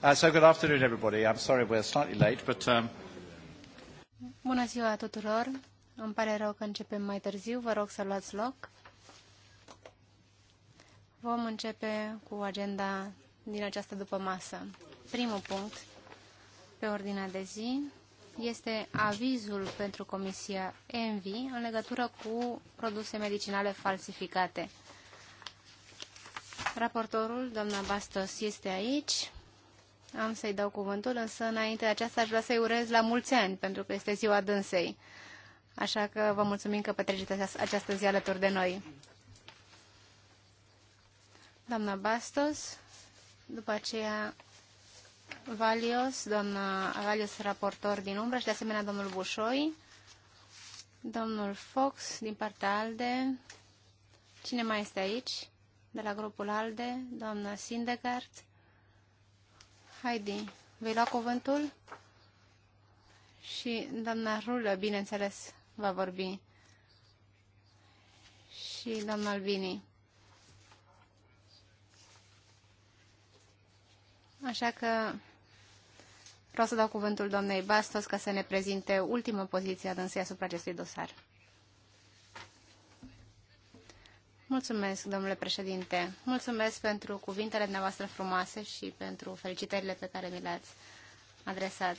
Uh, so good afternoon, everybody. I'm sorry we're slightly late, but... Um, Bună ziua tuturor. Îmi pare rău că începem mai târziu. Vă rog să luați loc. Vom începe cu agenda din această masă. Primul punct pe ordinea de zi este avizul pentru Comisia ENVI în legătură cu produse medicinale falsificate. Raportorul, doamna Bastos, este aici. Am să-i dau cuvântul, însă înainte de aceasta aș vrea să-i urez la mulți ani, pentru că este ziua dânsei. Așa că vă mulțumim că petreceți această zi alături de noi. Doamna Bastos, după aceea Valios, doamna Valios, raportor din umbră și de asemenea domnul Bușoi, domnul Fox din partea ALDE, cine mai este aici? De la grupul ALDE, doamna Sindegard, Heidi, vei lua cuvântul? Și doamna Rulă, bineînțeles, va vorbi. Și doamna Albini. Așa că vreau să dau cuvântul doamnei Bastos ca să ne prezinte ultima poziție adânsă asupra acestui dosar. Mulțumesc, domnule președinte. Mulțumesc pentru cuvintele dumneavoastră frumoase și pentru felicitările pe care mi le-ați adresat.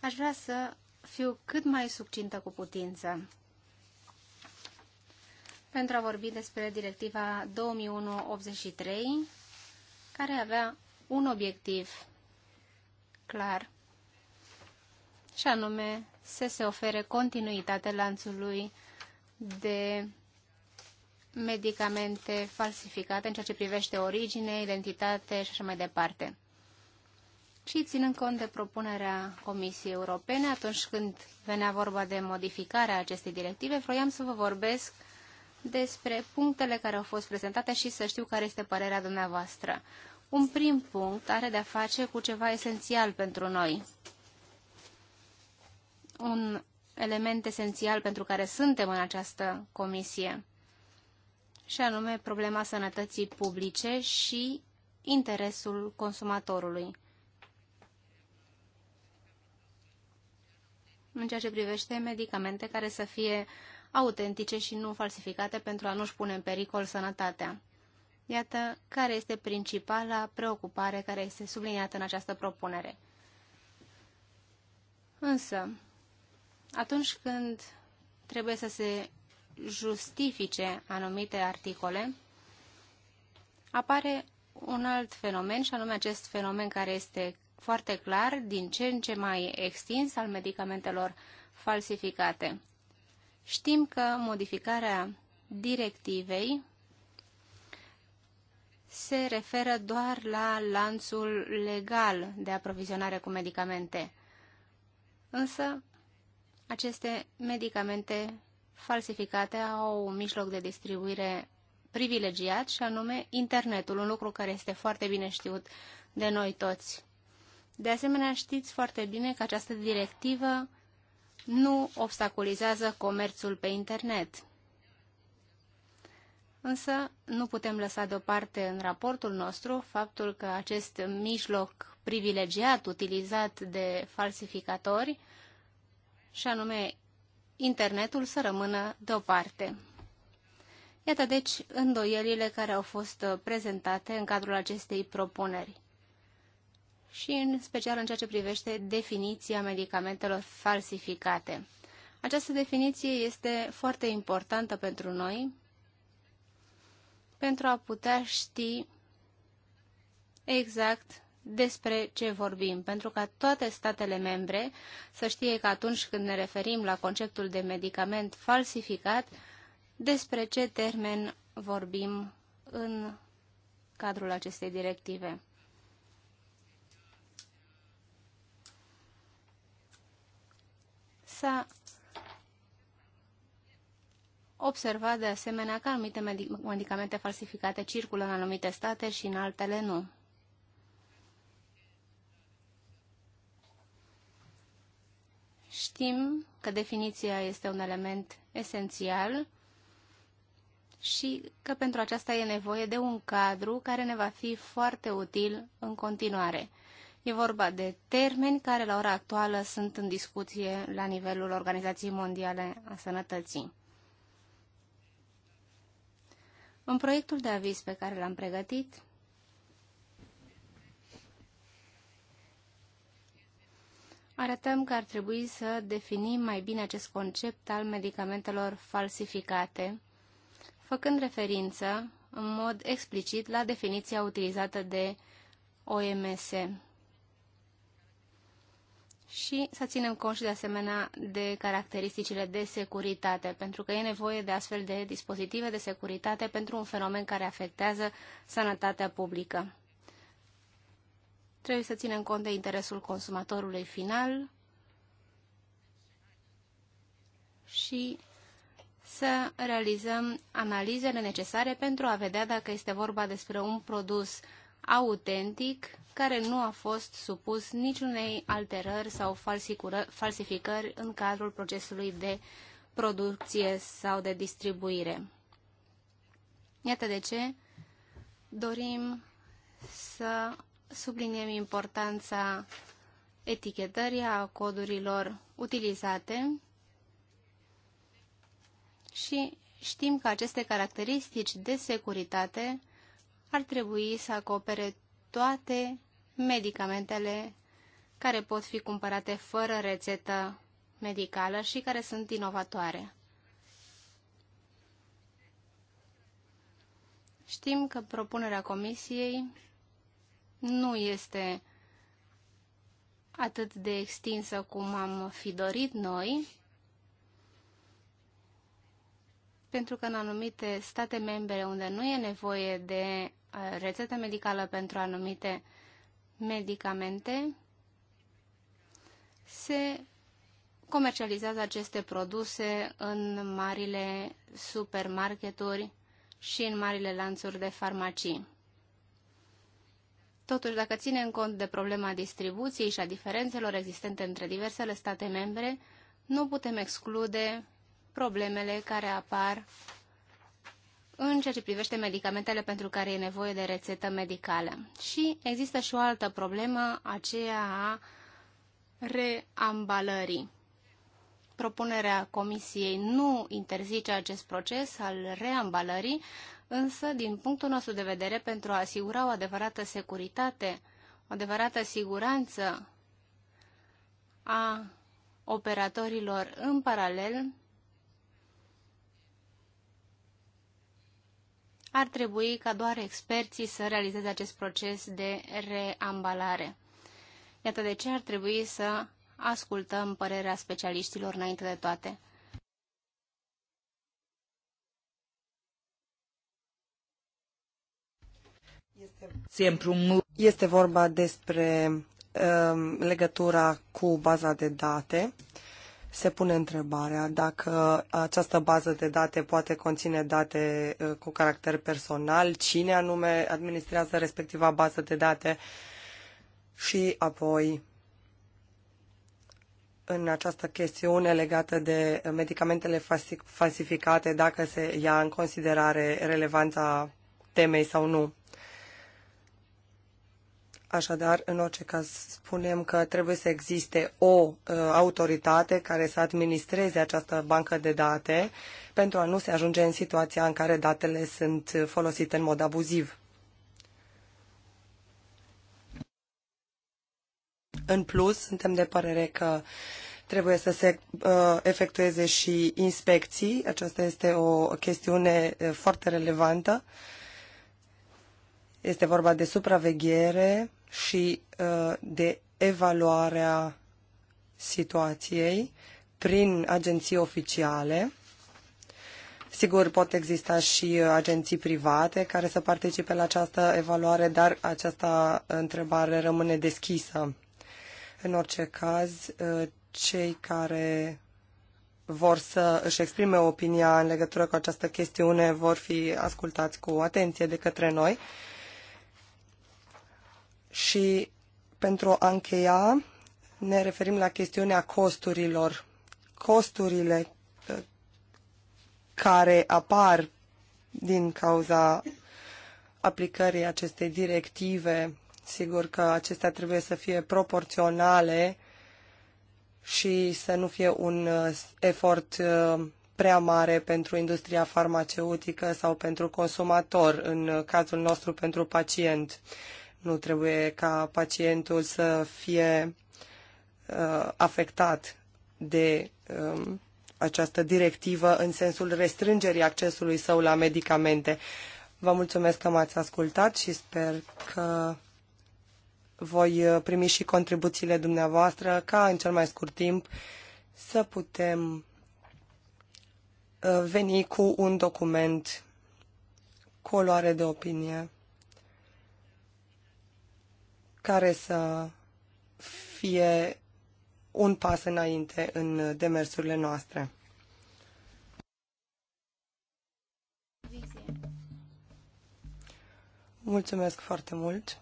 Aș vrea să fiu cât mai succintă cu putință pentru a vorbi despre directiva 2001-83, care avea un obiectiv clar, și anume să se ofere continuitate lanțului de medicamente falsificate în ceea ce privește origine, identitate și așa mai departe. Și ținând cont de propunerea Comisiei Europene, atunci când venea vorba de modificarea acestei directive, vroiam să vă vorbesc despre punctele care au fost prezentate și să știu care este părerea dumneavoastră. Un prim punct are de-a face cu ceva esențial pentru noi. Un element esențial pentru care suntem în această comisie și anume problema sănătății publice și interesul consumatorului. În ceea ce privește medicamente care să fie autentice și nu falsificate pentru a nu-și pune în pericol sănătatea. Iată care este principala preocupare care este subliniată în această propunere. Însă, atunci când trebuie să se justifice anumite articole, apare un alt fenomen și anume acest fenomen care este foarte clar, din ce în ce mai extins al medicamentelor falsificate. Știm că modificarea directivei se referă doar la lanțul legal de aprovizionare cu medicamente. Însă, aceste medicamente falsificate au un mijloc de distribuire privilegiat și anume internetul, un lucru care este foarte bine știut de noi toți. De asemenea, știți foarte bine că această directivă nu obstaculizează comerțul pe internet. Însă nu putem lăsa deoparte în raportul nostru faptul că acest mijloc privilegiat utilizat de falsificatori, și anume internetul să rămână deoparte. Iată deci îndoielile care au fost uh, prezentate în cadrul acestei propuneri și în special în ceea ce privește definiția medicamentelor falsificate. Această definiție este foarte importantă pentru noi pentru a putea ști exact despre ce vorbim, pentru ca toate statele membre să știe că atunci când ne referim la conceptul de medicament falsificat, despre ce termen vorbim în cadrul acestei directive. S-a observat de asemenea că anumite medicamente falsificate circulă în anumite state și în altele nu. Știm că definiția este un element esențial și că pentru aceasta e nevoie de un cadru care ne va fi foarte util în continuare. E vorba de termeni care la ora actuală sunt în discuție la nivelul Organizației Mondiale a Sănătății. În proiectul de aviz pe care l-am pregătit, arătăm că ar trebui să definim mai bine acest concept al medicamentelor falsificate, făcând referință în mod explicit la definiția utilizată de OMS. Și să ținem cont și de asemenea de caracteristicile de securitate, pentru că e nevoie de astfel de dispozitive de securitate pentru un fenomen care afectează sănătatea publică. Trebuie să ținem cont de interesul consumatorului final și să realizăm analizele necesare pentru a vedea dacă este vorba despre un produs autentic care nu a fost supus niciunei alterări sau falsificări în cadrul procesului de producție sau de distribuire. Iată de ce dorim să subliniem importanța etichetării a codurilor utilizate și știm că aceste caracteristici de securitate ar trebui să acopere toate medicamentele care pot fi cumpărate fără rețetă medicală și care sunt inovatoare. Știm că propunerea Comisiei nu este atât de extinsă cum am fi dorit noi, pentru că în anumite state membre unde nu e nevoie de uh, rețetă medicală pentru anumite medicamente, se comercializează aceste produse în marile supermarketuri și în marile lanțuri de farmacii. Totuși, dacă ținem cont de problema distribuției și a diferențelor existente între diversele state membre, nu putem exclude problemele care apar în ceea ce privește medicamentele pentru care e nevoie de rețetă medicală. Și există și o altă problemă, aceea a reambalării. Propunerea Comisiei nu interzice acest proces al reambalării, însă, din punctul nostru de vedere, pentru a asigura o adevărată securitate, o adevărată siguranță a operatorilor în paralel, ar trebui ca doar experții să realizeze acest proces de reambalare. Iată de ce ar trebui să ascultăm părerea specialiștilor înainte de toate. Este, vorba despre um, legătura cu baza de date. Se pune întrebarea dacă această bază de date poate conține date uh, cu caracter personal, cine anume administrează respectiva bază de date și apoi în această chestiune legată de medicamentele falsificate, dacă se ia în considerare relevanța temei sau nu. Așadar, în orice caz, spunem că trebuie să existe o uh, autoritate care să administreze această bancă de date pentru a nu se ajunge în situația în care datele sunt folosite în mod abuziv. În plus, suntem de părere că trebuie să se uh, efectueze și inspecții. Aceasta este o chestiune uh, foarte relevantă. Este vorba de supraveghere și uh, de evaluarea situației prin agenții oficiale. Sigur, pot exista și uh, agenții private care să participe la această evaluare, dar această uh, întrebare rămâne deschisă. În orice caz, cei care vor să își exprime opinia în legătură cu această chestiune vor fi ascultați cu atenție de către noi și pentru a încheia, ne referim la chestiunea costurilor. Costurile uh, care apar din cauza aplicării acestei directive, sigur că acestea trebuie să fie proporționale și să nu fie un uh, efort uh, prea mare pentru industria farmaceutică sau pentru consumator, în cazul nostru pentru pacient. Nu trebuie ca pacientul să fie uh, afectat de um, această directivă în sensul restrângerii accesului său la medicamente. Vă mulțumesc că m-ați ascultat și sper că voi uh, primi și contribuțiile dumneavoastră ca în cel mai scurt timp să putem uh, veni cu un document cu o luare de opinie care să fie un pas înainte în demersurile noastre. Mulțumesc foarte mult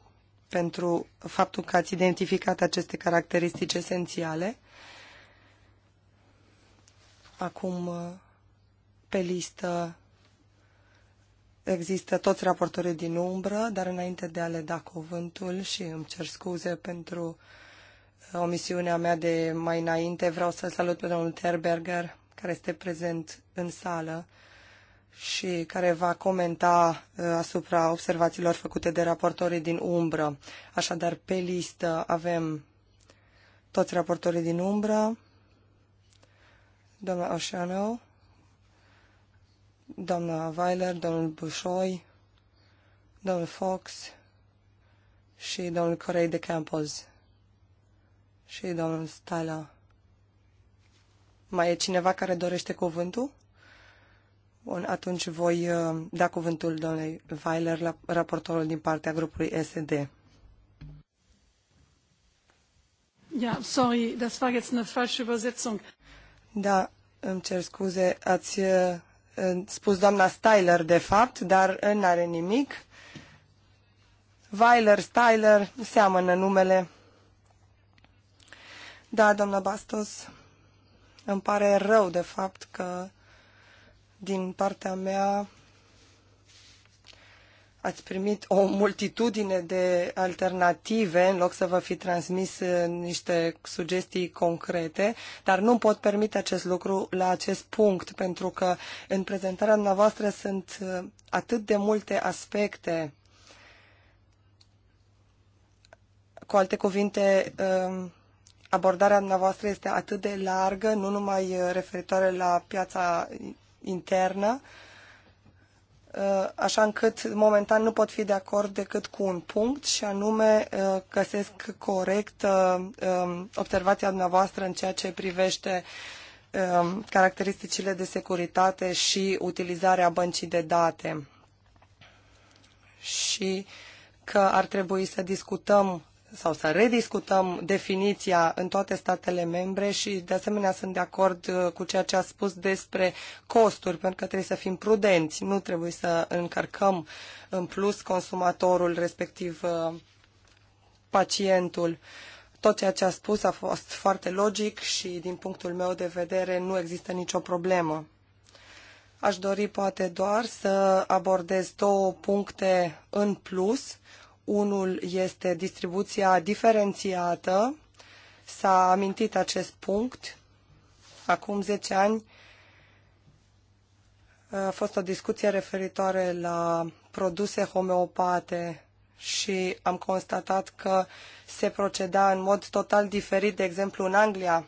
pentru faptul că ați identificat aceste caracteristici esențiale. Acum, pe listă, Există toți raportorii din umbră, dar înainte de a le da cuvântul și îmi cer scuze pentru uh, omisiunea mea de mai înainte, vreau să salut pe domnul Terberger, care este prezent în sală și care va comenta uh, asupra observațiilor făcute de raportorii din umbră. Așadar, pe listă avem toți raportorii din umbră, doamna Oșanu, doamna Weiler, domnul Bușoi, domnul Fox și domnul Corei de Campos și domnul Stala. Mai e cineva care dorește cuvântul? Bun, atunci voi uh, da cuvântul domnului Weiler, raportorul din partea grupului SD. Ja, sorry, das war jetzt eine falsche Übersetzung. Da, îmi cer scuze, ați uh, spus doamna Styler, de fapt, dar nu are nimic. Weiler, Styler, seamănă numele. Da, doamna Bastos, îmi pare rău, de fapt, că din partea mea ați primit o multitudine de alternative în loc să vă fi transmis uh, niște sugestii concrete, dar nu pot permite acest lucru la acest punct, pentru că în prezentarea dumneavoastră sunt uh, atât de multe aspecte. Cu alte cuvinte, um, abordarea dumneavoastră este atât de largă, nu numai uh, referitoare la piața internă, Uh, așa încât momentan nu pot fi de acord decât cu un punct și anume uh, găsesc corect uh, um, observația dumneavoastră în ceea ce privește um, caracteristicile de securitate și utilizarea băncii de date și că ar trebui să discutăm sau să rediscutăm definiția în toate statele membre și de asemenea sunt de acord uh, cu ceea ce a spus despre costuri, pentru că trebuie să fim prudenți, nu trebuie să încărcăm în plus consumatorul, respectiv uh, pacientul. Tot ceea ce a spus a fost foarte logic și din punctul meu de vedere nu există nicio problemă. Aș dori poate doar să abordez două puncte în plus unul este distribuția diferențiată. S-a amintit acest punct. Acum 10 ani a fost o discuție referitoare la produse homeopate și am constatat că se proceda în mod total diferit, de exemplu, în Anglia.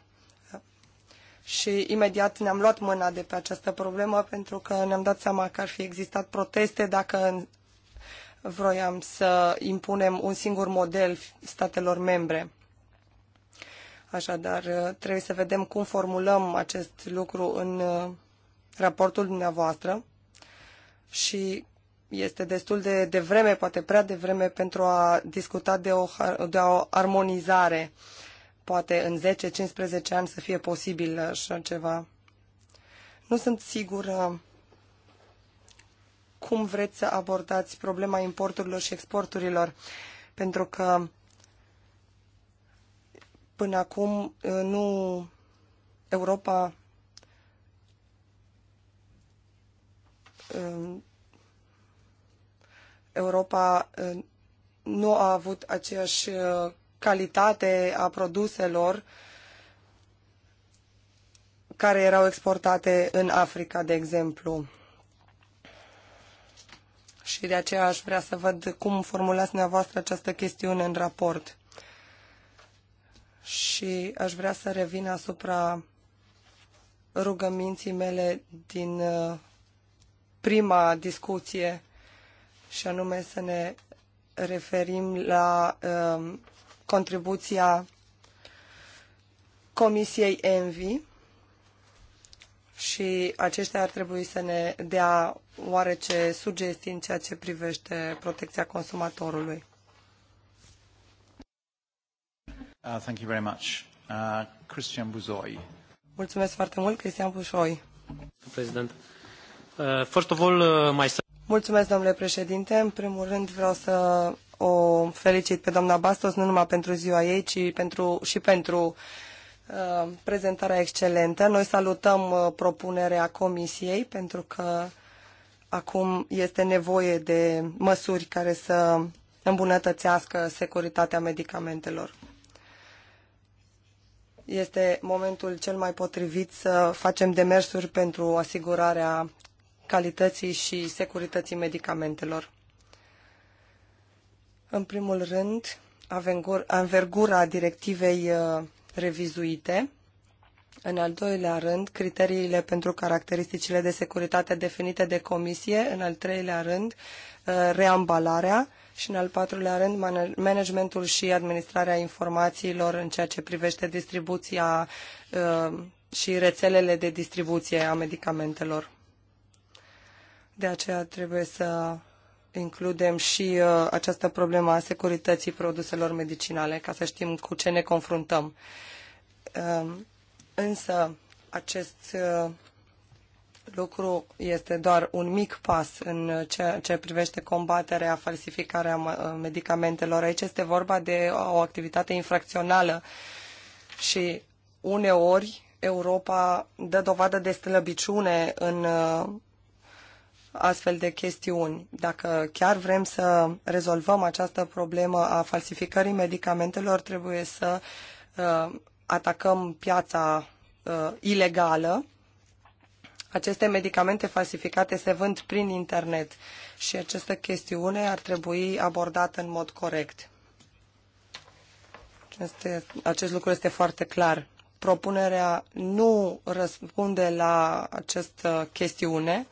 Și imediat ne-am luat mâna de pe această problemă pentru că ne-am dat seama că ar fi existat proteste dacă în vroiam să impunem un singur model statelor membre. Așadar, uh, trebuie să vedem cum formulăm acest lucru în uh, raportul dumneavoastră și este destul de devreme, poate prea devreme, pentru a discuta de o, de o armonizare. Poate în 10-15 ani să fie posibil așa ceva. Nu sunt sigură cum vreți să abordați problema importurilor și exporturilor, pentru că până acum uh, nu Europa uh, Europa uh, nu a avut aceeași calitate a produselor care erau exportate în Africa, de exemplu și de aceea aș vrea să văd cum formulați dumneavoastră această chestiune în raport. Și aș vrea să revin asupra rugăminții mele din uh, prima discuție și anume să ne referim la uh, contribuția Comisiei Envi și aceștia ar trebui să ne dea oarece sugestii în ceea ce privește protecția consumatorului. Uh, thank you very much. Uh, Christian Buzoi. Mulțumesc foarte mult, Cristian Bușoi. Prezident. Uh, first of all, uh, my... Mulțumesc, domnule președinte. În primul rând vreau să o felicit pe doamna Bastos, nu numai pentru ziua ei, ci pentru, și pentru uh, Uh, prezentarea excelentă. Noi salutăm uh, propunerea Comisiei pentru că acum este nevoie de măsuri care să îmbunătățească securitatea medicamentelor. Este momentul cel mai potrivit să facem demersuri pentru asigurarea calității și securității medicamentelor. În primul rând, avergura directivei uh, revizuite. În al doilea rând, criteriile pentru caracteristicile de securitate definite de comisie. În al treilea rând, uh, reambalarea și în al patrulea rând managementul și administrarea informațiilor în ceea ce privește distribuția uh, și rețelele de distribuție a medicamentelor. De aceea trebuie să includem și uh, această problemă a securității produselor medicinale, ca să știm cu ce ne confruntăm. Uh, însă, acest uh, lucru este doar un mic pas în ceea ce privește combaterea, falsificarea uh, medicamentelor. Aici este vorba de o activitate infracțională și uneori Europa dă dovadă de slăbiciune în uh, astfel de chestiuni. Dacă chiar vrem să rezolvăm această problemă a falsificării medicamentelor, trebuie să uh, atacăm piața uh, ilegală. Aceste medicamente falsificate se vând prin internet și această chestiune ar trebui abordată în mod corect. Este, acest lucru este foarte clar. Propunerea nu răspunde la această chestiune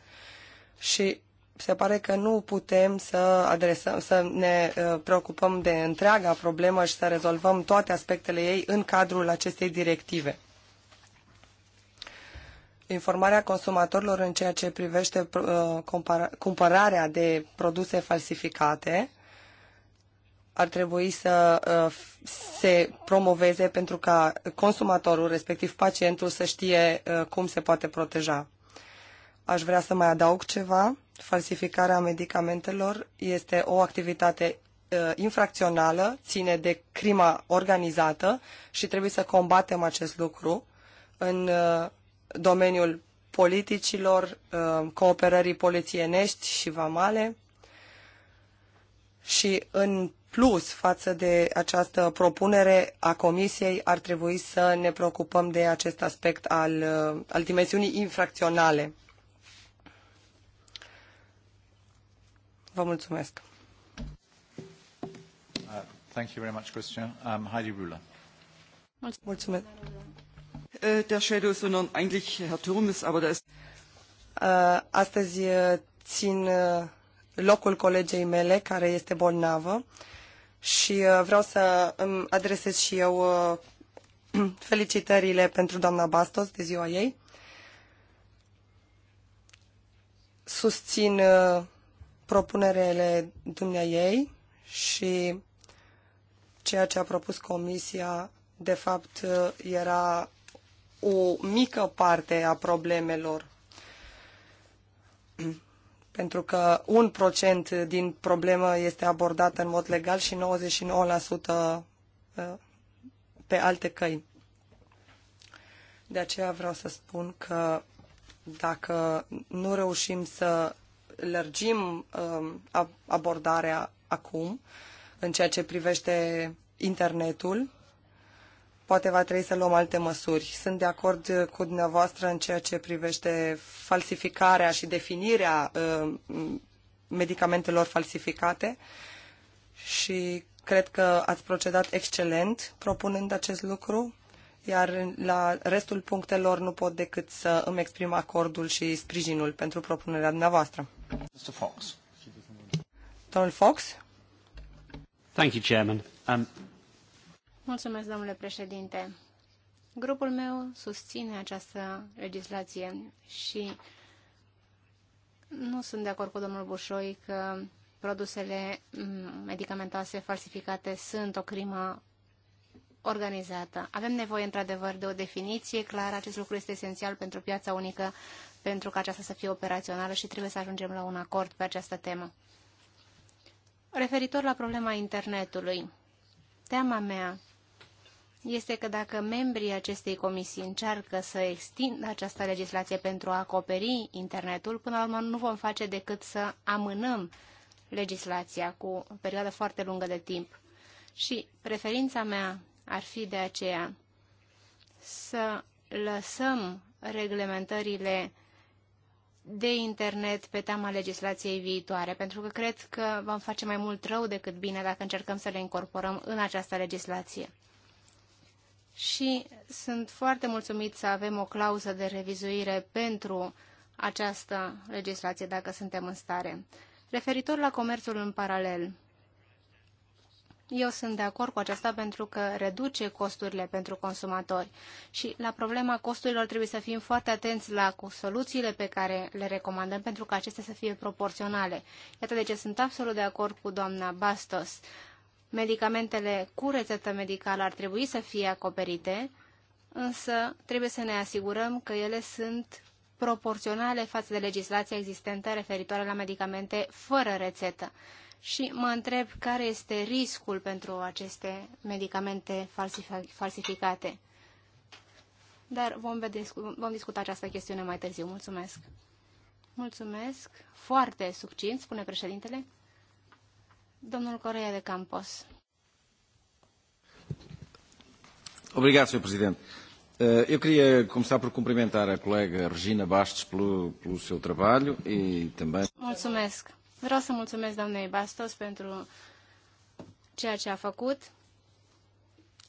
și se pare că nu putem să adresăm, să ne uh, preocupăm de întreaga problemă și să rezolvăm toate aspectele ei în cadrul acestei directive. Informarea consumatorilor în ceea ce privește uh, cumpărarea de produse falsificate ar trebui să uh, se promoveze pentru ca consumatorul, respectiv pacientul, să știe cum se poate proteja. Aș vrea să mai adaug ceva. Falsificarea medicamentelor este o activitate uh, infracțională, ține de crima organizată și trebuie să combatem acest lucru în uh, domeniul politicilor, uh, cooperării polițienești și vamale și în plus față de această propunere a Comisiei ar trebui să ne preocupăm de acest aspect al, al dimensiunii infracționale. Vă mulțumesc. Uh, thank you very much, Christian. Um, Heidi Ruhler. Mulțumesc. Äh, der Shadow, sondern eigentlich Herr Turmes, aber der ist... Uh, astăzi uh, țin uh, locul colegei mele, care este bolnavă, și vreau să îmi adresez și eu felicitările pentru doamna Bastos de ziua ei. Susțin propunerele ei și ceea ce a propus Comisia, de fapt, era o mică parte a problemelor. Pentru că un procent din problemă este abordat în mod legal și 99% uh, pe alte căi. De aceea vreau să spun că dacă nu reușim să lărgim um, abordarea acum în ceea ce privește internetul. Poate va trebui să luăm alte măsuri. Sunt de acord uh, cu dumneavoastră în ceea ce privește falsificarea și definirea um, medicamentelor falsificate și cred că ați procedat excelent propunând acest lucru, iar la restul punctelor nu pot decât să îmi exprim acordul și sprijinul pentru propunerea dumneavoastră. Mr. Fox. Domnul Fox. Thank you, Chairman. Um... Mulțumesc, domnule președinte. Grupul meu susține această legislație și nu sunt de acord cu domnul Bușoi că produsele mm, medicamentoase falsificate sunt o crimă organizată. Avem nevoie, într-adevăr, de o definiție clară. Acest lucru este esențial pentru piața unică pentru ca aceasta să fie operațională și trebuie să ajungem la un acord pe această temă. Referitor la problema internetului, teama mea este că dacă membrii acestei comisii încearcă să extindă această legislație pentru a acoperi internetul, până la urmă nu vom face decât să amânăm legislația cu o perioadă foarte lungă de timp. Și preferința mea ar fi de aceea să lăsăm reglementările de internet pe teama legislației viitoare, pentru că cred că vom face mai mult rău decât bine dacă încercăm să le incorporăm în această legislație. Și sunt foarte mulțumit să avem o clauză de revizuire pentru această legislație, dacă suntem în stare. Referitor la comerțul în paralel, eu sunt de acord cu aceasta pentru că reduce costurile pentru consumatori și la problema costurilor trebuie să fim foarte atenți la soluțiile pe care le recomandăm pentru că acestea să fie proporționale. Iată de ce sunt absolut de acord cu doamna Bastos. Medicamentele cu rețetă medicală ar trebui să fie acoperite, însă trebuie să ne asigurăm că ele sunt proporționale față de legislația existentă referitoare la medicamente fără rețetă și mă întreb care este riscul pentru aceste medicamente falsificate. Dar vom, vedea, vom discuta această chestiune mai târziu. Mulțumesc! Mulțumesc! Foarte succint, spune președintele. Domnul Corea de Campos. Obrigado, Sr. Presidente. Eh, eu queria começar por cumprimentar a colega Regina Bastos pelo, pelo seu trabalho e também... Muito obrigado. Vreau să mulțumesc doamnei Bastos pentru ceea ce a făcut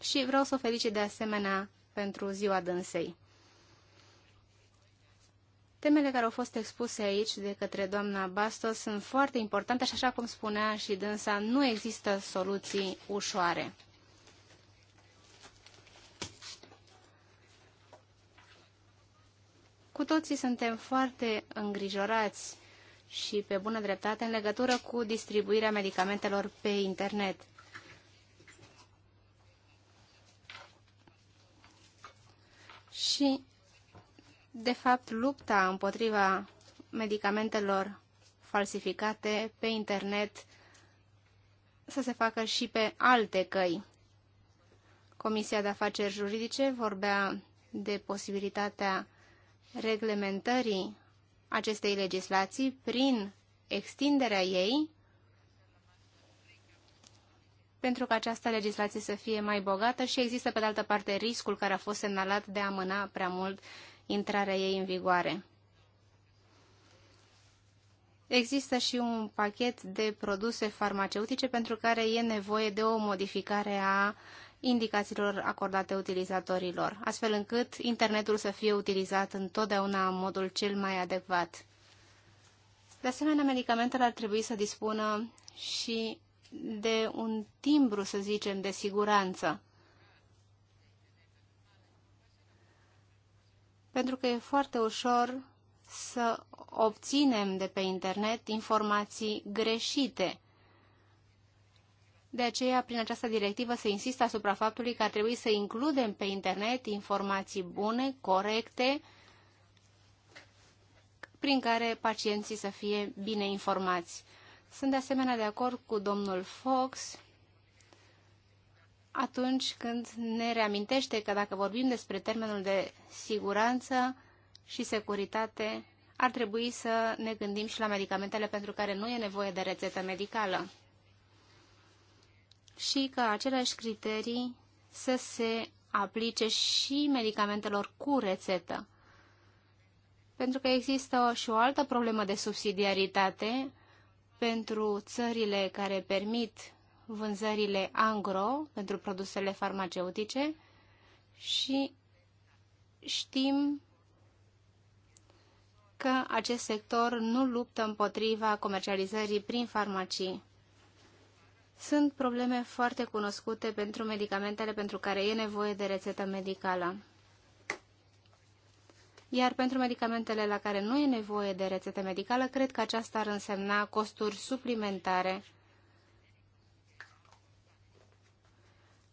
și vreau să o felicit de asemenea pentru ziua dânsei. Temele care au fost expuse aici de către doamna Bastos sunt foarte importante și așa cum spunea și dânsa, nu există soluții ușoare. Cu toții suntem foarte îngrijorați și pe bună dreptate în legătură cu distribuirea medicamentelor pe internet. Și, de fapt, lupta împotriva medicamentelor falsificate pe internet să se facă și pe alte căi. Comisia de Afaceri Juridice vorbea de posibilitatea reglementării acestei legislații prin extinderea ei pentru ca această legislație să fie mai bogată și există, pe de altă parte, riscul care a fost semnalat de a amâna prea mult intrarea ei în vigoare. Există și un pachet de produse farmaceutice pentru care e nevoie de o modificare a indicațiilor acordate utilizatorilor, astfel încât internetul să fie utilizat întotdeauna în modul cel mai adecvat. De asemenea, medicamentele ar trebui să dispună și de un timbru, să zicem, de siguranță. Pentru că e foarte ușor să obținem de pe internet informații greșite de aceea, prin această directivă se insistă asupra faptului că ar trebui să includem pe internet informații bune, corecte, prin care pacienții să fie bine informați. Sunt de asemenea de acord cu domnul Fox atunci când ne reamintește că dacă vorbim despre termenul de siguranță și securitate, ar trebui să ne gândim și la medicamentele pentru care nu e nevoie de rețetă medicală și că aceleași criterii să se aplice și medicamentelor cu rețetă. Pentru că există și o altă problemă de subsidiaritate pentru țările care permit vânzările angro pentru produsele farmaceutice și știm că acest sector nu luptă împotriva comercializării prin farmacii. Sunt probleme foarte cunoscute pentru medicamentele pentru care e nevoie de rețetă medicală. Iar pentru medicamentele la care nu e nevoie de rețetă medicală, cred că aceasta ar însemna costuri suplimentare.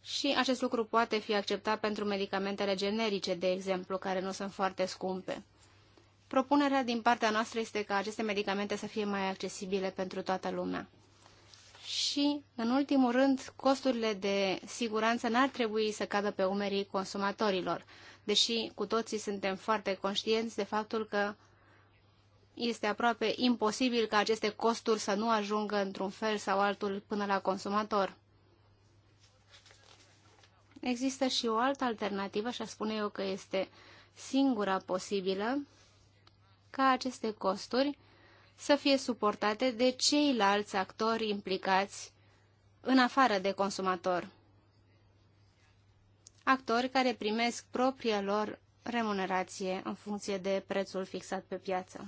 Și acest lucru poate fi acceptat pentru medicamentele generice, de exemplu, care nu sunt foarte scumpe. Propunerea din partea noastră este ca aceste medicamente să fie mai accesibile pentru toată lumea și, în ultimul rând, costurile de siguranță n-ar trebui să cadă pe umerii consumatorilor, deși cu toții suntem foarte conștienți de faptul că este aproape imposibil ca aceste costuri să nu ajungă într-un fel sau altul până la consumator. Există și o altă alternativă, și a spune eu că este singura posibilă, ca aceste costuri să fie suportate de ceilalți actori implicați în afară de consumator. Actori care primesc propria lor remunerație în funcție de prețul fixat pe piață.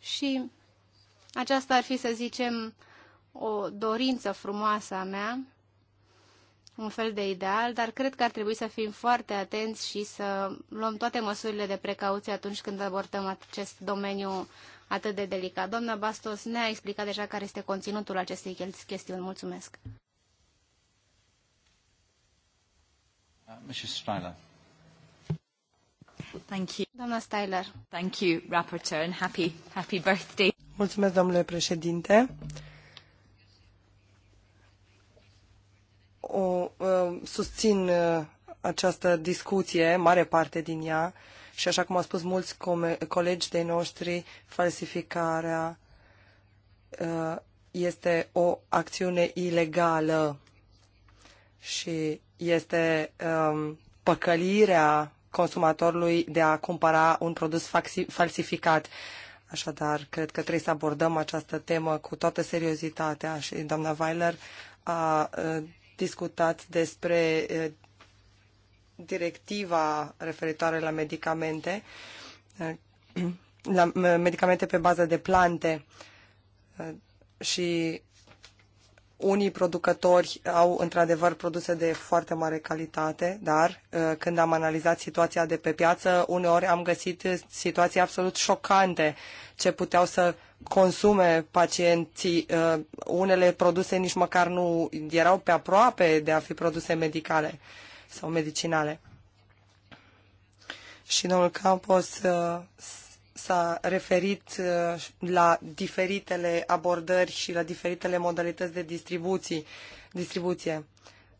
Și aceasta ar fi, să zicem, o dorință frumoasă a mea un fel de ideal, dar cred că ar trebui să fim foarte atenți și să luăm toate măsurile de precauție atunci când abordăm acest domeniu atât de delicat. Doamna Bastos ne-a explicat deja care este conținutul acestei chestiuni. Mulțumesc. Uh, Mrs. Styler. Thank you. Doamna Styler. Thank you, Rapporteur, and happy, happy birthday. Mulțumesc, domnule președinte. o, uh, susțin uh, această discuție, mare parte din ea, și așa cum au spus mulți colegi de noștri, falsificarea uh, este o acțiune ilegală și este um, păcălirea consumatorului de a cumpăra un produs falsificat. Așadar, cred că trebuie să abordăm această temă cu toată seriozitatea și doamna Weiler a discutat despre directiva referitoare la medicamente, la medicamente pe bază de plante și unii producători au într-adevăr produse de foarte mare calitate, dar când am analizat situația de pe piață, uneori am găsit situații absolut șocante ce puteau să consume pacienții uh, unele produse nici măcar nu erau pe aproape de a fi produse medicale sau medicinale. Și domnul Campos uh, s-a referit uh, la diferitele abordări și la diferitele modalități de distribuții, distribuție.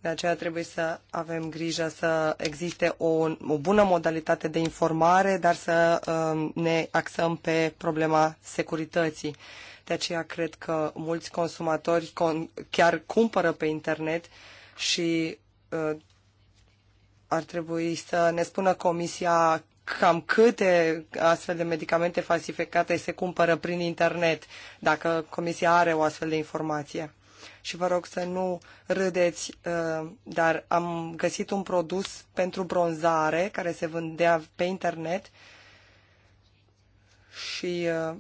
De aceea trebuie să avem grijă să existe o, o bună modalitate de informare, dar să um, ne axăm pe problema securității. De aceea cred că mulți consumatori con- chiar cumpără pe internet și uh, ar trebui să ne spună comisia cam câte astfel de medicamente falsificate se cumpără prin internet, dacă comisia are o astfel de informație și vă rog să nu râdeți, uh, dar am găsit un produs pentru bronzare care se vândea pe internet și uh,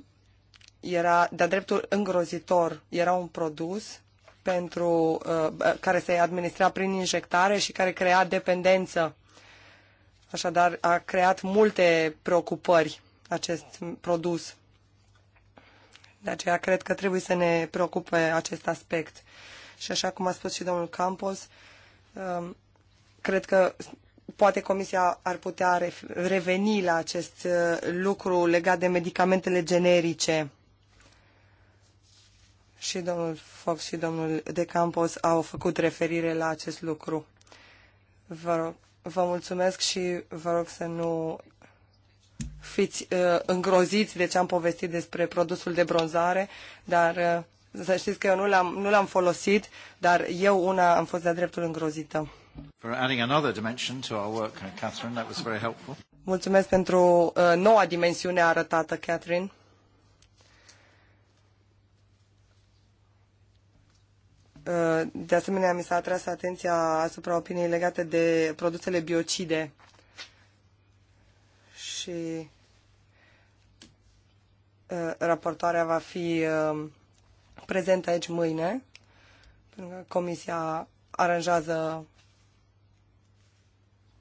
era de-a dreptul îngrozitor. Era un produs pentru, uh, care se administra prin injectare și care crea dependență. Așadar, a creat multe preocupări acest produs. De aceea cred că trebuie să ne preocupe acest aspect. Și așa cum a spus și domnul Campos, um, cred că poate Comisia ar putea reveni la acest uh, lucru legat de medicamentele generice. Și domnul Fox și domnul De Campos au făcut referire la acest lucru. Vă, rog, vă mulțumesc și vă rog să nu fiți uh, îngroziți de ce am povestit despre produsul de bronzare, dar uh, să știți că eu nu l-am, nu l-am folosit, dar eu una am fost de-a dreptul îngrozită. For adding another dimension to our work, Catherine, that was very helpful. Mulțumesc pentru uh, noua dimensiune arătată, Catherine. Uh, de asemenea, mi s-a atras atenția asupra opiniei legate de produsele biocide și Uh, raportoarea va fi uh, prezentă aici mâine, pentru că comisia aranjează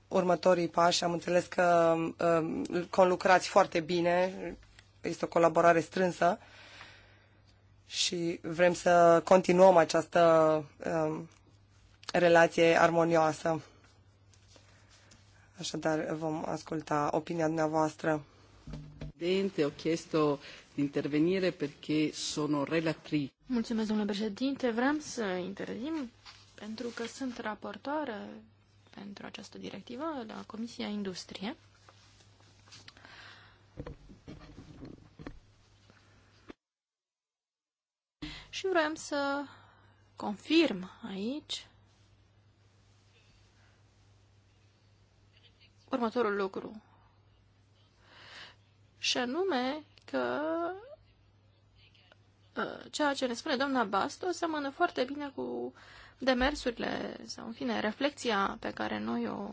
următorii pași. Am înțeles că uh, conlucrați foarte bine, este o colaborare strânsă și vrem să continuăm această relație armonioasă. Așadar, vom asculta opinia dumneavoastră. Presidente, ho chiesto di intervenire perché sono relatrice. Mulțumesc, domnule președinte. Vreau să intervin pentru că sunt raportoare pentru această directivă la Comisia Industrie. Și vreau să confirm aici următorul lucru și anume că ă, ceea ce ne spune doamna Basto seamănă foarte bine cu demersurile sau, în fine, reflexia pe care noi o,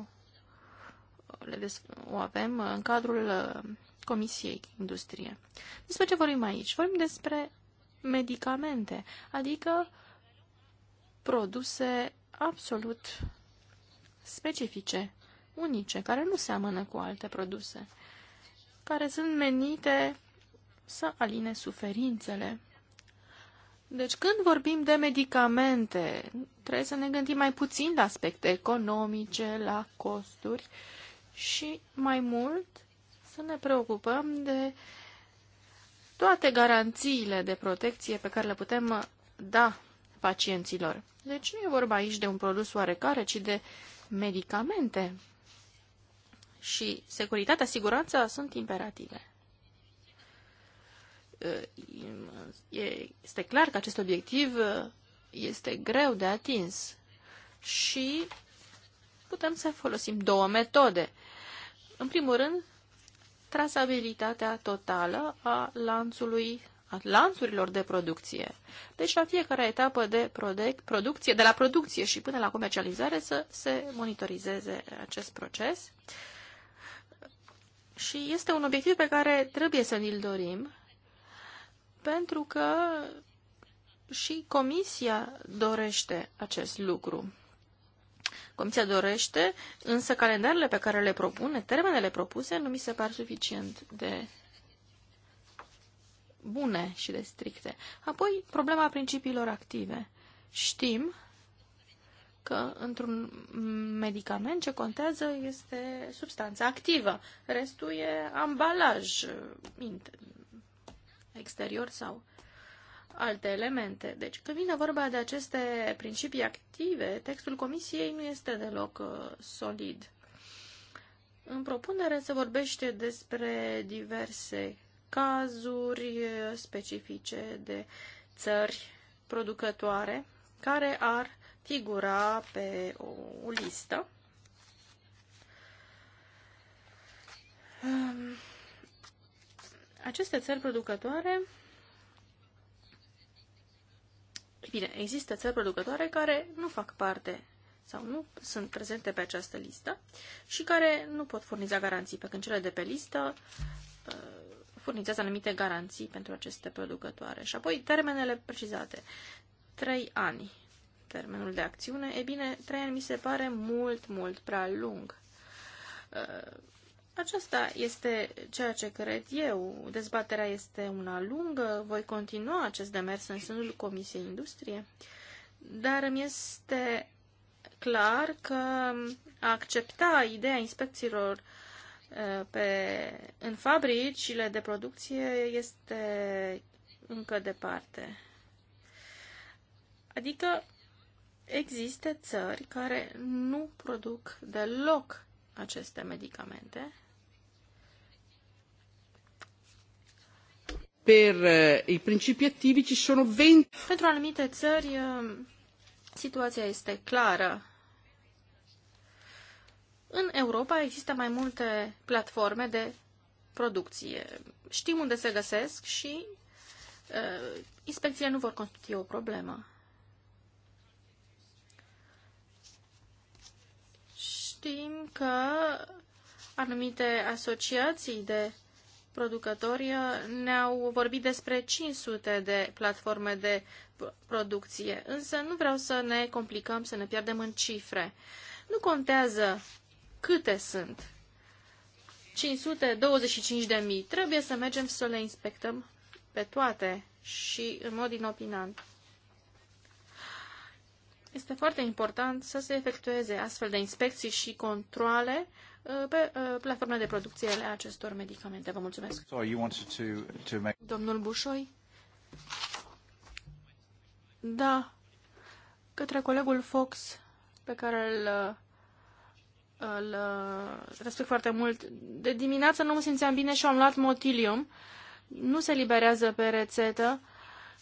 le o avem în cadrul ă, Comisiei Industrie. Despre ce vorbim aici? Vorbim despre medicamente, adică produse absolut specifice, unice, care nu seamănă cu alte produse care sunt menite să aline suferințele. Deci când vorbim de medicamente, trebuie să ne gândim mai puțin la aspecte economice, la costuri și mai mult să ne preocupăm de toate garanțiile de protecție pe care le putem uh, da pacienților. Deci nu e vorba aici de un produs oarecare, ci de medicamente și securitatea, siguranța sunt imperative. Este clar că acest obiectiv este greu de atins și putem să folosim două metode. În primul rând, trasabilitatea totală a lanțului a lanțurilor de producție. Deci la fiecare etapă de producție, de la producție și până la comercializare, să se monitorizeze acest proces. Uh, și este un obiectiv pe care trebuie să ne l dorim, pentru că și Comisia dorește acest lucru. Comisia dorește, însă calendarele pe care le propune, termenele propuse, nu mi se par suficient de bune și de stricte. Apoi, problema principiilor active. Știm că într-un medicament ce contează este substanța activă. Restul e ambalaj exterior sau alte elemente. Deci, când vine vorba de aceste principii active, textul comisiei nu este deloc uh, solid. În propunere se vorbește despre diverse cazuri uh, specifice de țări producătoare care ar figura pe o listă. Um, aceste țări producătoare Bine, există țări producătoare care nu fac parte sau nu sunt prezente pe această listă și care nu pot furniza garanții, pe când cele de pe listă uh, furnizează anumite garanții pentru aceste producătoare. Și apoi termenele precizate. 3 ani termenul de acțiune, e bine, trei ani mi se pare mult, mult prea lung. Uh, aceasta este ceea ce cred eu. Dezbaterea este una lungă, voi continua acest demers în sânul Comisiei Industrie, dar mi este clar că a accepta ideea inspecțiilor uh, pe, în fabricile de producție este încă departe. Adică Există țări care nu produc deloc aceste medicamente. Per eh, i principi attivi ci sono 20. Pentru anumite țări eh, situația este clară. În Europa există mai multe platforme de producție. Știm unde se găsesc și uh, inspecțiile nu vor constitui o problemă. Știm că anumite asociații de producători uh, ne-au vorbit despre 500 de platforme de producție, însă nu vreau să ne complicăm, să ne pierdem în cifre. Nu contează câte sunt. 525 de mii. Trebuie să mergem să le inspectăm pe toate și în mod inopinant este foarte important să se efectueze astfel de inspecții și controle uh, pe uh, platforma de producție ale acestor medicamente. Vă mulțumesc. Domnul Bușoi? Da, către colegul Fox, pe care îl, uh, îl respect foarte mult. De dimineață nu mă simțeam bine și am luat motilium. Nu se liberează pe rețetă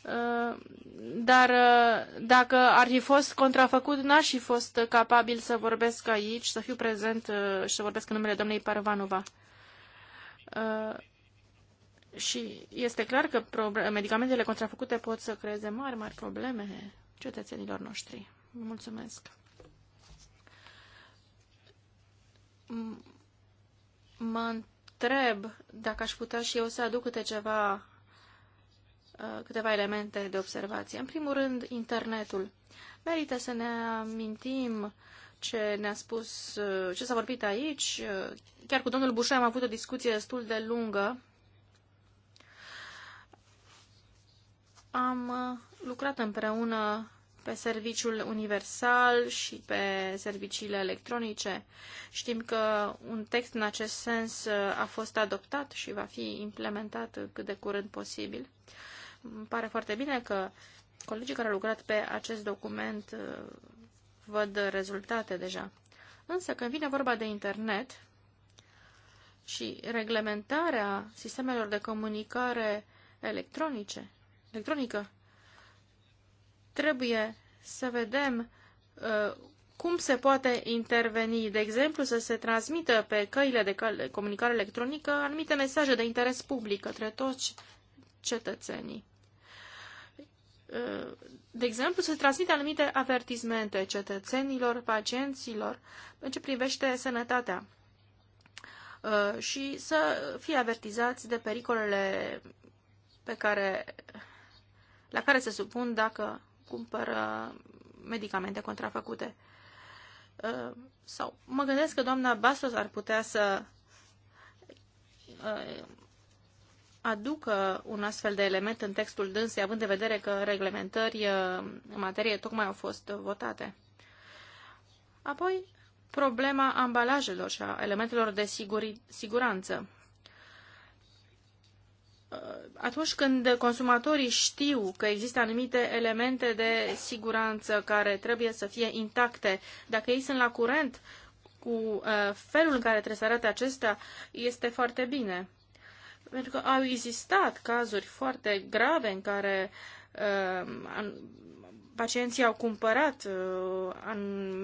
Uh, dar uh, dacă ar fi fost contrafăcut, n-aș fi fost capabil să vorbesc aici, să fiu prezent uh, și să vorbesc în numele doamnei Parvanova. Și este clar că medicamentele contrafăcute pot să creeze mari, mari probleme cetățenilor noștri. Mulțumesc. Mă întreb dacă aș putea și eu să aduc câte ceva Uh, câteva elemente de observație. În primul rând, internetul. Merită să ne amintim ce ne-a spus, uh, ce s-a vorbit aici. Uh, chiar cu domnul Bușoi am avut o discuție destul de lungă. Am lucrat împreună pe serviciul universal și pe serviciile electronice. Știm că un text în acest sens a fost adoptat și va fi implementat cât de curând posibil. Uh, îmi pare foarte bine că colegii care au lucrat pe acest document uh, văd rezultate deja. Însă când vine vorba de internet și reglementarea sistemelor de comunicare electronice, electronică, trebuie să vedem uh, cum se poate interveni, de exemplu, să se transmită pe căile de comunicare electronică anumite mesaje de interes public către toți cetățenii de exemplu, se transmite anumite avertismente cetățenilor, pacienților, în ce privește sănătatea uh, și să fie avertizați de pericolele pe care, la care se supun dacă cumpără medicamente contrafăcute. Uh, sau mă gândesc că doamna Bastos ar putea să uh, aducă un astfel de element în textul dânsei, având de vedere că reglementări uh, în materie tocmai au fost votate. Apoi, problema ambalajelor și a elementelor de siguri, siguranță. Uh, atunci când consumatorii știu că există anumite elemente de siguranță care trebuie să fie intacte, dacă ei sunt la curent cu uh, felul în care trebuie să arate acestea, este foarte bine. Pentru că au existat cazuri foarte grave în care uh, pacienții au cumpărat uh,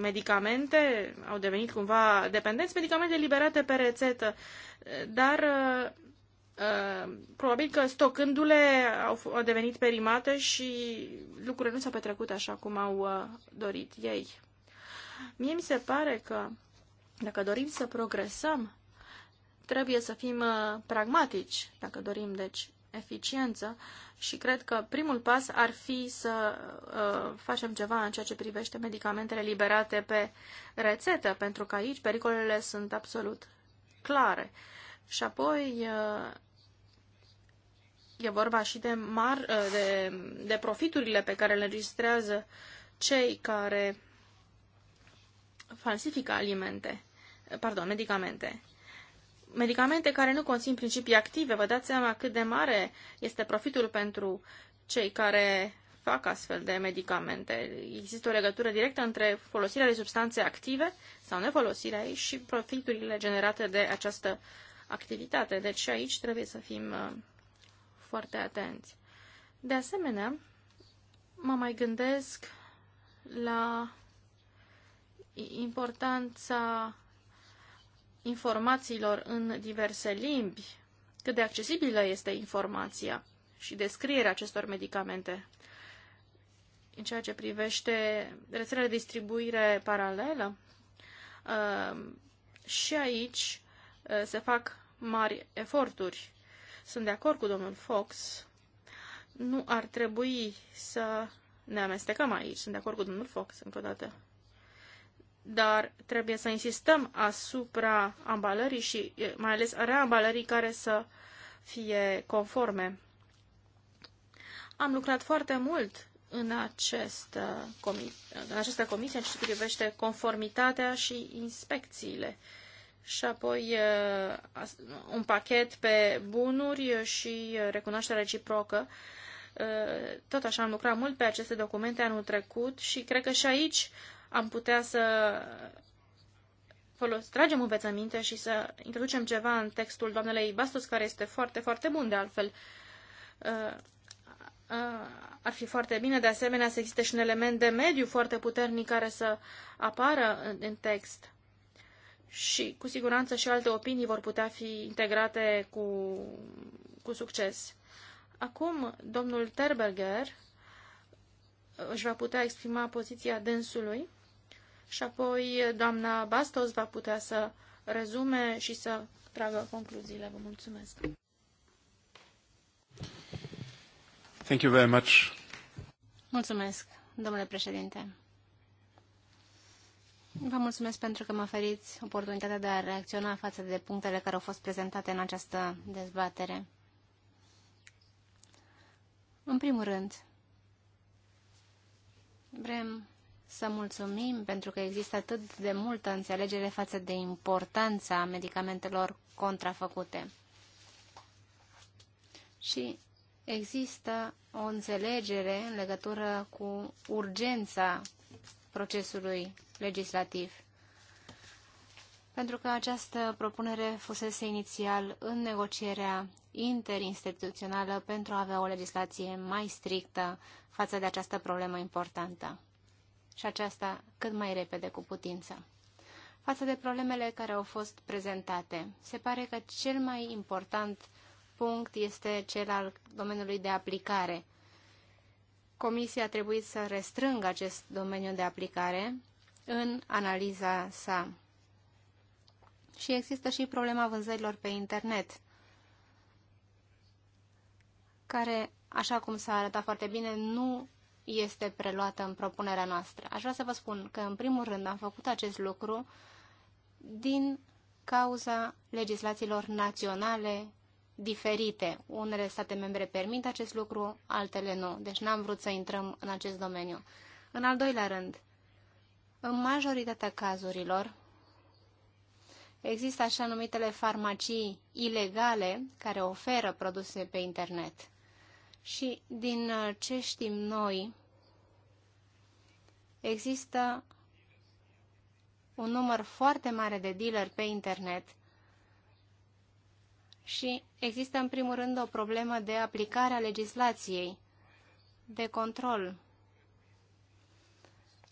medicamente, au devenit cumva dependenți, medicamente liberate pe rețetă, dar Uh, uh probabil că stocându-le au, au devenit perimate și lucrurile nu s-au petrecut așa cum au uh, dorit ei. Mie mi se pare că dacă dorim să progresăm Trebuie să fim uh, pragmatici, dacă dorim, deci, eficiență și cred că primul pas ar fi să uh, facem ceva în ceea ce privește medicamentele liberate pe rețetă, pentru că aici pericolele sunt absolut clare. Și apoi uh, e vorba și de, mar, uh, de, de profiturile pe care le înregistrează cei care falsifică alimente, pardon, medicamente medicamente care nu conțin principii active. Vă dați seama cât de mare este profitul pentru cei care fac astfel de medicamente. Există o legătură directă între folosirea de substanțe active sau nefolosirea ei și profiturile generate de această activitate. Deci și aici trebuie să fim uh, foarte atenți. De asemenea, mă mai gândesc la importanța informațiilor în diverse limbi, cât de accesibilă este informația și descrierea acestor medicamente. În ceea ce privește rețelele de distribuire paralelă, uh, și aici uh, se fac mari eforturi. Sunt de acord cu domnul Fox. Nu ar trebui să ne amestecăm aici. Sunt de acord cu domnul Fox, încă o dată dar trebuie să insistăm asupra ambalării și mai ales reambalării care să fie conforme. Am lucrat foarte mult în, acest uh, comi în această comisie în ce privește conformitatea și inspecțiile. Și apoi uh, un pachet pe bunuri și recunoaștere reciprocă. Uh, tot așa am lucrat mult pe aceste documente anul trecut și cred că și aici am putea să folos, tragem învețăminte și să introducem ceva în textul doamnelei Bastos, care este foarte, foarte bun de altfel. Uh, uh, ar fi foarte bine, de asemenea, să existe și un element de mediu foarte puternic care să apară în text. Și, cu siguranță, și alte opinii vor putea fi integrate cu, cu succes. Acum, domnul Terberger își va putea exprima poziția dânsului și apoi doamna Bastos va putea să rezume și să tragă concluziile. Vă mulțumesc. Thank you very much. Mulțumesc, domnule președinte. Vă mulțumesc pentru că mă oferiți oportunitatea de a reacționa față de punctele care au fost prezentate în această dezbatere. În primul rând, vrem să mulțumim pentru că există atât de multă înțelegere față de importanța medicamentelor contrafăcute. Și există o înțelegere în legătură cu urgența procesului legislativ. Pentru că această propunere fusese inițial în negocierea interinstituțională pentru a avea o legislație mai strictă față de această problemă importantă și aceasta cât mai repede cu putință. Față de problemele care au fost prezentate, se pare că cel mai important punct este cel al domeniului de aplicare. Comisia a trebuit să restrângă acest domeniu de aplicare în analiza sa. Și există și problema vânzărilor pe internet, care, așa cum s-a arătat foarte bine, nu este preluată în propunerea noastră. Aș vrea să vă spun că, în primul rând, am făcut acest lucru din cauza legislațiilor naționale diferite. Unele state membre permit acest lucru, altele nu. Deci n-am vrut să intrăm în acest domeniu. În al doilea rând, în majoritatea cazurilor, există așa numitele farmacii ilegale care oferă produse pe internet. Și din uh, ce știm noi, există un număr foarte mare de dealeri pe internet și există în primul rând o problemă de aplicare a legislației, de control.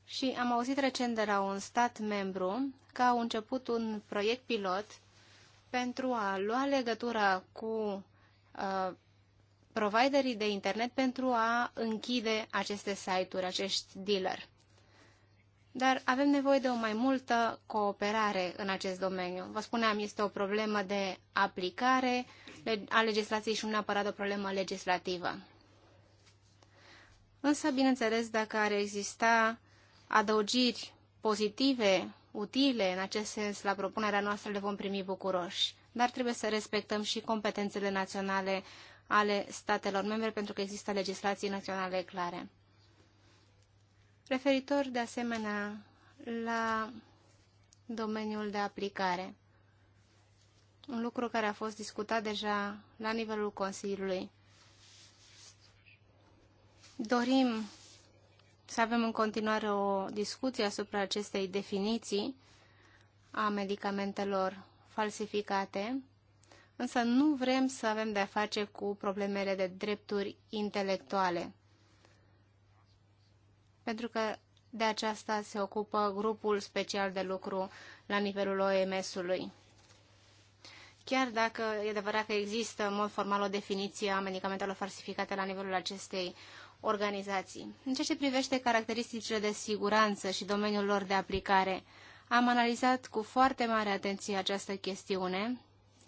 Și am auzit recent de la un stat membru că au început un proiect pilot pentru a lua legătura cu uh, providerii de internet pentru a închide aceste site-uri, acești dealer. Dar avem nevoie de o mai multă cooperare în acest domeniu. Vă spuneam, este o problemă de aplicare a legislației și nu neapărat o problemă legislativă. Însă, bineînțeles, dacă ar exista adăugiri pozitive, utile, în acest sens, la propunerea noastră le vom primi bucuroși. Dar trebuie să respectăm și competențele naționale ale statelor membre pentru că există legislații naționale clare. Referitor de asemenea la domeniul de aplicare, un lucru care a fost discutat deja la nivelul Consiliului. Dorim să avem în continuare o discuție asupra acestei definiții a medicamentelor falsificate însă nu vrem să avem de-a face cu problemele de drepturi intelectuale. Pentru că de aceasta se ocupă grupul special de lucru la nivelul OMS-ului. Chiar dacă e adevărat că există în mod formal o definiție a medicamentelor falsificate la nivelul acestei organizații. În ceea ce privește caracteristicile de siguranță și domeniul lor de aplicare, am analizat cu foarte mare atenție această chestiune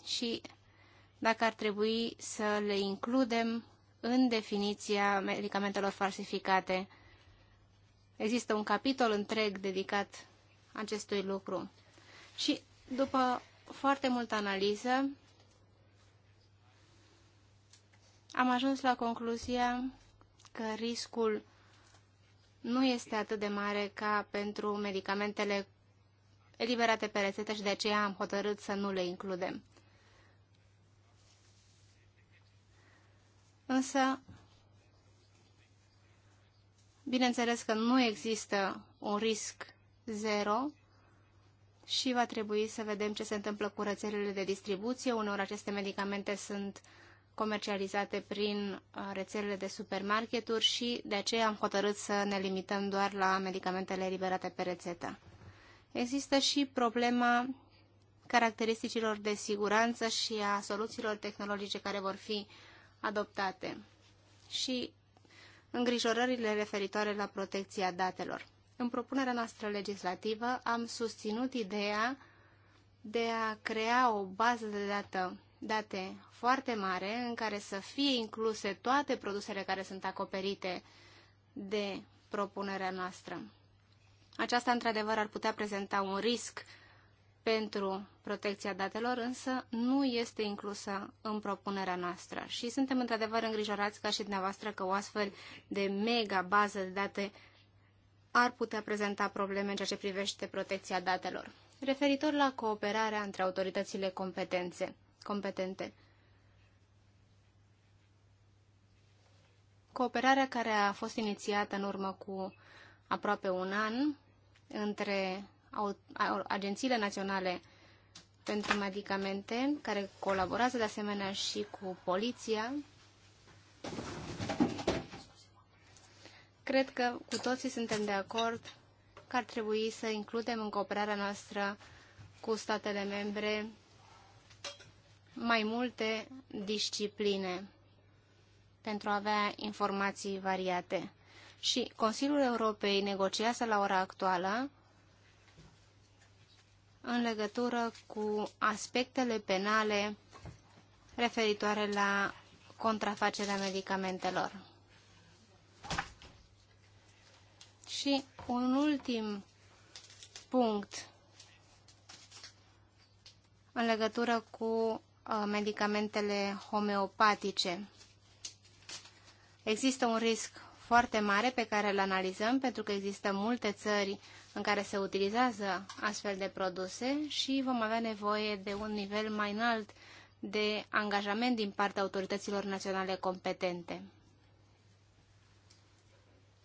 și dacă ar trebui să le includem în definiția medicamentelor falsificate. Există un capitol întreg dedicat acestui lucru. Și după foarte multă analiză, am ajuns la concluzia că riscul nu este atât de mare ca pentru medicamentele eliberate pe rețetă și de aceea am hotărât să nu le includem. Însă, bineînțeles că nu există un risc zero și va trebui să vedem ce se întâmplă cu rețelele de distribuție. Uneori aceste medicamente sunt comercializate prin uh, rețelele de supermarketuri și de aceea am hotărât să ne limităm doar la medicamentele eliberate pe rețetă. Există și problema caracteristicilor de siguranță și a soluțiilor tehnologice care vor fi uh, adoptate și îngrijorările referitoare la protecția datelor. În propunerea noastră legislativă am susținut ideea de a crea o bază de dată, date foarte mare în care să fie incluse toate produsele care sunt acoperite de propunerea noastră. Aceasta, într-adevăr, ar putea prezenta un risc pentru protecția datelor, însă nu este inclusă în propunerea noastră. Și suntem într-adevăr îngrijorați ca și dumneavoastră că o astfel de mega bază de date ar putea prezenta probleme în ceea ce privește protecția datelor. Referitor la cooperarea între autoritățile competențe, competente. Cooperarea care a fost inițiată în urmă cu aproape un an între agențiile naționale pentru medicamente, care colaborează de asemenea și cu poliția. Cred că cu toții suntem de acord că ar trebui să includem în cooperarea noastră cu statele membre mai multe discipline pentru a avea informații variate. Și Consiliul Europei negociază la ora actuală în legătură cu aspectele penale referitoare la contrafacerea medicamentelor. Și un ultim punct în legătură cu uh, medicamentele homeopatice. Există un risc foarte mare pe care îl analizăm pentru că există multe țări în care se utilizează astfel de produse și vom avea nevoie de un nivel mai înalt de angajament din partea autorităților naționale competente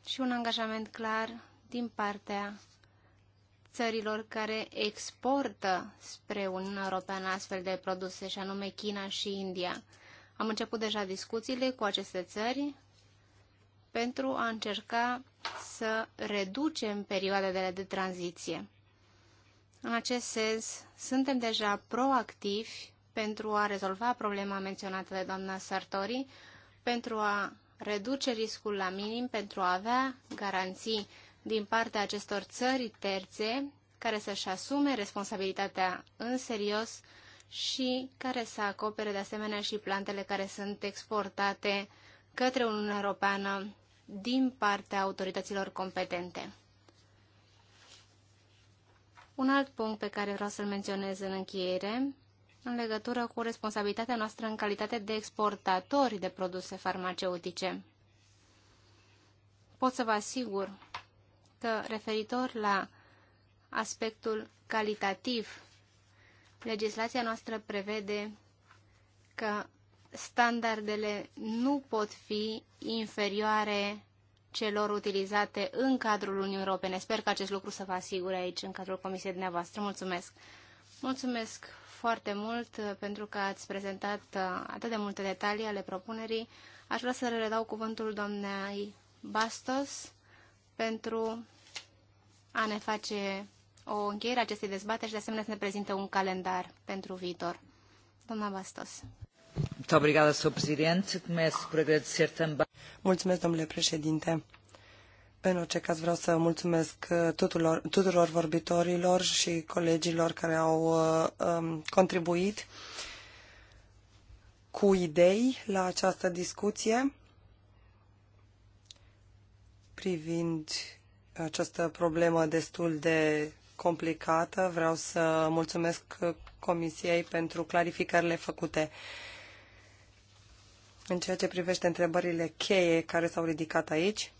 și un angajament clar din partea țărilor care exportă spre Uniunea Europeană astfel de produse, și anume China și India. Am început deja discuțiile cu aceste țări pentru a încerca să reducem perioadele de tranziție. În acest sens, suntem deja proactivi pentru a rezolva problema menționată de doamna Sartori, pentru a reduce riscul la minim, pentru a avea garanții din partea acestor țări terțe care să-și asume responsabilitatea în serios și care să acopere de asemenea și plantele care sunt exportate către Uniunea Europeană din partea autorităților competente. Un alt punct pe care vreau să-l menționez în încheiere, în legătură cu responsabilitatea noastră în calitate de exportatori de produse farmaceutice. Pot să vă asigur că referitor la aspectul calitativ, legislația noastră prevede că standardele nu pot fi inferioare celor utilizate în cadrul Uniunii Europene. Sper că acest lucru să vă asigure aici, în cadrul comisiei dumneavoastră. Mulțumesc! Mulțumesc foarte mult uh, pentru că ați prezentat uh, atât de multe detalii ale propunerii. Aș vrea să redau cuvântul doamnei Bastos pentru a ne face o încheiere a acestei dezbateri și de asemenea să ne prezinte un calendar pentru viitor. Doamna Bastos domnule președinte. În orice caz vreau să mulțumesc uh, tuturor, tuturor vorbitorilor și colegilor care au uh, um, contribuit cu idei la această discuție privind această problemă destul de complicată. Vreau să mulțumesc uh, Comisiei pentru clarificările făcute. Uh, în ceea ce privește întrebările cheie care s-au ridicat aici,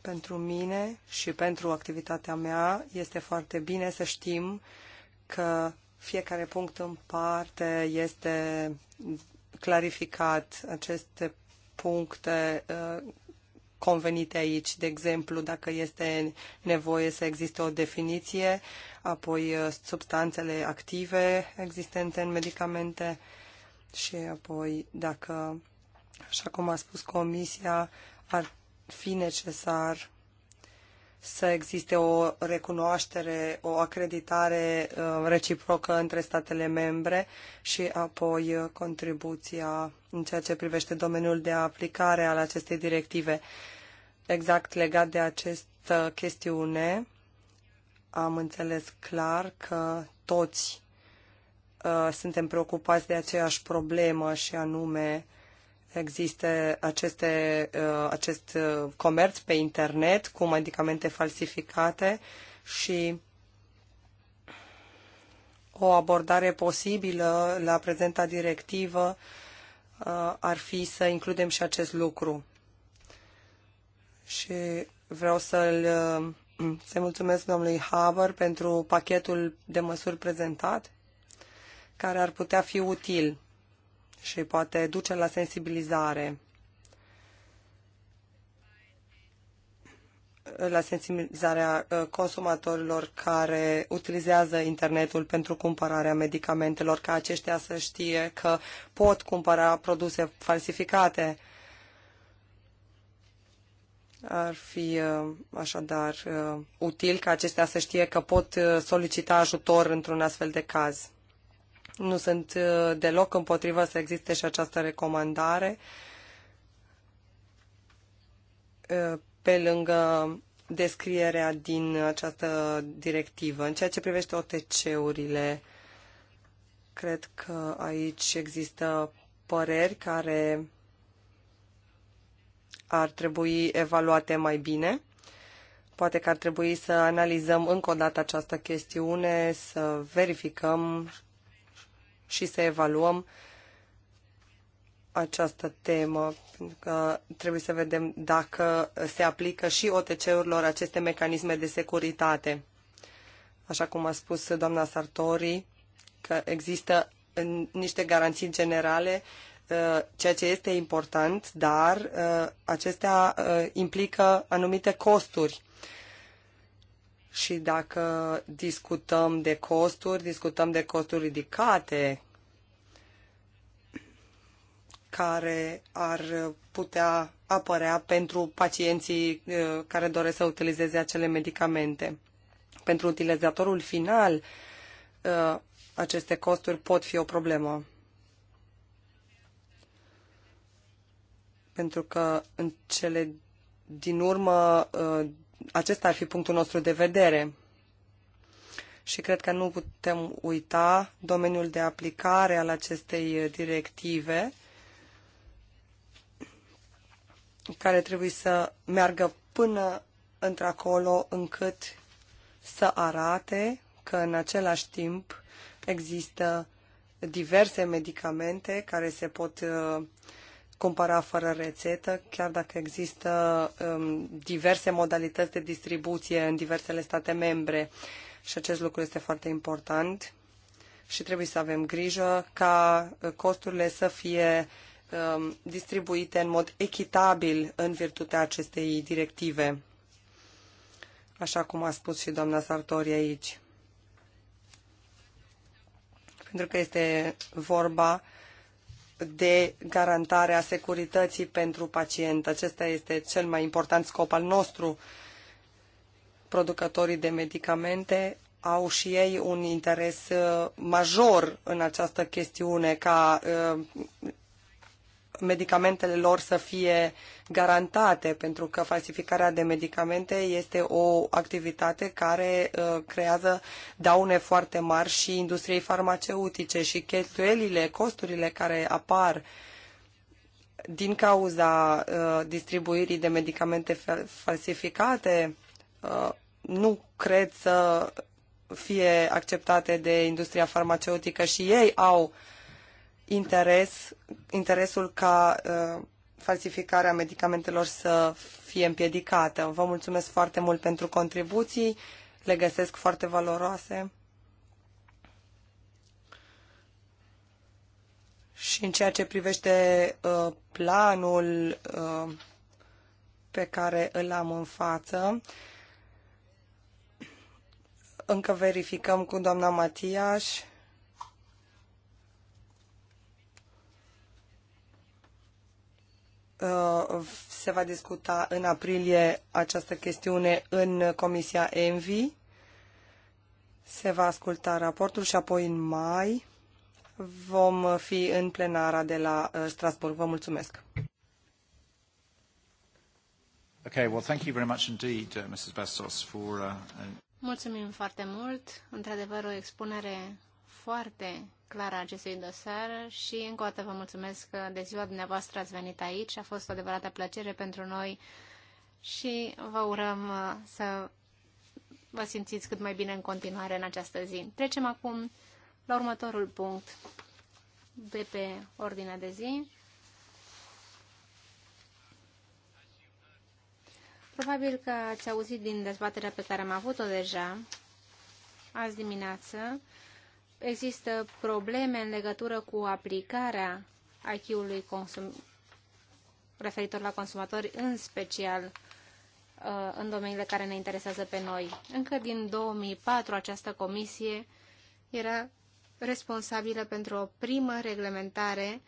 pentru mine și pentru activitatea mea este foarte bine să știm că fiecare punct în parte este clarificat. Aceste puncte uh, convenite aici. De exemplu, dacă este nevoie să existe o definiție, apoi uh, substanțele active existente în medicamente și apoi dacă așa cum a spus Comisia, ar fi necesar să existe o recunoaștere, o acreditare uh, reciprocă între statele membre și apoi uh, contribuția în ceea ce privește domeniul de aplicare al acestei directive. Exact legat de această chestiune, am înțeles clar că toți uh, suntem preocupați de aceeași problemă și anume uh, existe aceste, uh, acest uh, comerț pe internet cu medicamente falsificate și o abordare posibilă la prezenta directivă uh, ar fi să includem și acest lucru. Și vreau să-l să mulțumesc domnului Haber pentru pachetul de măsuri prezentat, care ar putea fi util și poate duce la sensibilizare. la sensibilizarea uh, consumatorilor care utilizează internetul pentru cumpărarea medicamentelor, ca aceștia să știe că pot cumpăra produse falsificate. Ar fi uh, așadar uh, util ca acestea să știe că pot solicita ajutor într-un astfel de caz. Nu sunt uh, deloc împotrivă să existe și această recomandare uh, pe lângă descrierea din această directivă. În ceea ce privește OTC-urile, cred că aici există păreri care ar trebui evaluate mai bine. Poate că ar trebui să analizăm încă o dată această chestiune, să verificăm și să evaluăm această temă, pentru că trebuie să vedem dacă se aplică și OTC-urilor aceste mecanisme de securitate. Așa cum a spus doamna Sartori, că există niște garanții generale, uh, ceea ce este important, dar uh, acestea uh, implică anumite costuri și dacă discutăm de costuri, discutăm de costuri ridicate care ar putea apărea pentru pacienții uh, care doresc să utilizeze acele medicamente. Pentru utilizatorul final, uh, aceste costuri pot fi o problemă. Pentru că în cele din urmă uh, acesta ar fi punctul nostru de vedere. Și cred că nu putem uita domeniul de aplicare al acestei directive, care trebuie să meargă până într-acolo încât să arate că în același timp există diverse medicamente care se pot uh, cumpăra fără rețetă, chiar dacă există um, diverse modalități de distribuție în diversele state membre. Și acest lucru este foarte important și trebuie să avem grijă ca uh, costurile să fie um, distribuite în mod echitabil în virtutea acestei directive, așa cum a spus și doamna Sartori aici. Pentru că este vorba de garantare a securității pentru pacient. Acesta este cel mai important scop al nostru. Producătorii de medicamente au și ei un interes uh, major în această chestiune ca uh, medicamentele lor să fie garantate, pentru că falsificarea de medicamente este o activitate care uh, creează daune foarte mari și industriei farmaceutice și cheltuielile, costurile care apar din cauza uh, distribuirii de medicamente falsificate uh, nu cred să fie acceptate de industria farmaceutică și ei au interes, interesul ca uh, falsificarea medicamentelor să fie împiedicată. Vă mulțumesc foarte mult pentru contribuții, le găsesc foarte valoroase. Și în ceea ce privește uh, planul uh, pe care îl am în față, încă verificăm cu doamna Matiaș Uh, se va discuta în aprilie această chestiune în Comisia ENVI. Se va asculta raportul și apoi în mai vom fi în plenara de la uh, Strasbourg. Vă mulțumesc. Okay, well, thank you very much indeed, uh, Mrs. Bastos, for... Uh, Mulțumim foarte mult. Într-adevăr, o expunere foarte clară a acestui dosar și încă o dată vă mulțumesc că de ziua dumneavoastră ați venit aici. A fost o adevărată plăcere pentru noi și vă urăm uh, să vă simțiți cât mai bine în continuare în această zi. Trecem acum la următorul punct de pe ordinea de zi. Probabil că ați auzit din dezbaterea pe care am avut-o deja azi dimineață există probleme în legătură cu aplicarea acquis-ului consum... referitor la consumatori, în special uh, în domeniile care ne interesează pe noi. Încă din 2004 această comisie era responsabilă pentru o primă reglementare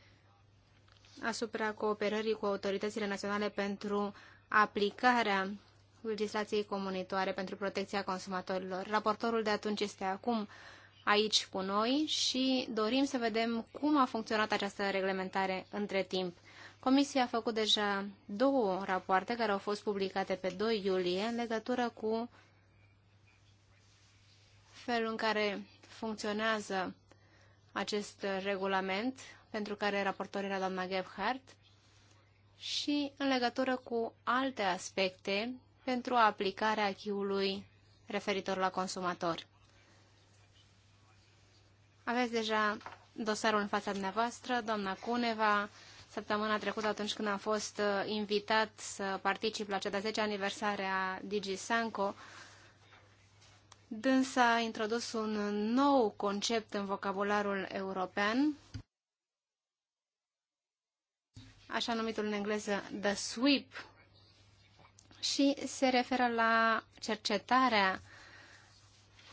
asupra cooperării cu autoritățile naționale pentru aplicarea legislației comunitoare pentru protecția consumatorilor. Raportorul de atunci este acum aici cu noi și dorim să vedem cum a funcționat această reglementare între timp. Comisia a făcut deja două rapoarte care au fost publicate pe 2 iulie în legătură cu felul în care funcționează acest regulament, pentru care raportor era doamna Gebhardt, și în legătură cu alte aspecte pentru aplicarea achiului referitor la consumatori. Aveți deja dosarul în fața dumneavoastră, doamna Cuneva, săptămâna trecută atunci când am fost uh, invitat să particip la cea de 10 aniversare a Digi Sanco, dânsa a introdus un nou concept în vocabularul european, așa numitul în engleză The Sweep, și se referă la cercetarea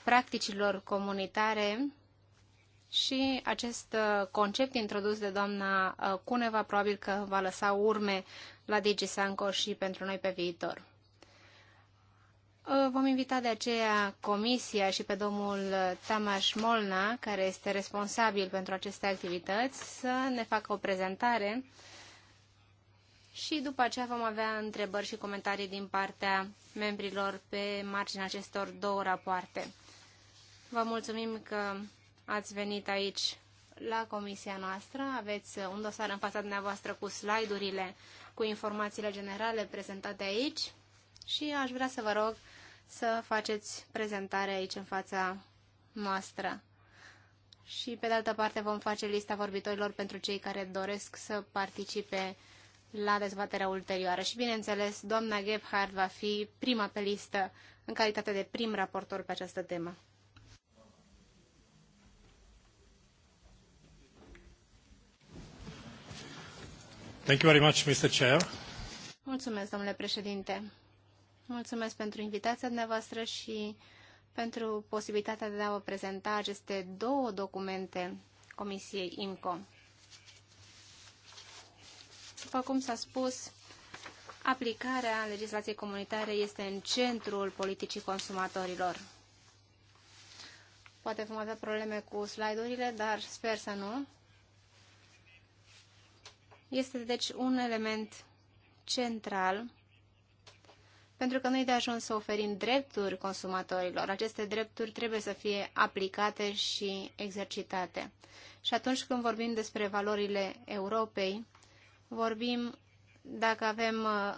practicilor comunitare și acest uh, concept introdus de doamna uh, Cuneva probabil că va lăsa urme la DigiSanco și pentru noi pe viitor. Uh, vom invita de aceea comisia și pe domnul Tamas Molna, care este responsabil pentru aceste activități, să ne facă o prezentare și după aceea vom avea întrebări și comentarii din partea membrilor pe marginea acestor două rapoarte. Vă mulțumim că ați venit aici la comisia noastră. Aveți un dosar în fața dumneavoastră cu slide-urile, cu informațiile generale prezentate aici și aș vrea să vă rog să faceți prezentare aici în fața noastră. Și pe de altă parte vom face lista vorbitorilor pentru cei care doresc să participe la dezbaterea ulterioară. Și bineînțeles, doamna Gebhardt va fi prima pe listă în calitate de prim raportor pe această temă. Mulțumesc, domnule președinte. Mulțumesc pentru invitația dumneavoastră și pentru posibilitatea de a vă prezenta aceste două documente Comisiei IMCO. După cum s-a spus, aplicarea legislației comunitare este în centrul politicii consumatorilor. Poate vom avea probleme cu slide-urile, dar sper să nu. Este deci un element central pentru că nu-i de ajuns să oferim drepturi consumatorilor. Aceste drepturi trebuie să fie aplicate și exercitate. Și atunci când vorbim despre valorile Europei, vorbim dacă avem uh,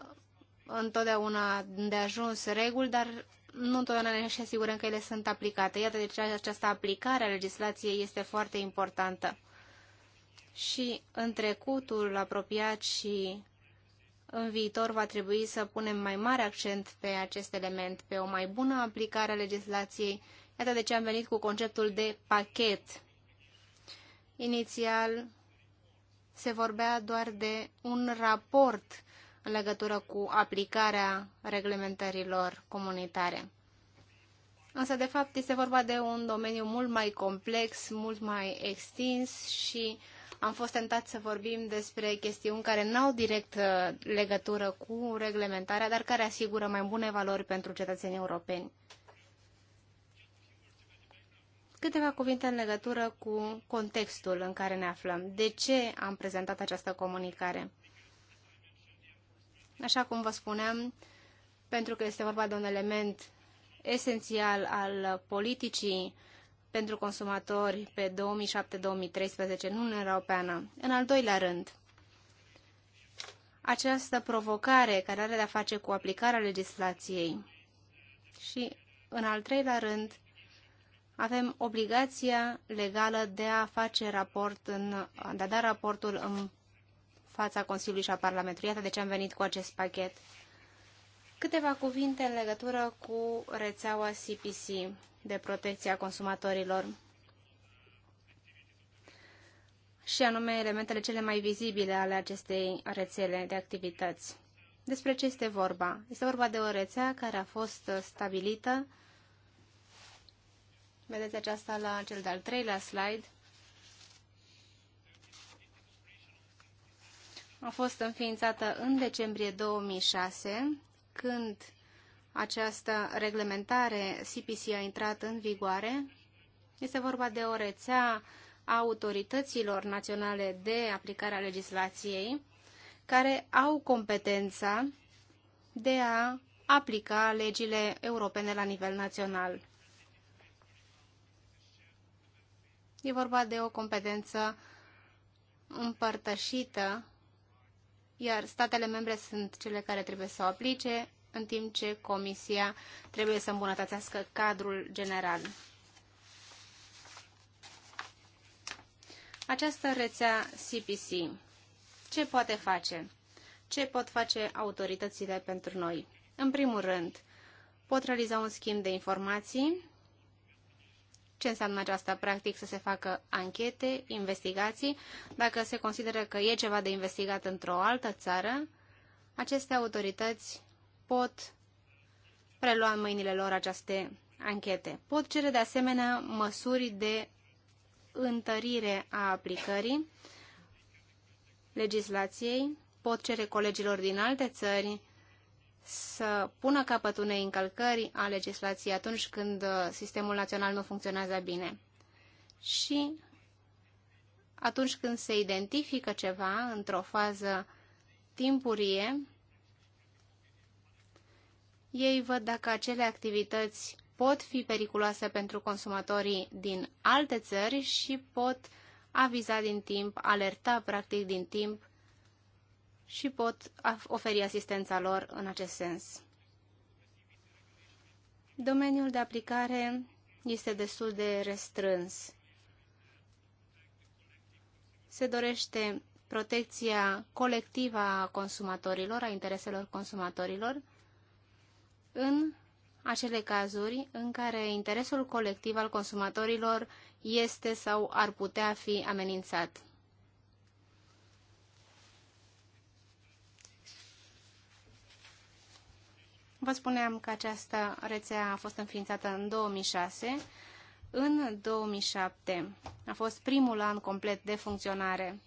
întotdeauna de ajuns reguli, dar nu întotdeauna ne asigurăm că ele sunt aplicate. Iată de deci, ce această aplicare a legislației este foarte importantă și în trecutul apropiat și în viitor va trebui să punem mai mare accent pe acest element, pe o mai bună aplicare a legislației. Iată de ce am venit cu conceptul de pachet. Inițial se vorbea doar de un raport în legătură cu aplicarea reglementărilor comunitare. Însă, de fapt, este vorba de un domeniu mult mai complex, mult mai extins și uh, am fost tentat să vorbim despre chestiuni care nu au direct uh, legătură cu reglementarea, dar care asigură mai bune valori pentru cetățenii europeni. Câteva cuvinte în legătură cu contextul în care ne aflăm. De ce am prezentat această comunicare? Așa cum vă spuneam, pentru că este vorba de un element esențial al politicii uh, pentru consumatori pe 2007-2013 în Uniunea Europeană. În al doilea rând, această provocare care are de-a face cu aplicarea legislației și, în al treilea rând, avem obligația legală de a face raport, în, de a da raportul în fața Consiliului și a Parlamentului. Iată de ce am venit cu acest pachet. Câteva cuvinte în legătură cu rețeaua CPC de protecție a consumatorilor și anume elementele cele mai vizibile ale acestei rețele de activități. Despre ce este vorba? Este vorba de o rețea care a fost stabilită. Vedeți aceasta la cel de-al treilea slide. A fost înființată în decembrie 2006 când această reglementare CPC a intrat în vigoare. Este vorba de o rețea a autorităților naționale de aplicare a legislației care au competența de a aplica legile europene la nivel național. E vorba de o competență împărtășită iar statele membre sunt cele care trebuie să o aplice, în timp ce Comisia trebuie să îmbunătățească cadrul general. Această rețea CPC, ce poate face? Ce pot face autoritățile pentru noi? În primul rând, pot realiza un schimb de informații ce înseamnă aceasta? Practic să se facă anchete, investigații. Dacă se consideră că e ceva de investigat într-o altă țară, aceste autorități pot prelua în mâinile lor aceste anchete. Pot cere de asemenea măsuri de întărire a aplicării legislației, pot cere colegilor din alte țări să pună capăt unei încălcări a legislației atunci când uh, sistemul național nu funcționează bine. Și atunci când se identifică ceva într-o fază timpurie, ei văd dacă acele activități pot fi periculoase pentru consumatorii din alte țări și pot aviza din timp, alerta practic din timp și pot oferi asistența lor în acest sens. Domeniul de aplicare este destul de restrâns. Se dorește protecția colectivă a consumatorilor, a intereselor consumatorilor, în acele cazuri în care interesul colectiv al consumatorilor este sau ar putea fi amenințat. Vă spuneam că această rețea a fost înființată în 2006. În 2007 a fost primul an complet de funcționare.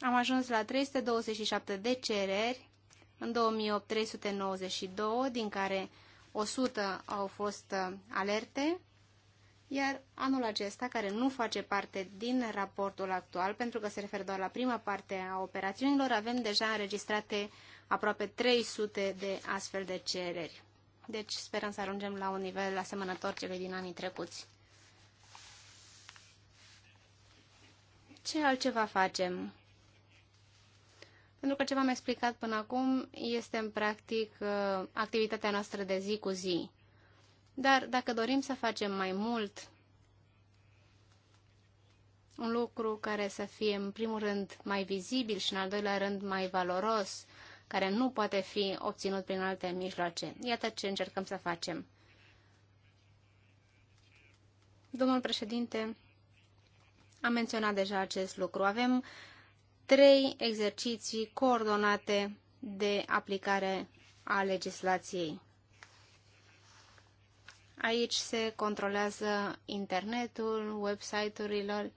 Am ajuns la 327 de cereri, în 2008 392, din care 100 au fost uh, alerte, iar anul acesta, care nu face parte din raportul actual, pentru că se referă doar la prima parte a operațiunilor, avem deja înregistrate aproape 300 de astfel de cereri. Deci sperăm să ajungem la un nivel asemănător celui din anii trecuți. Ce altceva facem? Pentru că ce v-am explicat până acum este în practic uh, activitatea noastră de zi cu zi. Dar dacă dorim să facem mai mult, un lucru care să fie în primul rând mai vizibil și în al doilea rând mai valoros, care nu poate fi obținut prin alte mijloace. Iată ce încercăm să facem. Domnul președinte, am menționat deja acest lucru. Avem trei exerciții coordonate de aplicare a legislației. Aici se controlează internetul, website-urilor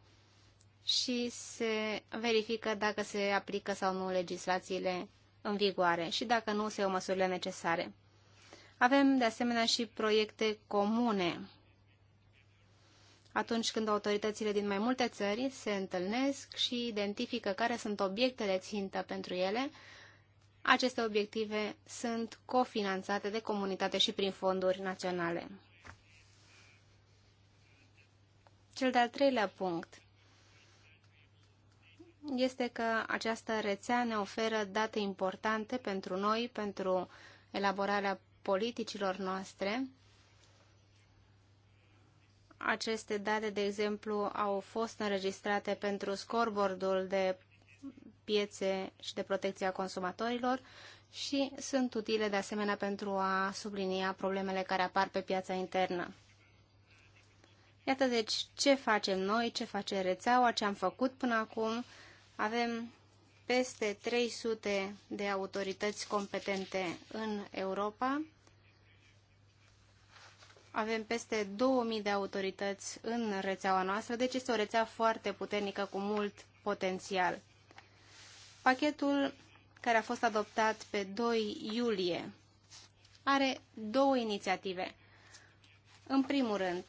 și se verifică dacă se aplică sau nu legislațiile în vigoare și dacă nu, se iau măsurile necesare. Avem de asemenea și proiecte comune. Atunci când autoritățile din mai multe țări se întâlnesc și identifică care sunt obiectele țintă pentru ele, aceste obiective sunt cofinanțate de comunitate și prin fonduri naționale. Cel de-al treilea punct este că această rețea ne oferă date importante pentru noi, pentru elaborarea politicilor noastre. Aceste date, de exemplu, au fost înregistrate pentru scoreboardul de piețe și de protecția consumatorilor și sunt utile de asemenea pentru a sublinia problemele care apar pe piața internă. Iată deci ce facem noi, ce face rețeaua, ce am făcut până acum avem peste 300 de autorități competente în Europa. Avem peste 2000 de autorități în rețeaua noastră, deci este o rețea foarte puternică cu mult potențial. Pachetul care a fost adoptat pe 2 iulie are două inițiative. În primul rând,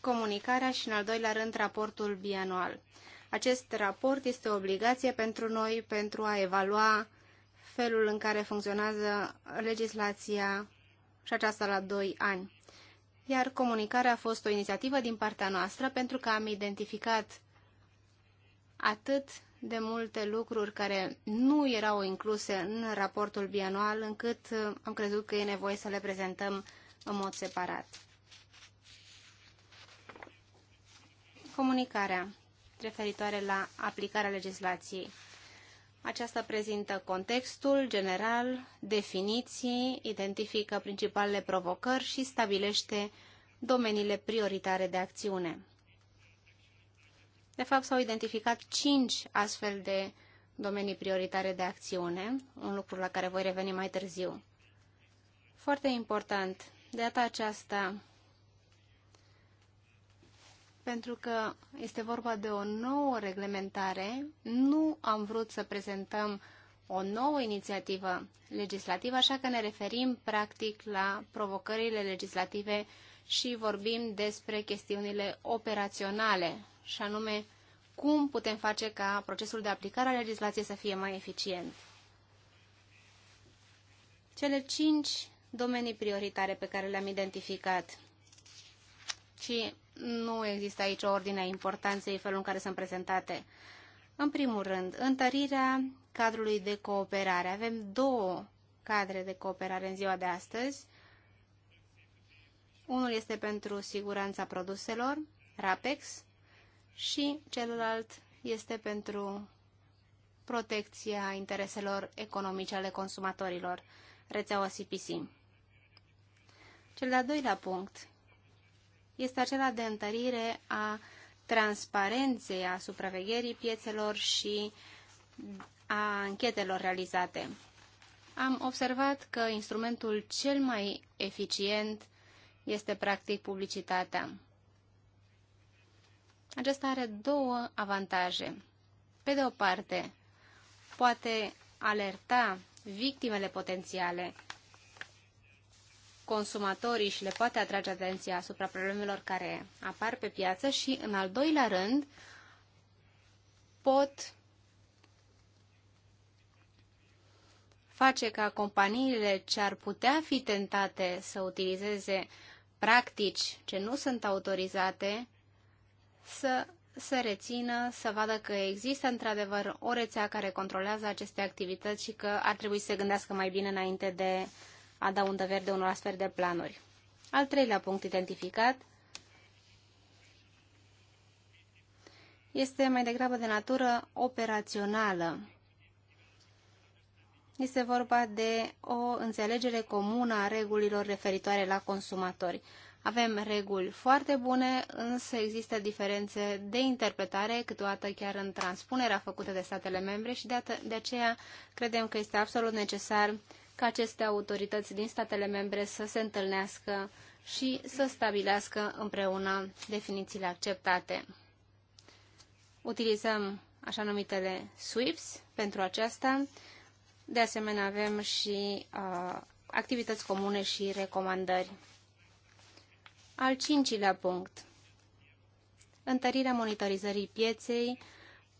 comunicarea și în al doilea rând raportul bianual. Acest raport este o obligație pentru noi pentru a evalua felul în care funcționează legislația și aceasta la 2 ani. Iar comunicarea a fost o inițiativă din partea noastră pentru că am identificat atât de multe lucruri care nu erau incluse în raportul bianual, încât am crezut că e nevoie să le prezentăm în mod separat. Comunicarea referitoare la aplicarea legislației. Aceasta prezintă contextul general, definiții, identifică principalele provocări și stabilește domeniile prioritare de acțiune. De fapt, s-au identificat cinci astfel de domenii prioritare de acțiune, un lucru la care voi reveni mai târziu. Foarte important, de data aceasta pentru că este vorba de o nouă reglementare. Nu am vrut să prezentăm o nouă inițiativă legislativă, așa că ne referim practic la provocările legislative și vorbim despre chestiunile operaționale, și anume cum putem face ca procesul de aplicare a legislației să fie mai eficient. Cele cinci domenii prioritare pe care le-am identificat ci nu există aici o ordine a importanței, felul în care sunt prezentate. În primul rând, întărirea cadrului de cooperare. Avem două cadre de cooperare în ziua de astăzi. Unul este pentru siguranța produselor, RAPEX, și celălalt este pentru protecția intereselor economice ale consumatorilor, rețeaua CPC. Cel de-al doilea punct este acela de întărire a transparenței a supravegherii piețelor și a anchetelor realizate. Am observat că instrumentul cel mai eficient este practic publicitatea. Acesta are două avantaje. Pe de o parte, poate alerta victimele potențiale consumatorii și le poate atrage atenția asupra problemelor care apar pe piață și, în al doilea rând, pot face ca companiile ce ar putea fi tentate să utilizeze practici ce nu sunt autorizate să se rețină, să vadă că există într-adevăr o rețea care controlează aceste activități și că ar trebui să se gândească mai bine înainte de a da undă verde unor astfel de planuri. Al treilea punct identificat este mai degrabă de natură operațională. Este vorba de o înțelegere comună a regulilor referitoare la consumatori. Avem reguli foarte bune, însă există diferențe de interpretare, câteodată chiar în transpunerea făcută de statele membre și de, de aceea credem că este absolut necesar ca aceste autorități din statele membre să se întâlnească și să stabilească împreună definițiile acceptate. Utilizăm așa numitele SWIPS pentru aceasta. De asemenea, avem și uh, activități comune și recomandări. Al cincilea punct. Întărirea monitorizării pieței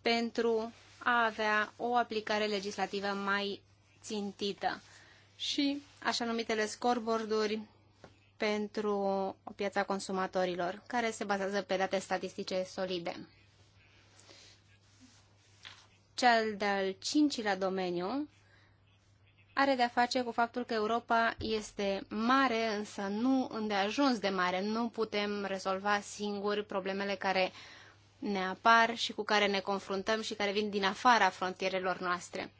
pentru a avea o aplicare legislativă mai țintită și așa numitele scoreboarduri pentru piața consumatorilor, care se bazează pe date statistice solide. Cel de-al cincilea domeniu are de-a face cu faptul că Europa este mare, însă nu îndeajuns de mare. Nu putem rezolva singuri problemele care ne apar și cu care ne confruntăm și care vin din afara frontierelor noastre.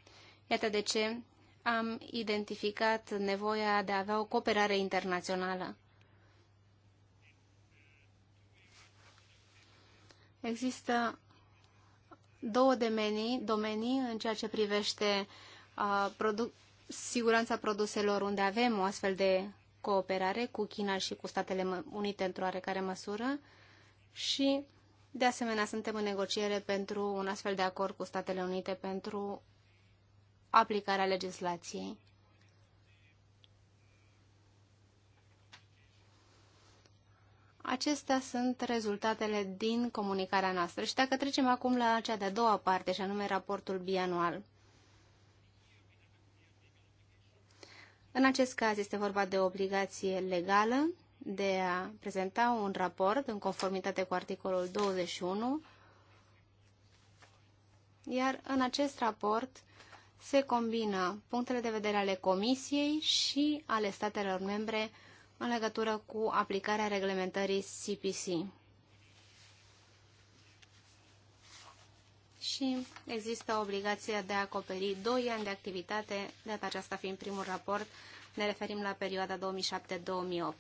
Iată de ce am identificat nevoia de a avea o cooperare internațională. Există două domenii, domenii în ceea ce privește uh, produ siguranța produselor, unde avem o astfel de cooperare cu China și cu Statele Unite într-o oarecare măsură și, de asemenea, suntem în negociere pentru un astfel de acord cu Statele Unite pentru aplicarea legislației. Acestea sunt rezultatele din comunicarea noastră. Și dacă trecem acum la cea de-a doua parte, și anume raportul bianual. În acest caz este vorba de o obligație legală de a prezenta un raport în conformitate cu articolul 21, iar în acest raport se combină punctele de vedere ale Comisiei și ale statelor membre în legătură cu aplicarea reglementării CPC. Și există obligația de a acoperi 2 ani de activitate, data aceasta fiind primul raport, ne referim la perioada 2007-2008.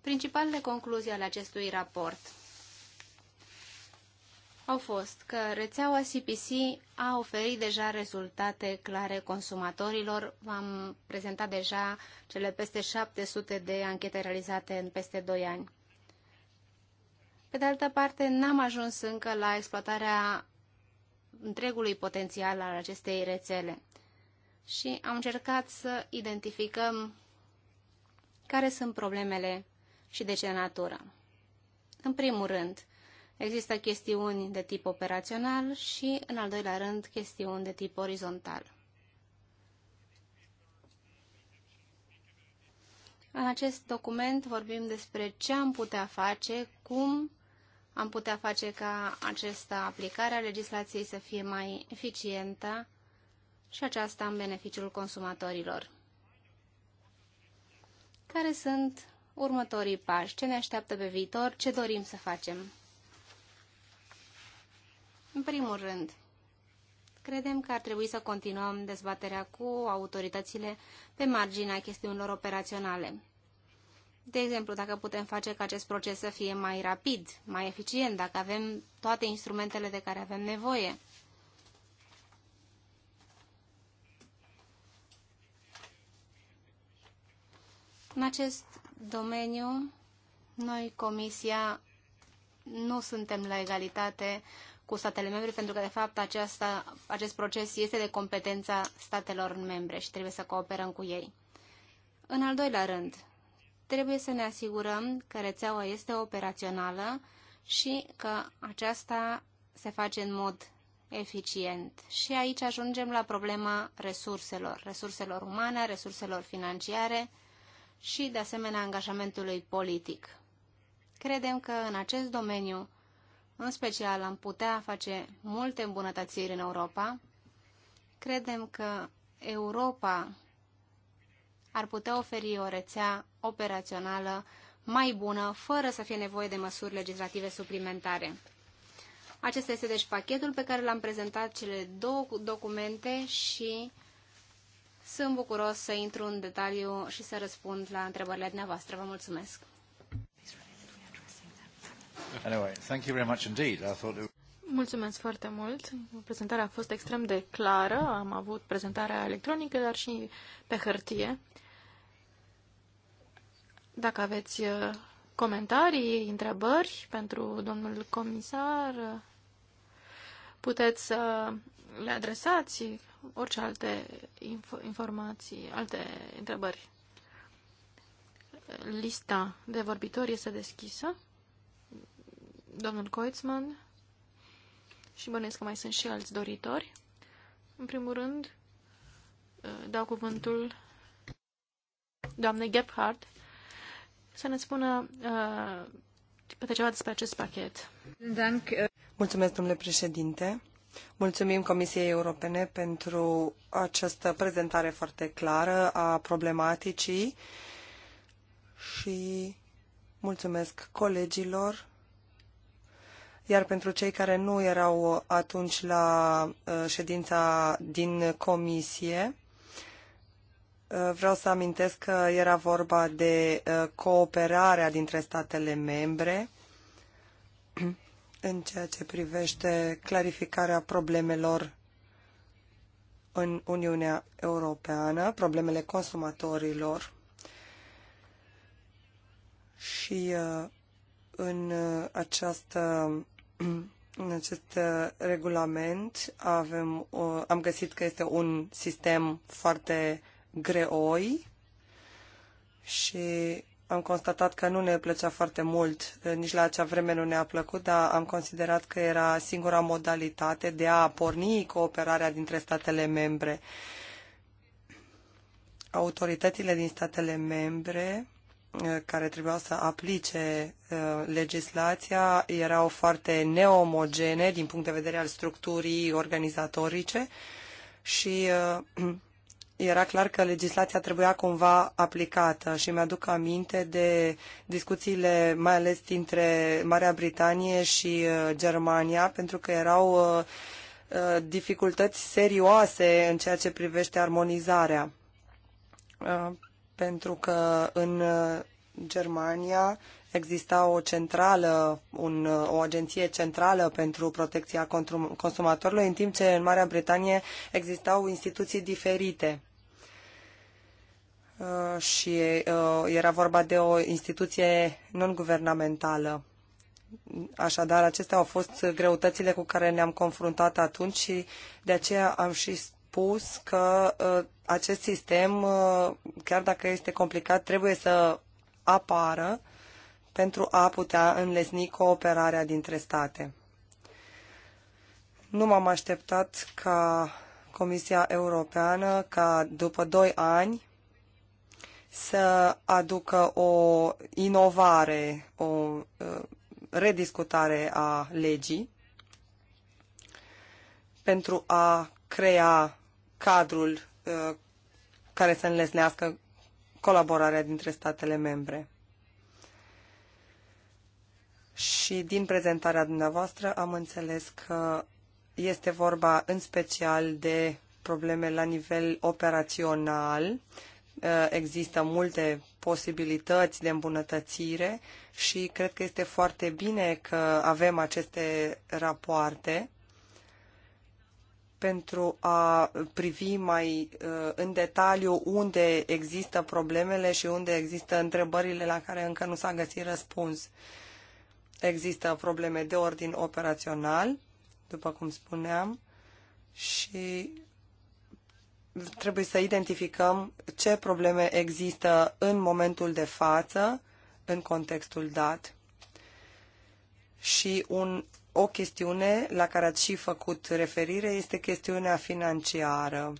Principalele concluzii ale acestui raport au fost că rețeaua CPC a oferit deja rezultate clare consumatorilor. V-am prezentat deja cele peste 700 de anchete realizate în peste 2 ani. Pe de altă parte, n-am ajuns încă la exploatarea întregului potențial al acestei rețele și am încercat să identificăm care sunt problemele și de ce natură. În primul rând, Există chestiuni de tip operațional și, în al doilea rând, chestiuni de tip orizontal. În acest document vorbim despre ce am putea face, cum am putea face ca această aplicare a legislației să fie mai eficientă și aceasta în beneficiul consumatorilor. Care sunt următorii pași? Ce ne așteaptă pe viitor? Ce dorim să facem? În primul rând, credem că ar trebui să continuăm dezbaterea cu autoritățile pe marginea chestiunilor operaționale. De exemplu, dacă putem face ca acest proces să fie mai rapid, mai eficient, dacă avem toate instrumentele de care avem nevoie. În acest domeniu, noi, Comisia, nu suntem la egalitate cu statele membre, pentru că, de fapt, aceasta, acest proces este de competența statelor membre și trebuie să cooperăm cu ei. În al doilea rând, trebuie să ne asigurăm că rețeaua este operațională și că aceasta se face în mod eficient. Și aici ajungem la problema resurselor, resurselor umane, resurselor financiare și, de asemenea, angajamentului politic. Credem că în acest domeniu în special, am putea face multe îmbunătățiri în Europa. Credem că Europa ar putea oferi o rețea operațională mai bună, fără să fie nevoie de măsuri legislative suplimentare. Acesta este deci pachetul pe care l-am prezentat cele două documente și sunt bucuros să intru în detaliu și să răspund la întrebările dumneavoastră. Vă mulțumesc! Anyway, thank you very much indeed. I thought it... Mulțumesc foarte mult. Prezentarea a fost extrem de clară. Am avut prezentarea electronică, dar și pe hârtie. Dacă aveți uh, comentarii, întrebări pentru domnul comisar, uh, puteți să le adresați orice alte inf- informații, alte întrebări. Lista de vorbitori este deschisă domnul Koitzman și bănesc că mai sunt și alți doritori. În primul rând, uh, dau cuvântul doamnei Gebhardt să ne spună uh, ceva despre acest pachet. Uh, mulțumesc, domnule președinte. Mulțumim Comisiei Europene pentru această prezentare foarte clară a problematicii și mulțumesc colegilor iar pentru cei care nu erau uh, atunci la uh, ședința din comisie, uh, vreau să amintesc că era vorba de cooperarea dintre statele membre în ceea ce privește clarificarea problemelor în Uniunea Europeană, problemele consumatorilor și în această în acest uh, regulament avem, am găsit că este un sistem foarte greoi și am constatat că nu ne plăcea foarte mult, uh, nici la acea vreme nu ne-a plăcut, dar am considerat că era singura modalitate de a porni cooperarea dintre statele membre. Autoritățile din statele membre care trebuiau să aplice uh, legislația erau foarte neomogene din punct de vedere al structurii organizatorice și uh, era clar că legislația trebuia cumva aplicată și mi-aduc aminte de discuțiile mai ales dintre Marea Britanie și uh, Germania pentru că erau dificultăți serioase în ceea ce privește armonizarea pentru că în uh, Germania exista o centrală, un, uh, o agenție centrală pentru protecția consumatorilor, în timp ce în Marea Britanie existau instituții diferite. Uh, și era vorba de o instituție non-guvernamentală. Așadar, acestea au fost greutățile cu care ne-am confruntat atunci și de aceea am și spus că ă, acest sistem, ă, chiar dacă este complicat, trebuie să apară pentru a putea înlesni cooperarea dintre state. Nu m-am așteptat ca Comisia Europeană ca după 2 ani să aducă o inovare, o ă, rediscutare a legii pentru a crea cadrul uh, care să înlesnească colaborarea dintre statele membre. Și din prezentarea dumneavoastră am înțeles că este vorba în special de probleme la nivel operațional. Uh, există multe posibilități de îmbunătățire și cred că este foarte bine că avem aceste rapoarte pentru a privi mai uh, în detaliu unde există problemele și unde există întrebările la care încă nu s-a găsit răspuns. Există probleme de ordin operațional, după cum spuneam, și trebuie să identificăm ce probleme există în momentul de față, în contextul dat. Și un o chestiune la care ați și făcut referire este chestiunea financiară,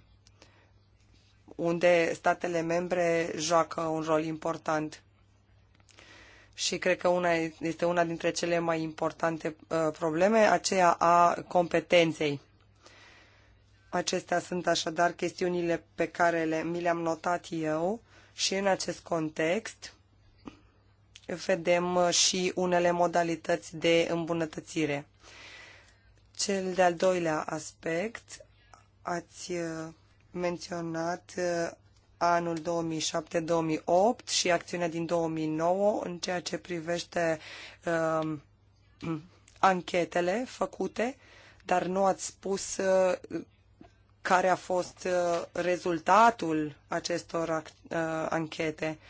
unde statele membre joacă un rol important. Și cred că una este una dintre cele mai importante uh, probleme, aceea a competenței. Acestea sunt așadar chestiunile pe care le, mi le-am notat eu și în acest context vedem uh, și unele modalități de îmbunătățire. Cel de-al doilea aspect, ați uh, menționat uh, anul 2007-2008 și acțiunea din 2009 în ceea ce privește uh, anchetele făcute, dar nu ați spus uh, care a fost rezultatul acestor anchete. Uh,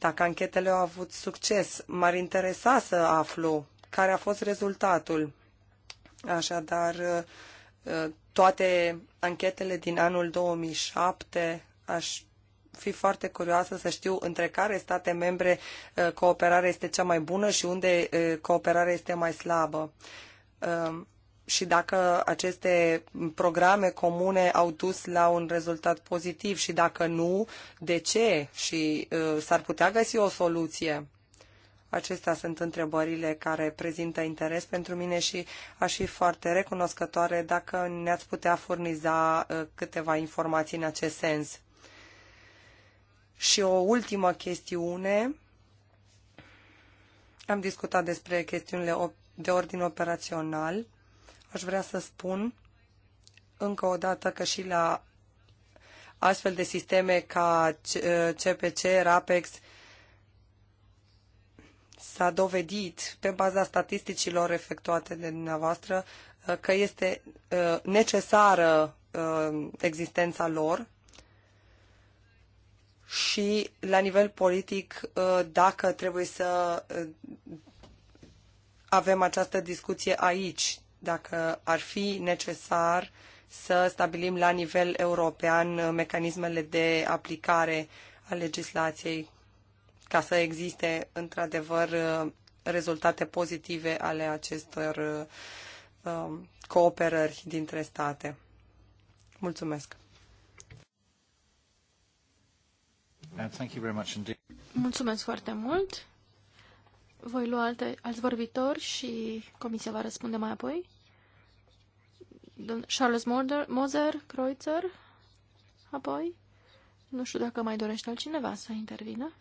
dacă anchetele au avut succes. M-ar interesa să aflu care a fost rezultatul. Așadar, uh, toate anchetele din anul 2007 aș fi foarte curioasă să știu între care state membre uh, cooperarea este cea mai bună și unde uh, cooperarea este mai slabă și dacă aceste programe comune au dus la un rezultat pozitiv și dacă nu, de ce și uh, s-ar putea găsi o soluție. Acestea sunt întrebările care prezintă interes pentru mine și aș fi foarte recunoscătoare dacă ne-ați putea furniza uh, câteva informații în acest sens. Și o ultimă chestiune. Am discutat despre chestiunile de ordin operațional Aș vrea să spun încă o dată că și la astfel de sisteme ca CPC, uh, RAPEX, s-a dovedit, pe baza statisticilor efectuate de dumneavoastră, uh, că este uh, necesară existența lor și la nivel politic dacă trebuie să avem această discuție aici, dacă ar fi necesar să stabilim la nivel european mecanismele de aplicare a legislației ca să existe într-adevăr rezultate pozitive ale acestor um, cooperări dintre state. Mulțumesc! Uh, Mulțumesc foarte mult! Voi lua alte, alți vorbitori și comisia va răspunde mai apoi. Domn Charles Morder, Moser, Kreutzer, apoi. Nu știu dacă mai dorește altcineva să intervină.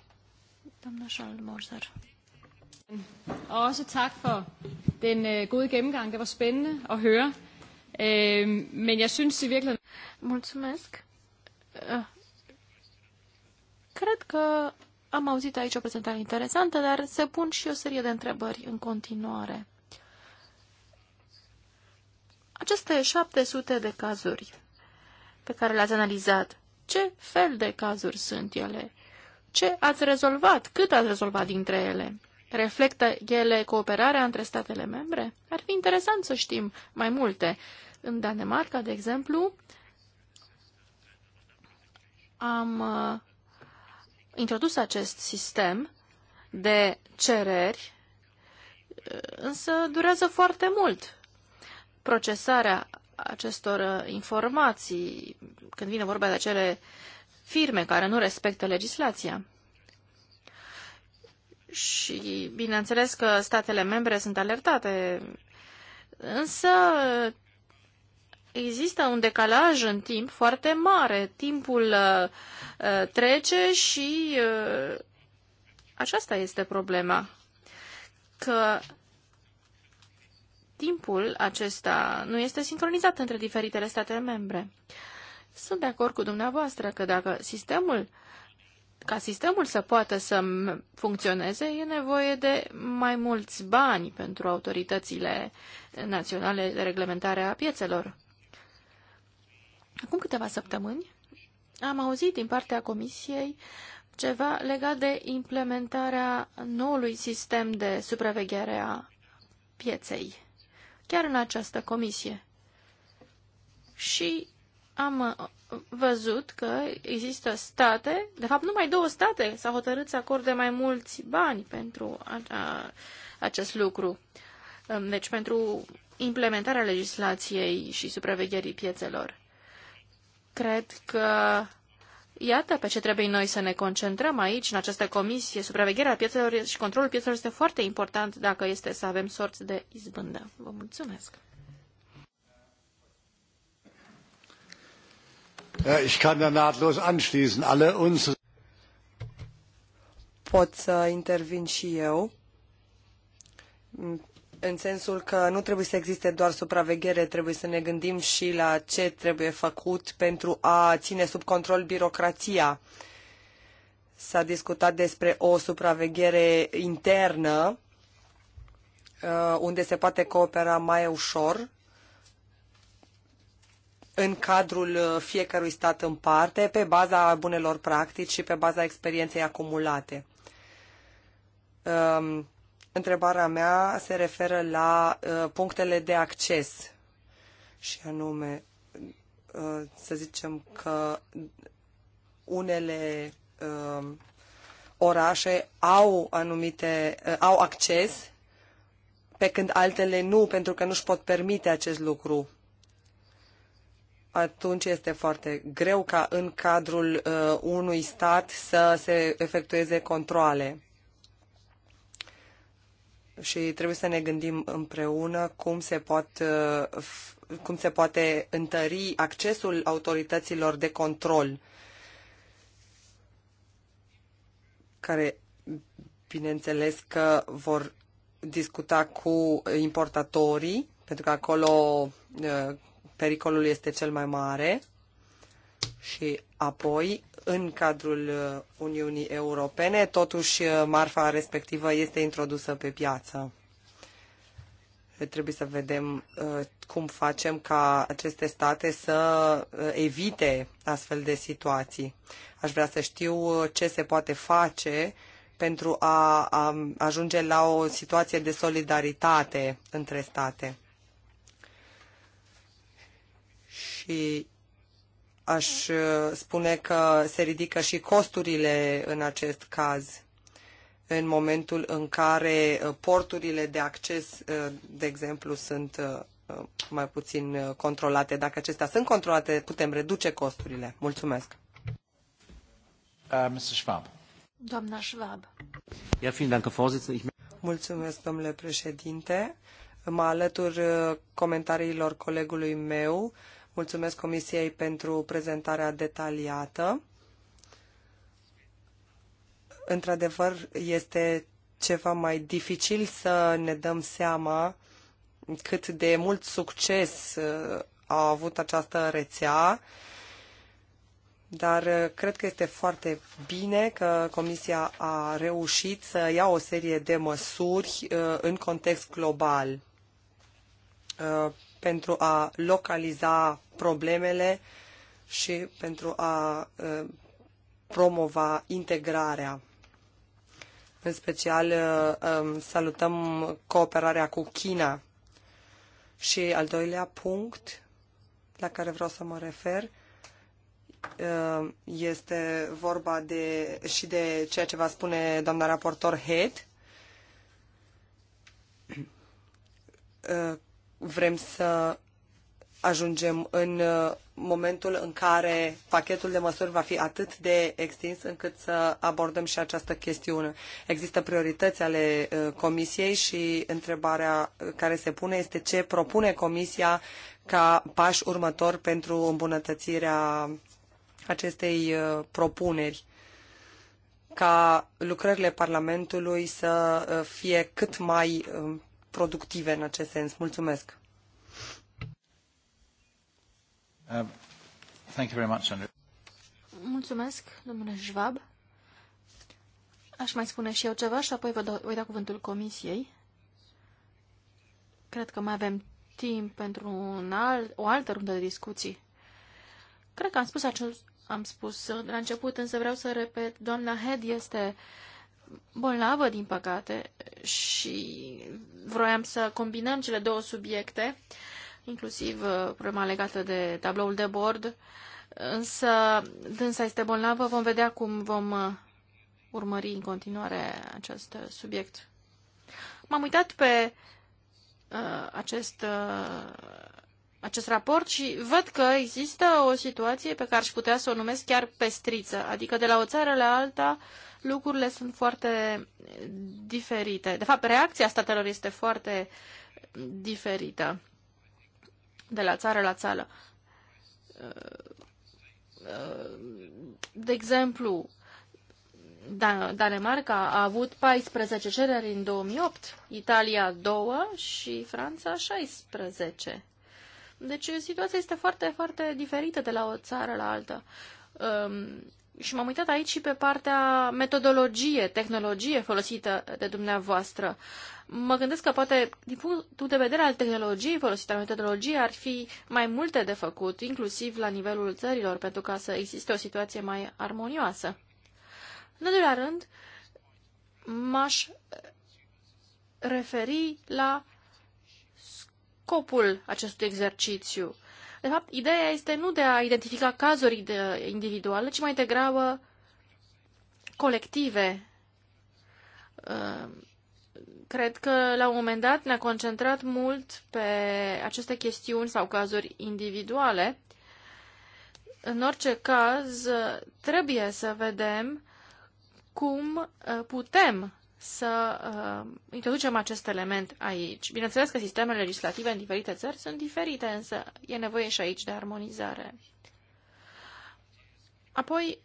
Doamna Charles Moser. Og også tak for den øh, gode gennemgang. Det var spændende at høre. Øh, men jeg synes i virkeligheden... Mulțumesc. Øh, cred că am auzit aici o prezentare interesantă, dar se pun și o serie de întrebări în continuare. Aceste 700 de cazuri pe care le-ați analizat, ce fel de cazuri sunt ele? Ce ați rezolvat? Cât ați rezolvat dintre ele? Reflectă ele cooperarea între statele membre? Ar fi interesant să știm mai multe. În Danemarca, de exemplu, am uh, introdus acest sistem de cereri, însă durează foarte mult procesarea acestor uh, informații când vine vorba de acele firme care nu respectă legislația. Și bineînțeles că statele membre sunt alertate, însă există un decalaj în timp foarte mare. Timpul uh, uh, trece și uh, aceasta este problema. Că timpul acesta nu este sincronizat între diferitele state membre. Sunt de acord cu dumneavoastră că dacă sistemul ca sistemul să poată să funcționeze, e nevoie de mai mulți bani pentru autoritățile naționale de reglementare a piețelor. Acum câteva săptămâni am auzit din partea Comisiei ceva legat de implementarea noului sistem de supraveghere a pieței, chiar în această comisie. Și am uh, văzut că există state, de fapt numai două state s-au hotărât să acorde mai mulți bani pentru a, a, acest lucru. Um, deci pentru implementarea legislației și supravegherii piețelor. Cred că Iată pe ce trebuie noi să ne concentrăm aici, în această comisie. Supravegherea piețelor și controlul piețelor este foarte important dacă este să avem sorți de izbândă. Vă mulțumesc! Ich kann da nahtlos anschließen. Alle uns pot să intervin și eu în sensul că nu trebuie să existe doar supraveghere, trebuie să ne gândim și la ce trebuie făcut pentru a ține sub control birocrația. S-a discutat despre o supraveghere internă, uh, unde se poate coopera mai ușor în cadrul uh, fiecărui stat în parte, pe baza bunelor practici și pe baza experienței acumulate um, Întrebarea mea se referă la uh, punctele de acces și anume, uh, să zicem că unele uh, orașe au anumite, uh, au acces, pe când altele nu, pentru că nu-și pot permite acest lucru. Atunci este foarte greu ca în cadrul uh, unui stat să se efectueze controle și trebuie să ne gândim împreună cum se, pot, uh, cum se poate întări accesul autorităților de control care, bineînțeles că vor discuta cu importatorii, pentru că acolo uh, pericolul este cel mai mare și apoi în cadrul uh, Uniunii Europene, totuși uh, marfa respectivă este introdusă pe piață. Trebuie să vedem uh, cum facem ca aceste state să evite astfel de situații. Aș vrea să știu ce se poate face pentru a, a ajunge la o situație de solidaritate între state. Și aș uh, spune că se ridică și costurile în acest caz în momentul în care uh, porturile de acces, uh, de exemplu, sunt mai puțin controlate. Dacă acestea sunt controlate, putem reduce costurile. Mulțumesc. Uh, Mr. Schwab. Doamna Schwab. Ja, vielen Dank, Mulțumesc, domnule președinte. Mă alătur comentariilor colegului meu. Uh, Mulțumesc Comisiei pentru prezentarea detaliată. Într-adevăr, este ceva mai dificil să ne dăm seama cât de mult succes uh, a avut această rețea, dar uh, cred că este foarte bine că Comisia a reușit să ia o serie de măsuri uh, în context global pentru a localiza problemele și pentru a promova integrarea. În special salutăm cooperarea cu China. Și al doilea punct la care vreau să mă refer este vorba de, și de ceea ce va spune doamna raportor Head. Vrem să ajungem în uh, momentul în care pachetul de măsuri va fi atât de extins încât să abordăm și această chestiune. Există priorități ale uh, Comisiei și întrebarea uh, care se pune este ce propune Comisia ca pași următor pentru îmbunătățirea acestei propuneri ca lucrările Parlamentului să fie cât mai productive în acest sens. Mulțumesc! Um, thank you very much, Andrew. Mulțumesc, domnule Schwab. Aș mai spune și eu ceva și apoi vă voi da cuvântul comisiei. Cred că mai avem timp pentru un alt, o altă rundă de discuții. Cred că am spus, acel, am spus de la început, însă vreau să repet, doamna Head este bolnavă, din păcate, și vroiam să combinăm cele două subiecte. Uh, inclusiv uh, problema legată de tabloul de bord, însă dânsa este bolnavă, vom vedea cum vom uh, urmări în continuare acest uh, subiect. M-am uitat pe uh, acest, uh, acest raport și văd că există o situație pe care aș putea să o numesc chiar pestriță, adică de la o țară la alta lucrurile sunt foarte diferite. De fapt, reacția statelor este foarte diferită de la țară la țară. De exemplu, Danemarca a avut 14 cereri în 2008, Italia 2 și Franța 16. Deci situația este foarte, foarte diferită de la o țară la alta. Ehm, și m-am uitat aici și pe partea metodologie, tehnologie folosită de dumneavoastră. Mă gândesc că poate, din punctul de vedere al tehnologiei folosite, al metodologiei, ar fi mai multe de făcut, inclusiv la nivelul țărilor, pentru ca să existe o situație mai armonioasă. În al doilea rând, m-aș referi la scopul acestui exercițiu. De fapt, ideea este nu de a identifica cazuri individuale, ci mai degrabă colective. Uh, cred că la un moment dat ne-a concentrat mult pe aceste chestiuni sau cazuri individuale. În orice caz, trebuie să vedem cum uh, putem să uh, introducem acest element aici. Bineînțeles că sistemele legislative în diferite țări sunt diferite, însă e nevoie și aici de armonizare. Apoi,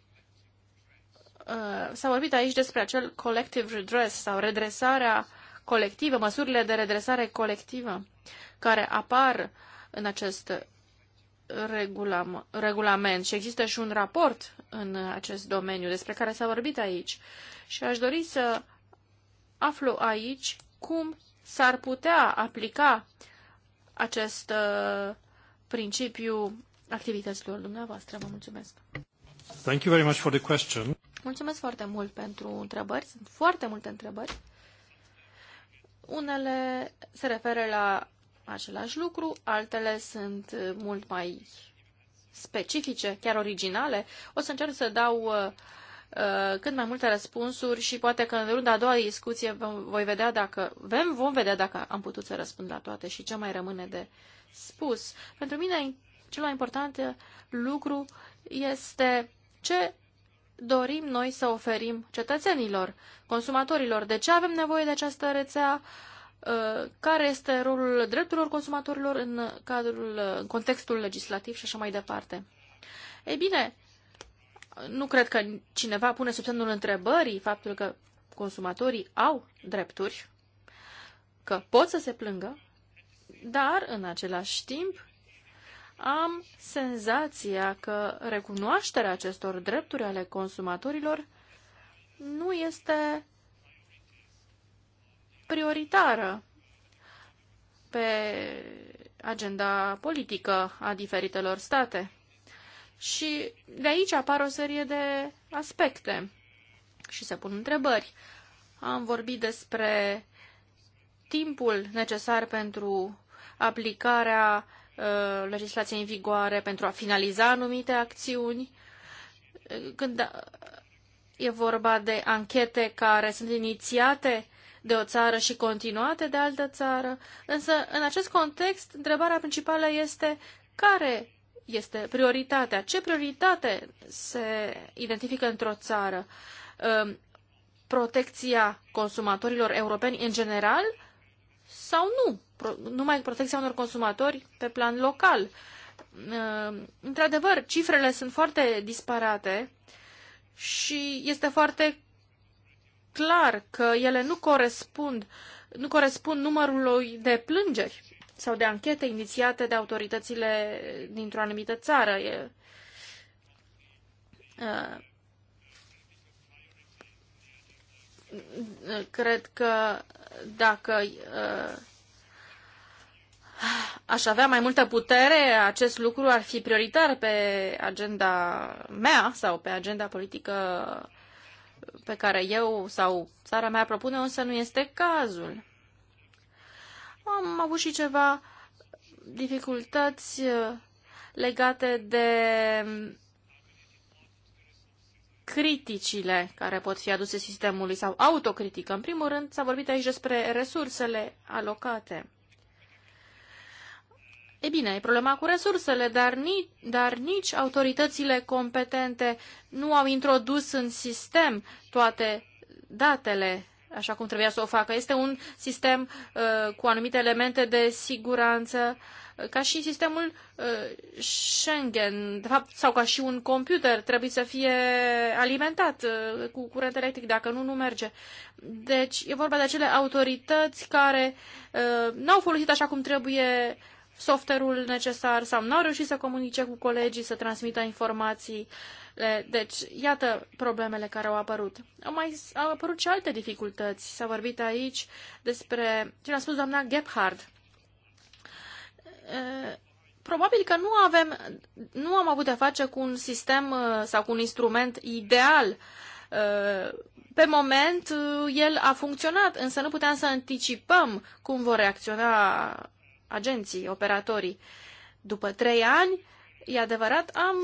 uh, s-a vorbit aici despre acel collective redress sau redresarea colectivă, măsurile de redresare colectivă care apar în acest regulam, regulament și există și un raport în acest domeniu despre care s-a vorbit aici. Și aș dori să aflu aici cum s-ar putea aplica acest uh, principiu activităților dumneavoastră. Vă mulțumesc! Thank you very much for the question. Mulțumesc foarte mult pentru întrebări. Sunt foarte multe întrebări. Unele se referă la același lucru, altele sunt uh, mult mai specifice, chiar originale. O să încerc să dau uh, Uh, cât mai multe răspunsuri și poate că în runda a doua discuție voi vedea dacă, vom vedea dacă am putut să răspund la toate și ce mai rămâne de spus. Pentru mine cel mai important lucru este ce dorim noi să oferim cetățenilor, consumatorilor, de ce avem nevoie de această rețea, uh, care este rolul drepturilor consumatorilor în cadrul, în contextul legislativ și așa mai departe. Ei bine, nu cred că cineva pune sub semnul întrebării faptul că consumatorii au drepturi, că pot să se plângă, dar în același timp am senzația că recunoașterea acestor drepturi ale consumatorilor nu este prioritară pe agenda politică a diferitelor state. Și de aici apar o serie de aspecte și se pun întrebări. Am vorbit despre timpul necesar pentru aplicarea uh, legislației în vigoare, pentru a finaliza anumite acțiuni, când uh, e vorba de anchete care sunt inițiate de o țară și continuate de altă țară. Însă, în acest context, întrebarea principală este care este prioritatea. Ce prioritate se identifică într-o țară? Ehm, protecția consumatorilor europeni în general sau nu? Numai protecția unor consumatori pe plan local. Ehm, într-adevăr, cifrele sunt foarte disparate și este foarte clar că ele nu corespund, nu corespund numărului de plângeri sau de anchete inițiate de autoritățile dintr-o anumită țară. E, cred că dacă aș avea mai multă putere, acest lucru ar fi prioritar pe agenda mea sau pe agenda politică pe care eu sau țara mea propune, însă nu este cazul. Am avut și ceva dificultăți uh, legate de um, criticile care pot fi aduse sistemului sau autocritică. În primul rând, s-a vorbit aici despre resursele alocate. E bine, e problema cu resursele, dar, ni, dar nici autoritățile competente nu au introdus în sistem toate datele așa cum trebuia să o facă. Este un sistem uh, cu anumite elemente de siguranță, uh, ca și sistemul uh, Schengen, de fapt, sau ca și un computer, trebuie să fie alimentat uh, cu curent electric, dacă nu, nu merge. Deci e vorba de acele autorități care uh, n-au folosit așa cum trebuie software-ul necesar sau n-au reușit să comunice cu colegii, să transmită informații. Uh, deci, iată problemele care au apărut. Au mai au apărut și alte dificultăți. S-a vorbit aici despre ce a spus doamna Gebhard. Probabil că nu avem, nu am avut de face cu un sistem sau cu un instrument ideal pe moment el a funcționat, însă nu puteam să anticipăm cum vor reacționa agenții, operatorii. După trei ani, e adevărat, am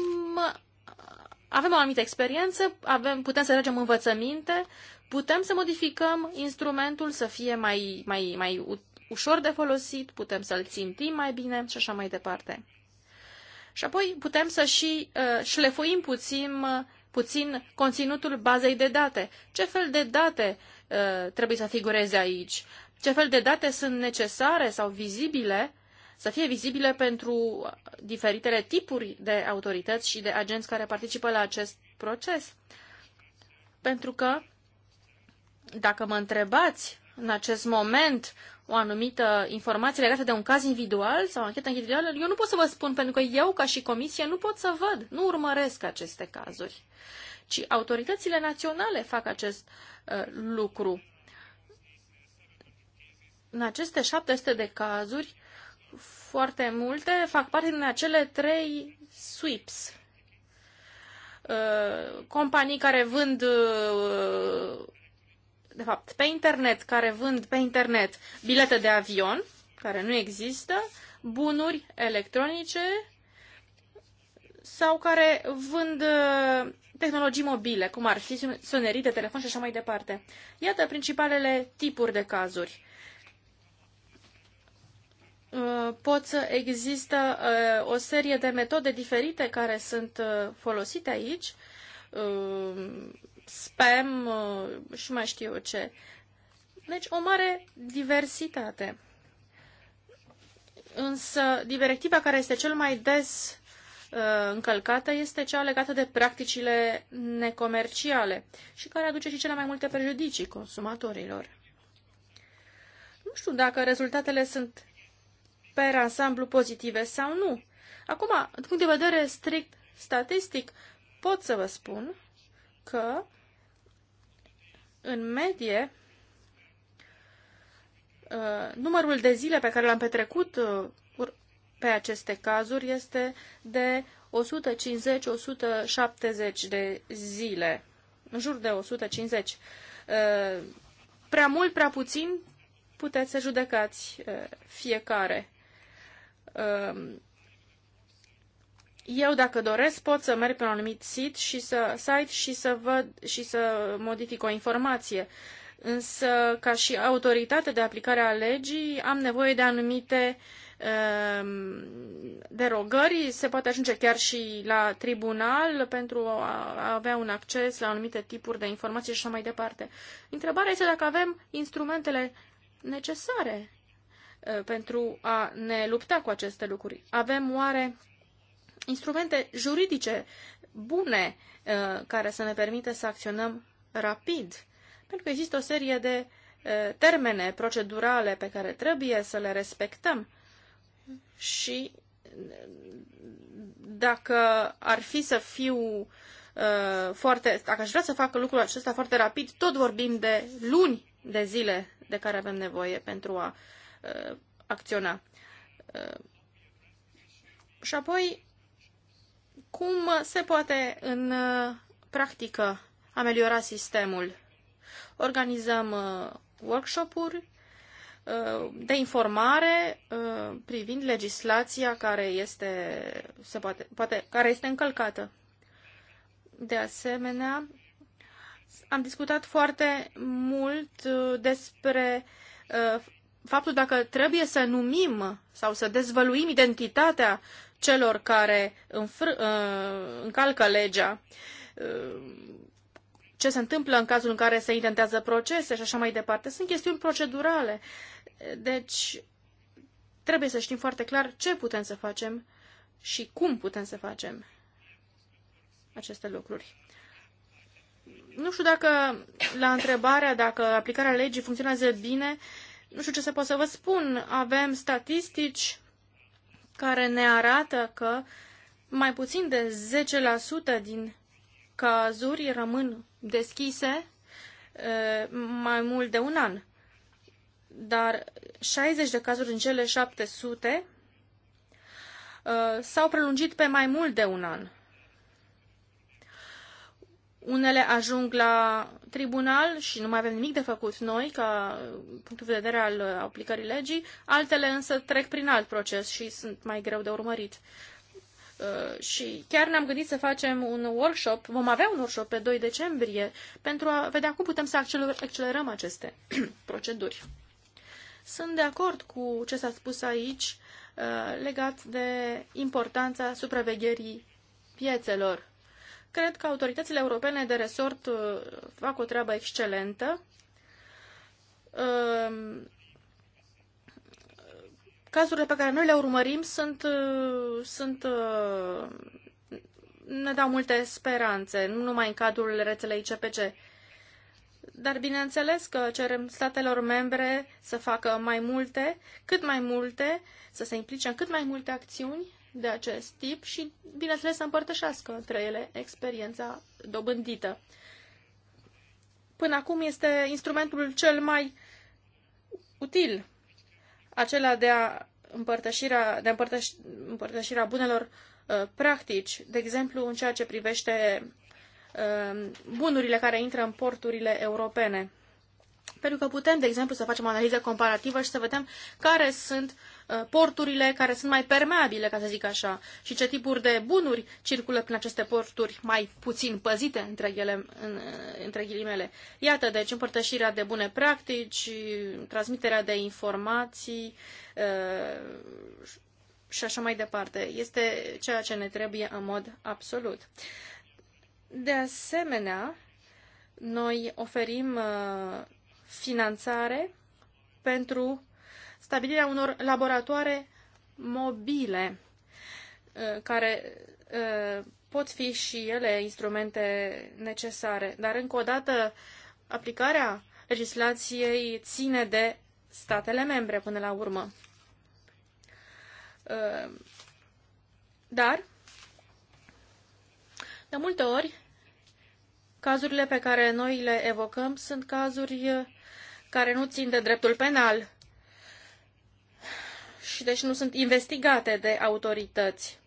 avem o anumită experiență, avem, putem să tragem învățăminte, putem să modificăm instrumentul să fie mai, mai, mai ușor de folosit, putem să-l țintim mai bine și așa mai departe. Și apoi putem să și uh, șlefuim puțin, uh, puțin conținutul bazei de date. Ce fel de date uh, trebuie să figureze aici? Ce fel de date sunt necesare sau vizibile să fie vizibile pentru diferitele tipuri de autorități și de agenți care participă la acest proces. Pentru că, dacă mă întrebați în acest moment o anumită informație legată de un caz individual sau o anchetă individuală, eu nu pot să vă spun, pentru că eu, ca și comisie, nu pot să văd, nu urmăresc aceste cazuri, ci autoritățile naționale fac acest uh, lucru. În aceste 700 de cazuri, foarte multe, fac parte din acele trei sweeps. Uh, companii care vând, uh, de fapt, pe internet, care vând pe internet bilete de avion, care nu există, bunuri electronice sau care vând uh, tehnologii mobile, cum ar fi sunerii de telefon și așa mai departe. Iată principalele tipuri de cazuri. Uh, pot să există uh, o serie de metode diferite care sunt uh, folosite aici, spam și mai știu eu ce. Deci o mare diversitate. Însă directiva care este cel mai des încălcată este cea legată de practicile necomerciale și care aduce și cele mai multe prejudicii consumatorilor. Nu știu dacă rezultatele sunt per ansamblu pozitive sau nu. Acum, din punct de vedere strict statistic, pot să vă spun că în medie uh, numărul de zile pe care l-am petrecut uh, pe aceste cazuri este de 150-170 de zile, în jur de 150. Uh, prea mult, prea puțin, puteți să judecați fiecare. Um, eu, dacă doresc, pot să merg pe un anumit sit și să, site și să văd și să modific o informație. Însă, ca și autoritate de aplicare a legii, am nevoie de anumite um, derogări, se poate ajunge chiar și la tribunal pentru a avea un acces la anumite tipuri de informații și așa mai departe. Întrebarea este dacă avem instrumentele necesare Uh, pentru a ne lupta cu aceste lucruri. Avem oare instrumente juridice bune uh, care să ne permită să acționăm rapid? Pentru că există o serie de uh, termene procedurale pe care trebuie să le respectăm și dacă ar fi să fiu foarte, dacă aș vrea să fac lucrul acesta foarte rapid, tot vorbim de luni de zile de care avem nevoie pentru a uh, uh, acționa. Uh, și apoi, cum se poate în uh, practică ameliora sistemul? Organizăm uh, workshop-uri uh, de informare uh, privind legislația care este, se poate, poate, care este încălcată. De asemenea, am discutat foarte mult uh, despre faptul dacă trebuie să numim sau să dezvăluim identitatea celor care înfr- ă, încalcă legea, ă, ce se întâmplă în cazul în care se intentează procese și așa mai departe. Sunt chestiuni procedurale. Deci, trebuie să știm foarte clar ce putem să facem și cum putem să facem aceste lucruri. Nu știu dacă la întrebarea dacă aplicarea legii funcționează bine, uh, nu știu ce să pot să vă spun. Avem statistici care ne arată că mai puțin de 10% din cazuri rămân deschise mai mult de un an. Dar 60 de cazuri în cele 700 s-au prelungit pe mai mult de un an. Unele ajung la tribunal și nu mai avem nimic de făcut noi, ca punctul de vedere al aplicării legii, altele însă trec prin alt proces și sunt mai greu de urmărit. Uh, și chiar ne-am gândit să facem un workshop, vom avea un workshop pe 2 decembrie, pentru a vedea cum putem să accelerăm aceste proceduri. Sunt de acord cu ce s-a spus aici uh, legat de importanța supravegherii piețelor Cred că autoritățile europene de resort uh, fac o treabă excelentă. Um, cazurile pe care noi le urmărim sunt, uh, sunt uh, ne dau multe speranțe, nu numai în cadrul rețelei CPC. Dar bineînțeles că cerem statelor membre să facă mai multe, cât mai multe, să se implice în cât mai multe acțiuni de acest tip și, bineînțeles, să împărtășească între ele experiența dobândită. Până acum este instrumentul cel mai util, acela de a împărtășirea, de a împărtăș, împărtășirea bunelor uh, practici, de exemplu, în ceea ce privește uh, bunurile care intră în porturile europene. Pentru că putem, de exemplu, să facem o analiză comparativă și să vedem care sunt uh, Uh, porturile care sunt mai permeabile, ca să zic așa, și ce tipuri de bunuri circulă prin aceste porturi mai puțin păzite, între, ele, uh, între ghilimele. Iată, deci, împărtășirea de bune practici, transmiterea de informații uh, și așa mai departe. Este ceea ce ne trebuie în mod absolut. De asemenea, noi oferim finanțare pentru stabilirea unor laboratoare mobile uh, care uh, pot fi și ele instrumente necesare. Dar, încă o dată, aplicarea legislației ține de statele membre până la urmă. Uh, dar, de multe ori, cazurile pe care noi le evocăm sunt cazuri care nu țin de dreptul penal, și deci nu sunt investigate de autorități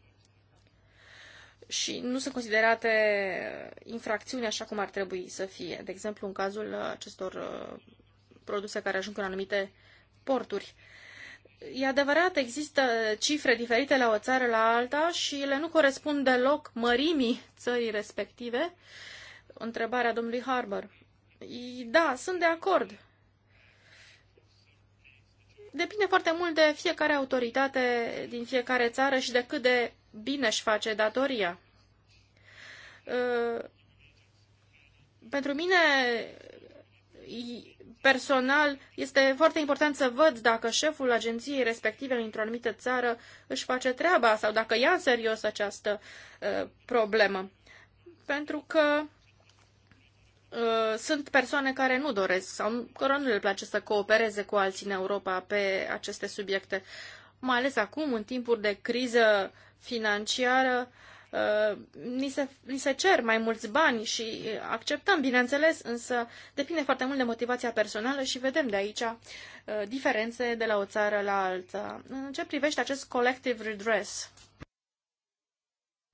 și nu sunt considerate infracțiuni așa cum ar trebui să fie. De exemplu, în cazul acestor uh, produse care ajung în anumite porturi. E adevărat, există cifre diferite la o țară la alta și ele nu corespund deloc mărimii țării respective. Întrebarea domnului Harbour. Da, sunt de acord depinde foarte mult de fiecare autoritate din fiecare țară și de cât de bine își face datoria. Uh, pentru mine, personal, este foarte important să văd dacă șeful agenției respective într-o anumită țară își face treaba sau dacă ia în serios această uh, problemă. Pentru că Uh, sunt persoane care nu doresc sau care nu le place să coopereze cu alții în Europa pe aceste subiecte, mai ales acum, în timpuri de criză financiară, uh, ni se, ni se cer mai mulți bani și acceptăm, bineînțeles, însă depinde foarte mult de motivația personală și vedem de aici uh, diferențe de la o țară la alta. În ce privește acest collective redress,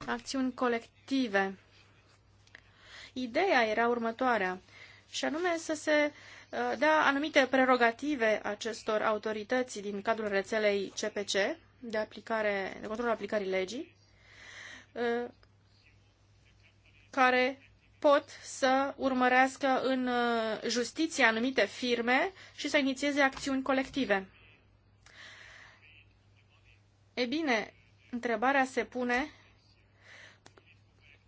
acțiuni colective, Ideea era următoarea, și anume să se uh, dea anumite prerogative acestor autorități din cadrul rețelei CPC de, aplicare, de controlul aplicării legii, uh, care pot să urmărească în uh, justiție anumite firme și să inițieze acțiuni colective. E bine, întrebarea se pune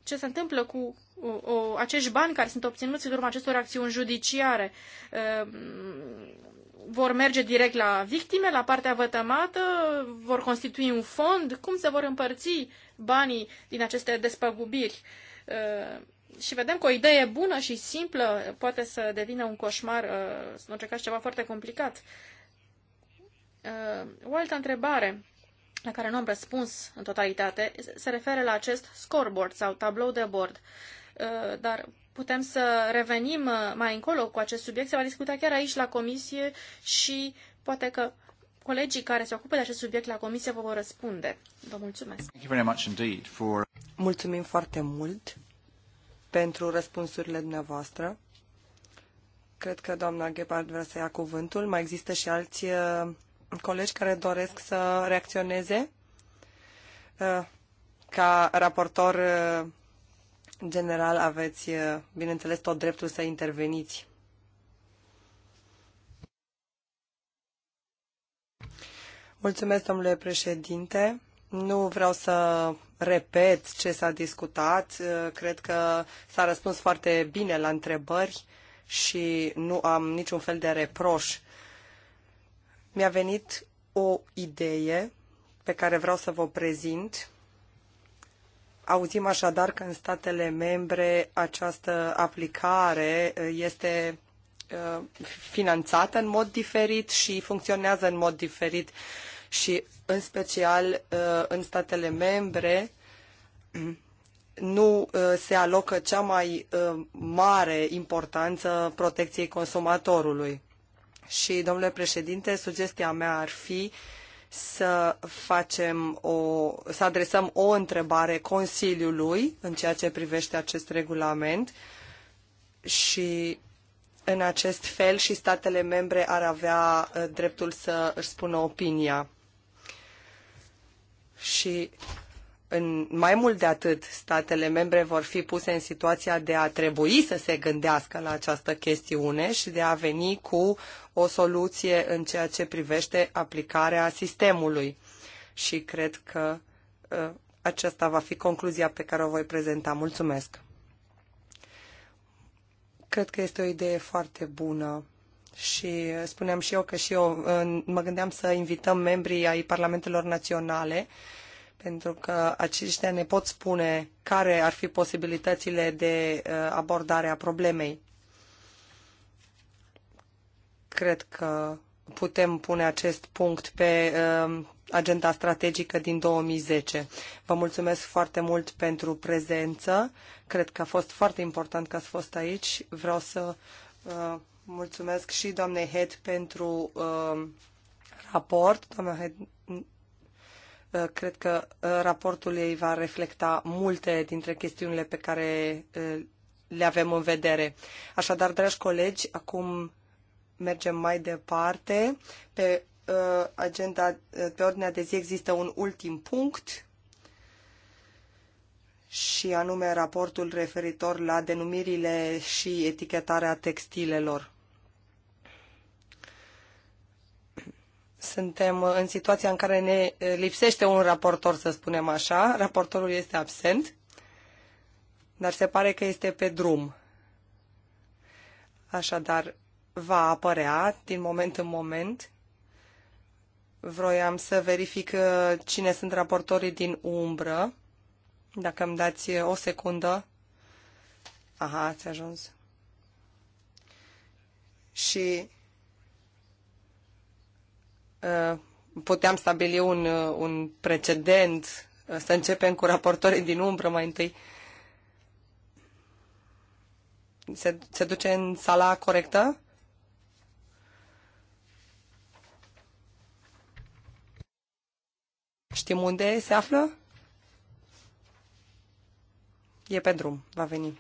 ce se întâmplă cu o, acești bani care sunt obținuți în urma acestor acțiuni judiciare ehm, vor merge direct la victime, la partea vătămată, vor constitui un fond, cum se vor împărți banii din aceste despăgubiri. Ehm, și vedem că o idee bună și simplă poate să devină un coșmar, ehm, să nu încercați ceva foarte complicat. O altă întrebare la care nu am răspuns în totalitate se referă la acest scoreboard sau tablou de bord. Uh, dar putem să revenim uh, mai încolo cu acest subiect. Se va discuta chiar aici la comisie și poate că colegii care se ocupă de acest subiect la comisie vă vor răspunde. Vă mulțumesc. Mulțumim foarte mult pentru răspunsurile dumneavoastră. Cred că doamna Gebhardt vrea să ia cuvântul. Mai există și alți uh, colegi care doresc să reacționeze? Ca raportor general, aveți, uh, bineînțeles, tot dreptul să interveniți. Mulțumesc, domnule președinte. Nu vreau să repet ce s-a discutat. Uh, cred că s-a răspuns foarte bine la întrebări și nu am niciun fel de reproș. Mi-a venit o idee pe care vreau să vă prezint Auzim așadar că în statele membre această aplicare uh, este uh, finanțată în mod diferit și funcționează în mod diferit și în special uh, în statele membre nu se alocă cea mai mare importanță protecției consumatorului. Și, domnule președinte, sugestia mea ar fi uh, să facem o, să adresăm o întrebare Consiliului în ceea ce privește acest regulament și în acest fel și statele membre ar avea uh, dreptul să își spună opinia. Și în mai mult de atât, statele membre vor fi puse în situația de a trebui să se gândească la această chestiune și de a veni cu o soluție în ceea ce privește aplicarea sistemului. Și cred că uh, aceasta va fi concluzia pe care o voi prezenta. Mulțumesc! Cred că este o idee foarte bună. Și spuneam și eu că și eu ă, mă gândeam să invităm membrii ai Parlamentelor Naționale uh, pentru că aceștia ne pot spune care ar fi posibilitățile de uh, abordare a problemei. Cred că putem pune acest punct pe uh, agenda strategică din 2010. Vă mulțumesc foarte mult pentru prezență. Cred că a fost foarte important că ați fost aici. Vreau să uh, mulțumesc și doamnei Head pentru uh, raport. Doamna Head Uh, cred că uh, raportul ei va reflecta multe dintre chestiunile pe care uh, le avem în vedere. Așadar, dragi colegi, acum mergem mai departe. Pe agenda, pe ordinea de zi există un ultim punct și anume raportul referitor la denumirile și etichetarea textilelor. suntem în situația în care ne lipsește un raportor, să spunem așa. Raportorul este absent, dar se pare că este pe drum. Așadar, va apărea din moment în moment. Vroiam să verific uh, cine sunt raportorii din umbră. Dacă îmi dați uh, o secundă. Aha, ați ajuns. Și Uh, puteam stabili un, uh, un precedent, uh, să începem cu raportorii din umbră mai întâi. Se, se duce în sala corectă? Știm unde se află? E pe drum, va veni.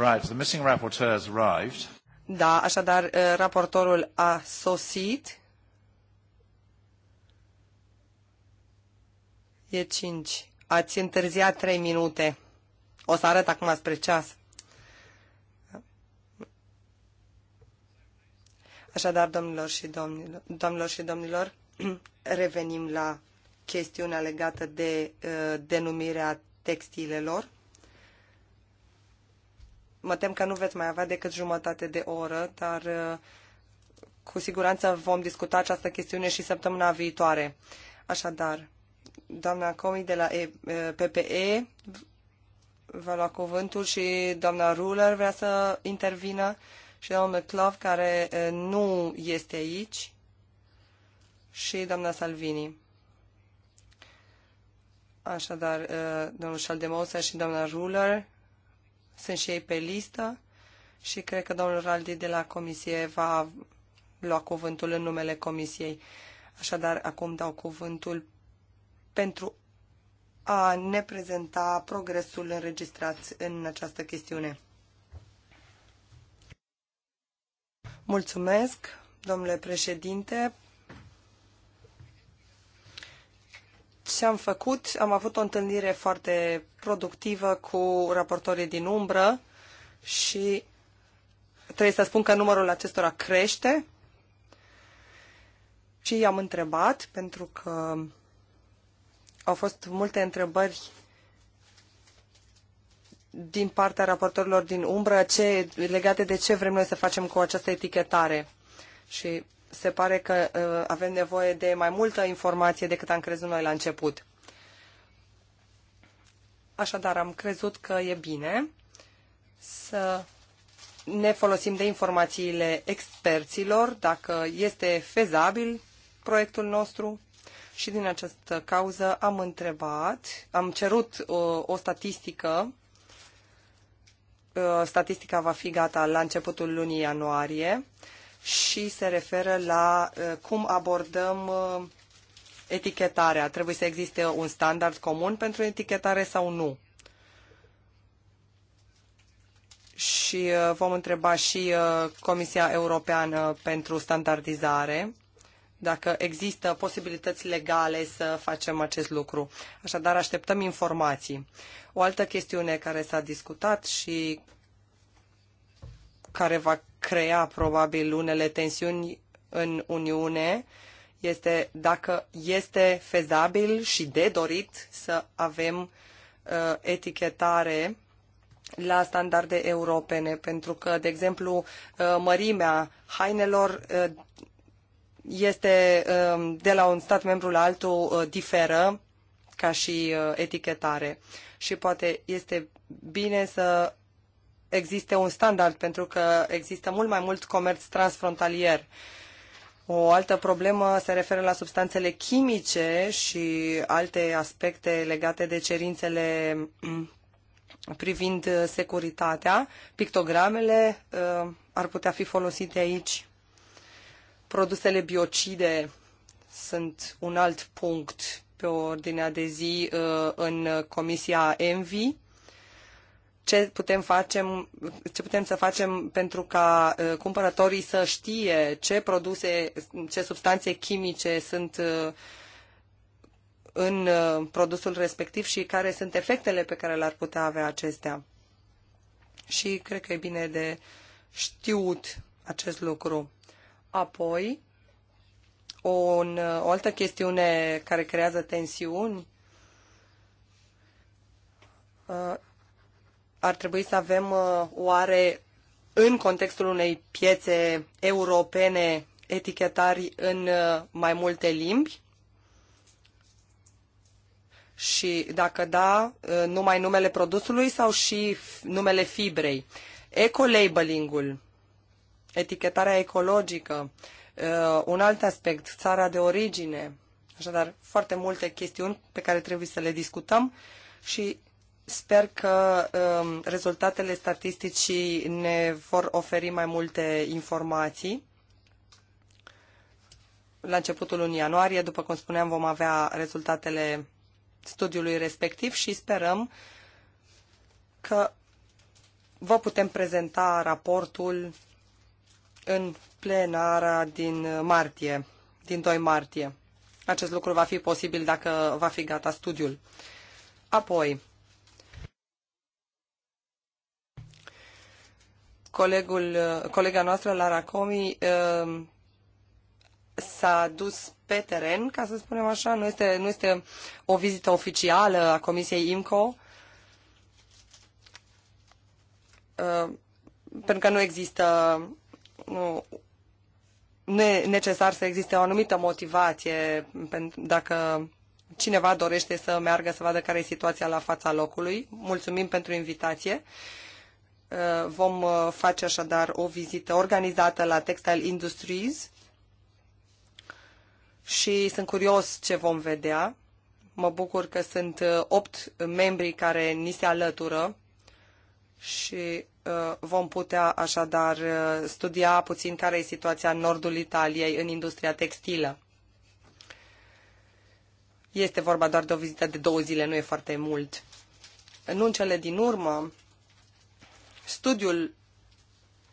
Right, the missing rapporteur has arrived. Da, așadar, uh, raportorul a sosit. E 5. Ați întârziat 3 minute. O să arăt acum spre ceas. Așadar, domnilor și domnilor, domnilor, și domnilor revenim la chestiunea legată de uh, denumirea textilelor mă tem că nu veți mai avea decât jumătate de oră, dar uh, cu siguranță vom discuta această chestiune și săptămâna viitoare. Așadar, doamna Comi de la uh, PPE va lua cuvântul și doamna Ruler vrea să intervină și doamna Clov care uh, nu este aici, și doamna Salvini. Așadar, domnul Șaldemousa și doamna Ruler sunt și ei pe listă și cred că domnul Raldi de la comisie va lua cuvântul în numele comisiei. Așadar, acum dau cuvântul pentru a ne prezenta progresul înregistrat în această chestiune. Mulțumesc, domnule președinte. ce am făcut? Am avut o întâlnire foarte productivă cu raportorii din umbră și trebuie să spun că numărul acestora crește. Și i-am întrebat, pentru că au fost multe întrebări din partea raportorilor din umbră ce, legate de ce vrem noi să facem cu această etichetare. Și se pare că uh, avem nevoie de mai multă informație decât am crezut noi la început. Așadar, am crezut că e bine să ne folosim de informațiile experților, dacă este fezabil proiectul nostru. Și din această cauză am întrebat, am cerut o, uh, o statistică. Uh, statistica va fi gata la începutul lunii ianuarie și se referă la uh, cum abordăm uh, etichetarea. Trebuie să existe un standard comun pentru etichetare sau nu? Și uh, vom întreba și Comisia Europeană pentru Standardizare dacă există posibilități legale să facem acest lucru. Așadar, așteptăm informații. O altă chestiune care s-a discutat și care va crea probabil unele tensiuni în Uniune este dacă este fezabil și de dorit să avem uh, etichetare la standarde europene, pentru că, de exemplu, uh, mărimea hainelor uh, este um, de la un stat membru la altul uh, diferă ca și uh, etichetare. Și poate este bine să existe un standard, pentru că există mult mai mult comerț transfrontalier. O altă problemă se referă la substanțele chimice și alte aspecte legate de cerințele mm, privind uh, securitatea. Pictogramele uh, ar putea fi folosite aici. Produsele biocide sunt un alt punct pe ordinea de zi uh, în Comisia ENVI ce putem, facem, ce putem să facem pentru ca uh, cumpărătorii să știe ce produse, ce substanțe chimice sunt uh, în uh, produsul respectiv și care sunt efectele pe care le-ar putea avea acestea. Și cred că e bine de știut acest lucru. Apoi, un, o altă chestiune care creează tensiuni ar trebui să avem uh, oare în contextul unei piețe europene etichetari în uh, mai multe limbi? Și dacă da, uh, numai numele produsului sau și numele fibrei? Ecolabeling-ul, etichetarea ecologică, un alt aspect, țara de origine, așadar foarte multe chestiuni pe care trebuie să le discutăm și Sper că um, rezultatele statisticii ne vor oferi mai multe informații. La începutul lunii ianuarie, după cum spuneam, vom avea rezultatele studiului respectiv și sperăm că vă putem prezenta raportul în plenara din martie, din 2 martie. Acest lucru va fi posibil dacă va fi gata studiul. Apoi, Colegul, colega noastră, Lara Comi, um, s-a dus pe teren, ca să spunem așa. Nu este, nu este o vizită oficială a Comisiei IMCO, um, pentru că nu există nu, nu e necesar să existe o anumită motivație dacă cineva dorește să meargă să vadă care e situația la fața locului. Mulțumim pentru invitație. Uh, Uh, vom uh, face așadar o vizită organizată la Textile Industries și sunt curios ce vom vedea. Mă bucur că sunt uh, opt membri care ni se alătură și vom putea așadar studia puțin care e situația în nordul Italiei în industria textilă. Este vorba doar de o vizită de două zile, nu e foarte mult. Nu în cele din urmă, studiul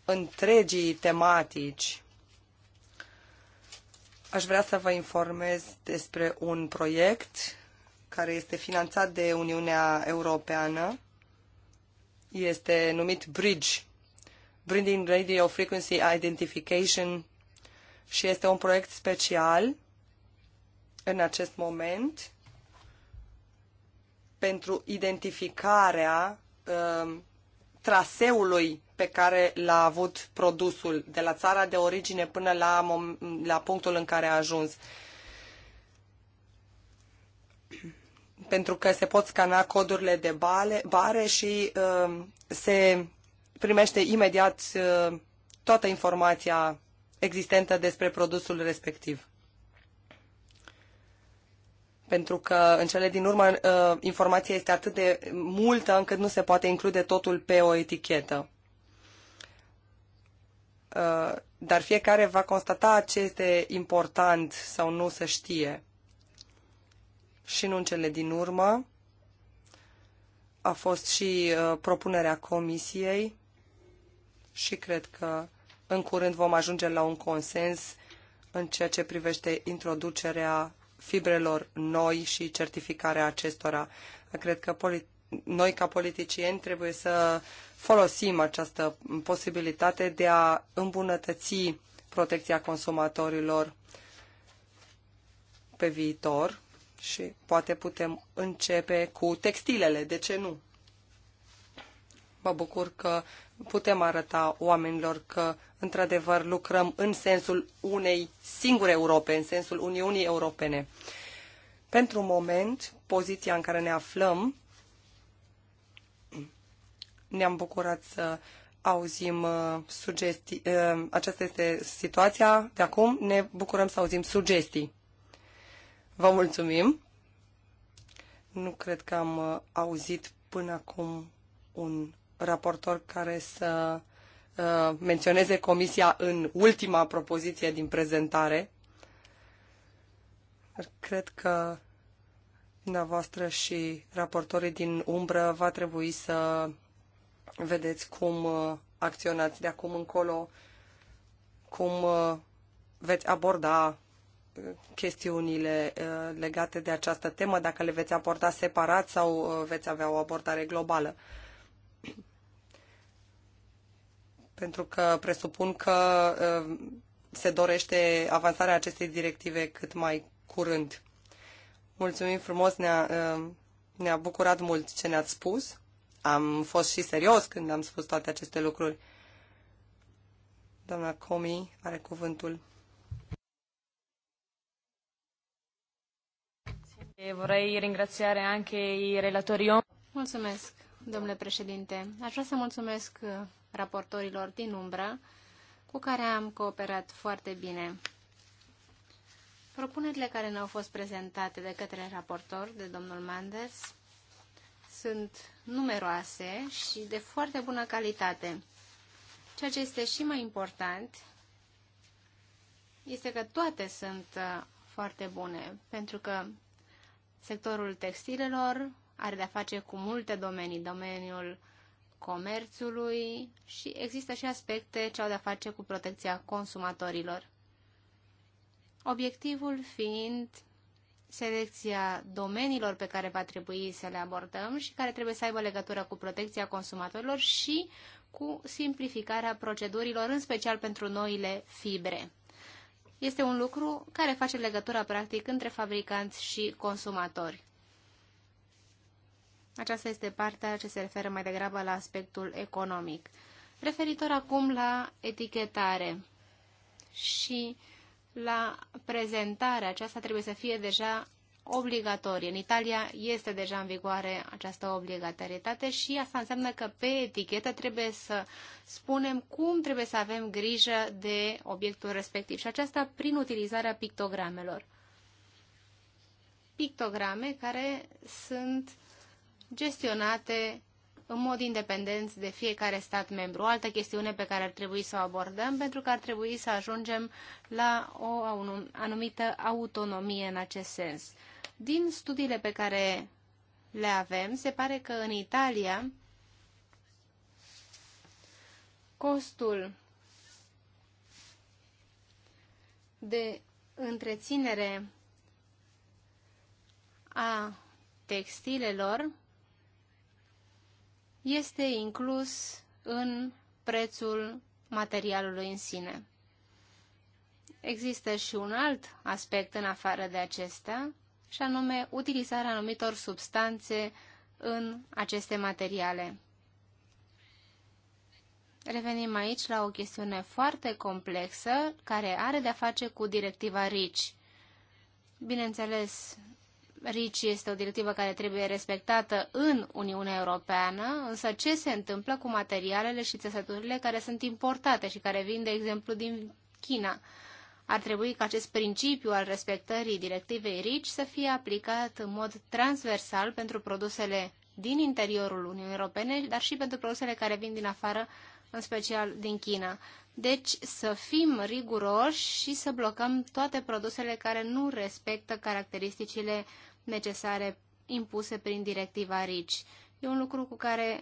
întregii tematici, aș vrea să vă informez despre un proiect care este finanțat de Uniunea Europeană. Este numit BRIDGE, Bridging Radio Frequency Identification, și este un proiect special în acest moment pentru identificarea um, traseului pe care l-a avut produsul, de la țara de origine până la, la punctul în care a ajuns. Pentru că se pot scana codurile de bale, bare și uh, se primește imediat uh, toată informația existentă despre produsul respectiv pentru că în cele din urmă uh, informația este atât de multă încât nu se poate include totul pe o etichetă. Uh, dar fiecare va constata ce este important sau nu să știe. Și nu în cele din urmă a fost și uh, propunerea comisiei și cred că în curând vom ajunge la un consens în ceea ce privește introducerea fibrelor noi și certificarea acestora. Cred că noi, ca politicieni, trebuie să folosim această posibilitate de a îmbunătăți protecția consumatorilor pe viitor și poate putem începe cu textilele, de ce nu? Mă bucur că putem arăta oamenilor că, într-adevăr, lucrăm în sensul unei singure Europe, în sensul Uniunii Europene. Pentru moment, poziția în care ne aflăm, ne-am bucurat să auzim uh, sugestii. Uh, aceasta este situația de acum. Ne bucurăm să auzim sugestii. Vă mulțumim. Nu cred că am uh, auzit până acum un raportor care să uh, menționeze comisia în ultima propoziție din prezentare. Cred că dumneavoastră și raportorii din umbră va trebui să vedeți cum uh, acționați de acum încolo, cum uh, veți aborda uh, chestiunile legate de această temă, dacă le veți aborda separat sau veți avea o abordare globală. pentru că presupun că uh, se dorește avansarea acestei directive cât mai curând. Mulțumim frumos, ne-a, uh, ne-a bucurat mult ce ne-ați spus. Am fost și serios când am spus toate aceste lucruri. Doamna Comi are cuvântul. Vrei ringrațiare anche i relatori Mulțumesc, domnule președinte. Aș vrea să mulțumesc raportorilor din umbră, cu care am cooperat foarte bine. Propunerile care ne-au fost prezentate de către raportor, de domnul Manders, sunt numeroase și de foarte bună calitate. Ceea ce este și mai important este că toate sunt uh, foarte bune, pentru că sectorul textilelor are de-a face cu multe domenii, domeniul uh, comerțului și există și aspecte ce au de-a face cu protecția consumatorilor. Obiectivul fiind selecția domeniilor pe care va trebui să le abordăm și care trebuie să aibă legătură cu protecția consumatorilor și cu simplificarea procedurilor, în special pentru noile fibre. Este un lucru care face legătura practic între fabricanți și consumatori. Aceasta este partea ce se referă mai degrabă la aspectul economic. Referitor acum la etichetare și la prezentare, aceasta trebuie să fie deja obligatorie. În Italia este deja în vigoare această obligatorietate și asta înseamnă că pe etichetă trebuie să spunem cum trebuie să avem grijă de obiectul respectiv și aceasta prin utilizarea pictogramelor. Pictograme care sunt uh, gestionate în mod independent de fiecare stat membru. O altă chestiune pe care ar trebui să o abordăm, pentru că ar trebui să ajungem la o anumită autonomie în acest sens. Din studiile pe care le avem, se pare că în Italia costul de întreținere a textilelor este inclus în prețul materialului în sine. Există și un alt aspect în afară de acestea, și anume utilizarea anumitor substanțe în aceste materiale. Revenim aici la o chestiune foarte complexă care are de-a face cu directiva RICI. Bineînțeles, RICI este o directivă care trebuie respectată în Uniunea Europeană, însă ce se întâmplă cu materialele și țesăturile care sunt importate și care vin, de exemplu, din China? Ar trebui ca acest principiu al respectării directivei RICI să fie aplicat în mod transversal pentru produsele din interiorul Uniunii Europene, dar și pentru produsele care vin din afară, în special din China. Deci să fim riguroși și să blocăm toate produsele care nu respectă caracteristicile uh, necesare impuse prin directiva RICI. E un lucru cu care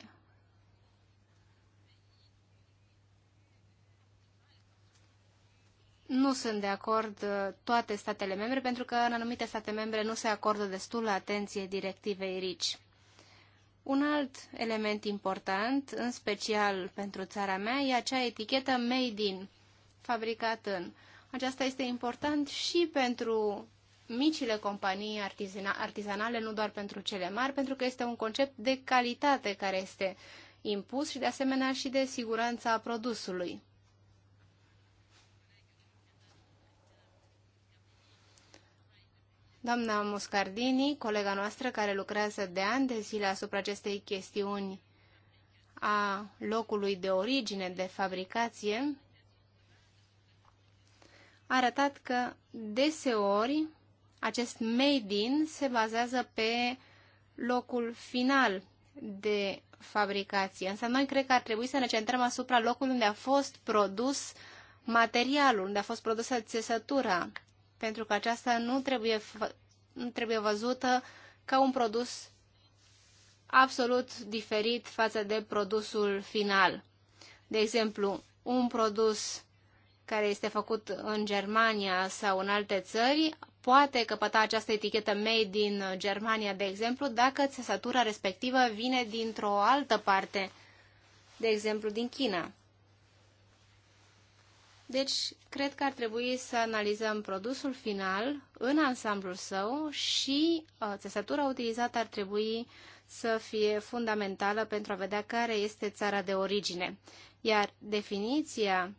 nu sunt de acord uh, toate statele membre, pentru că în anumite state membre nu se acordă destulă atenție directivei RICI. Un alt element important, în special pentru țara mea, e acea etichetă Made in, fabricat în. Aceasta este important și pentru micile companii artizanale, nu doar pentru cele mari, pentru că este un concept de calitate care este impus și de asemenea și de siguranța produsului. Doamna Muscardini, colega noastră care lucrează de ani de zile asupra acestei chestiuni a locului de origine de fabricație, a arătat că deseori acest made in se bazează pe locul final de fabricație. Însă noi cred că ar trebui să ne centrăm asupra locului unde a fost produs materialul, unde a fost produsă țesătura, pentru că aceasta nu trebuie, nu trebuie văzută ca un produs absolut diferit față de produsul final. De exemplu, un produs care este făcut în Germania sau în alte țări poate căpăta această etichetă made in Germania, de exemplu, dacă țesătura respectivă vine dintr-o altă parte, de exemplu din China. Deci, cred că ar trebui să analizăm produsul final în ansamblul său și uh, țesătura utilizată ar trebui să fie fundamentală pentru a vedea care este țara de origine. Iar definiția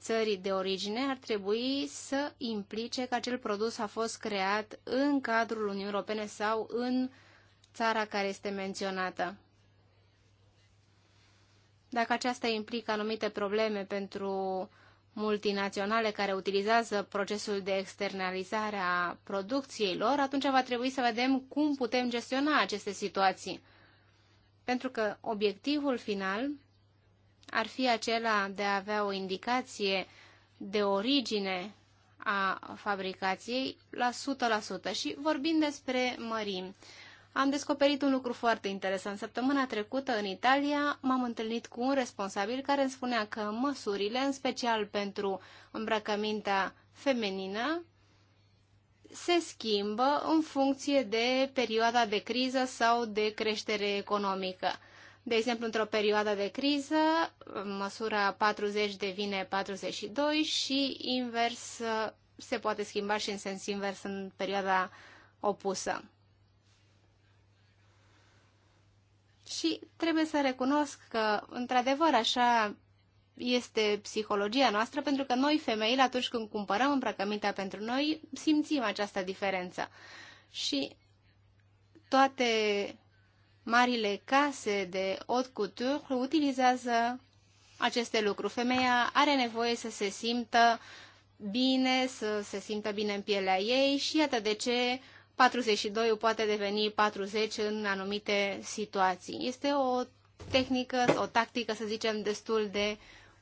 țării de origine ar trebui să implice că acel produs a fost creat în cadrul Uniunii Europene sau în țara care este menționată. Dacă aceasta implică anumite probleme pentru multinaționale care utilizează procesul de externalizare a producției lor, atunci va trebui să vedem cum putem gestiona aceste situații. Pentru că obiectivul final ar fi acela de a avea o indicație de origine a fabricației la 100% și vorbim despre mărimi. Am descoperit un lucru foarte interesant. Săptămâna trecută, în Italia, m-am întâlnit cu un responsabil care îmi spunea că măsurile, în special pentru îmbrăcămintea feminină, se schimbă în funcție de perioada de criză sau de creștere economică. De exemplu, într-o perioadă de criză, măsura 40 devine 42 și invers se poate schimba și în sens invers în perioada opusă. Și trebuie să recunosc că, într-adevăr, așa este psihologia noastră, pentru că noi, femeile, atunci când cumpărăm îmbrăcămintea pentru noi, simțim această diferență. Și toate marile case de haute couture utilizează aceste lucruri. Femeia are nevoie să se simtă bine, să se simtă bine în pielea ei și iată de ce 42 poate deveni 40 în anumite situații. Este o tehnică, o tactică, să zicem, destul de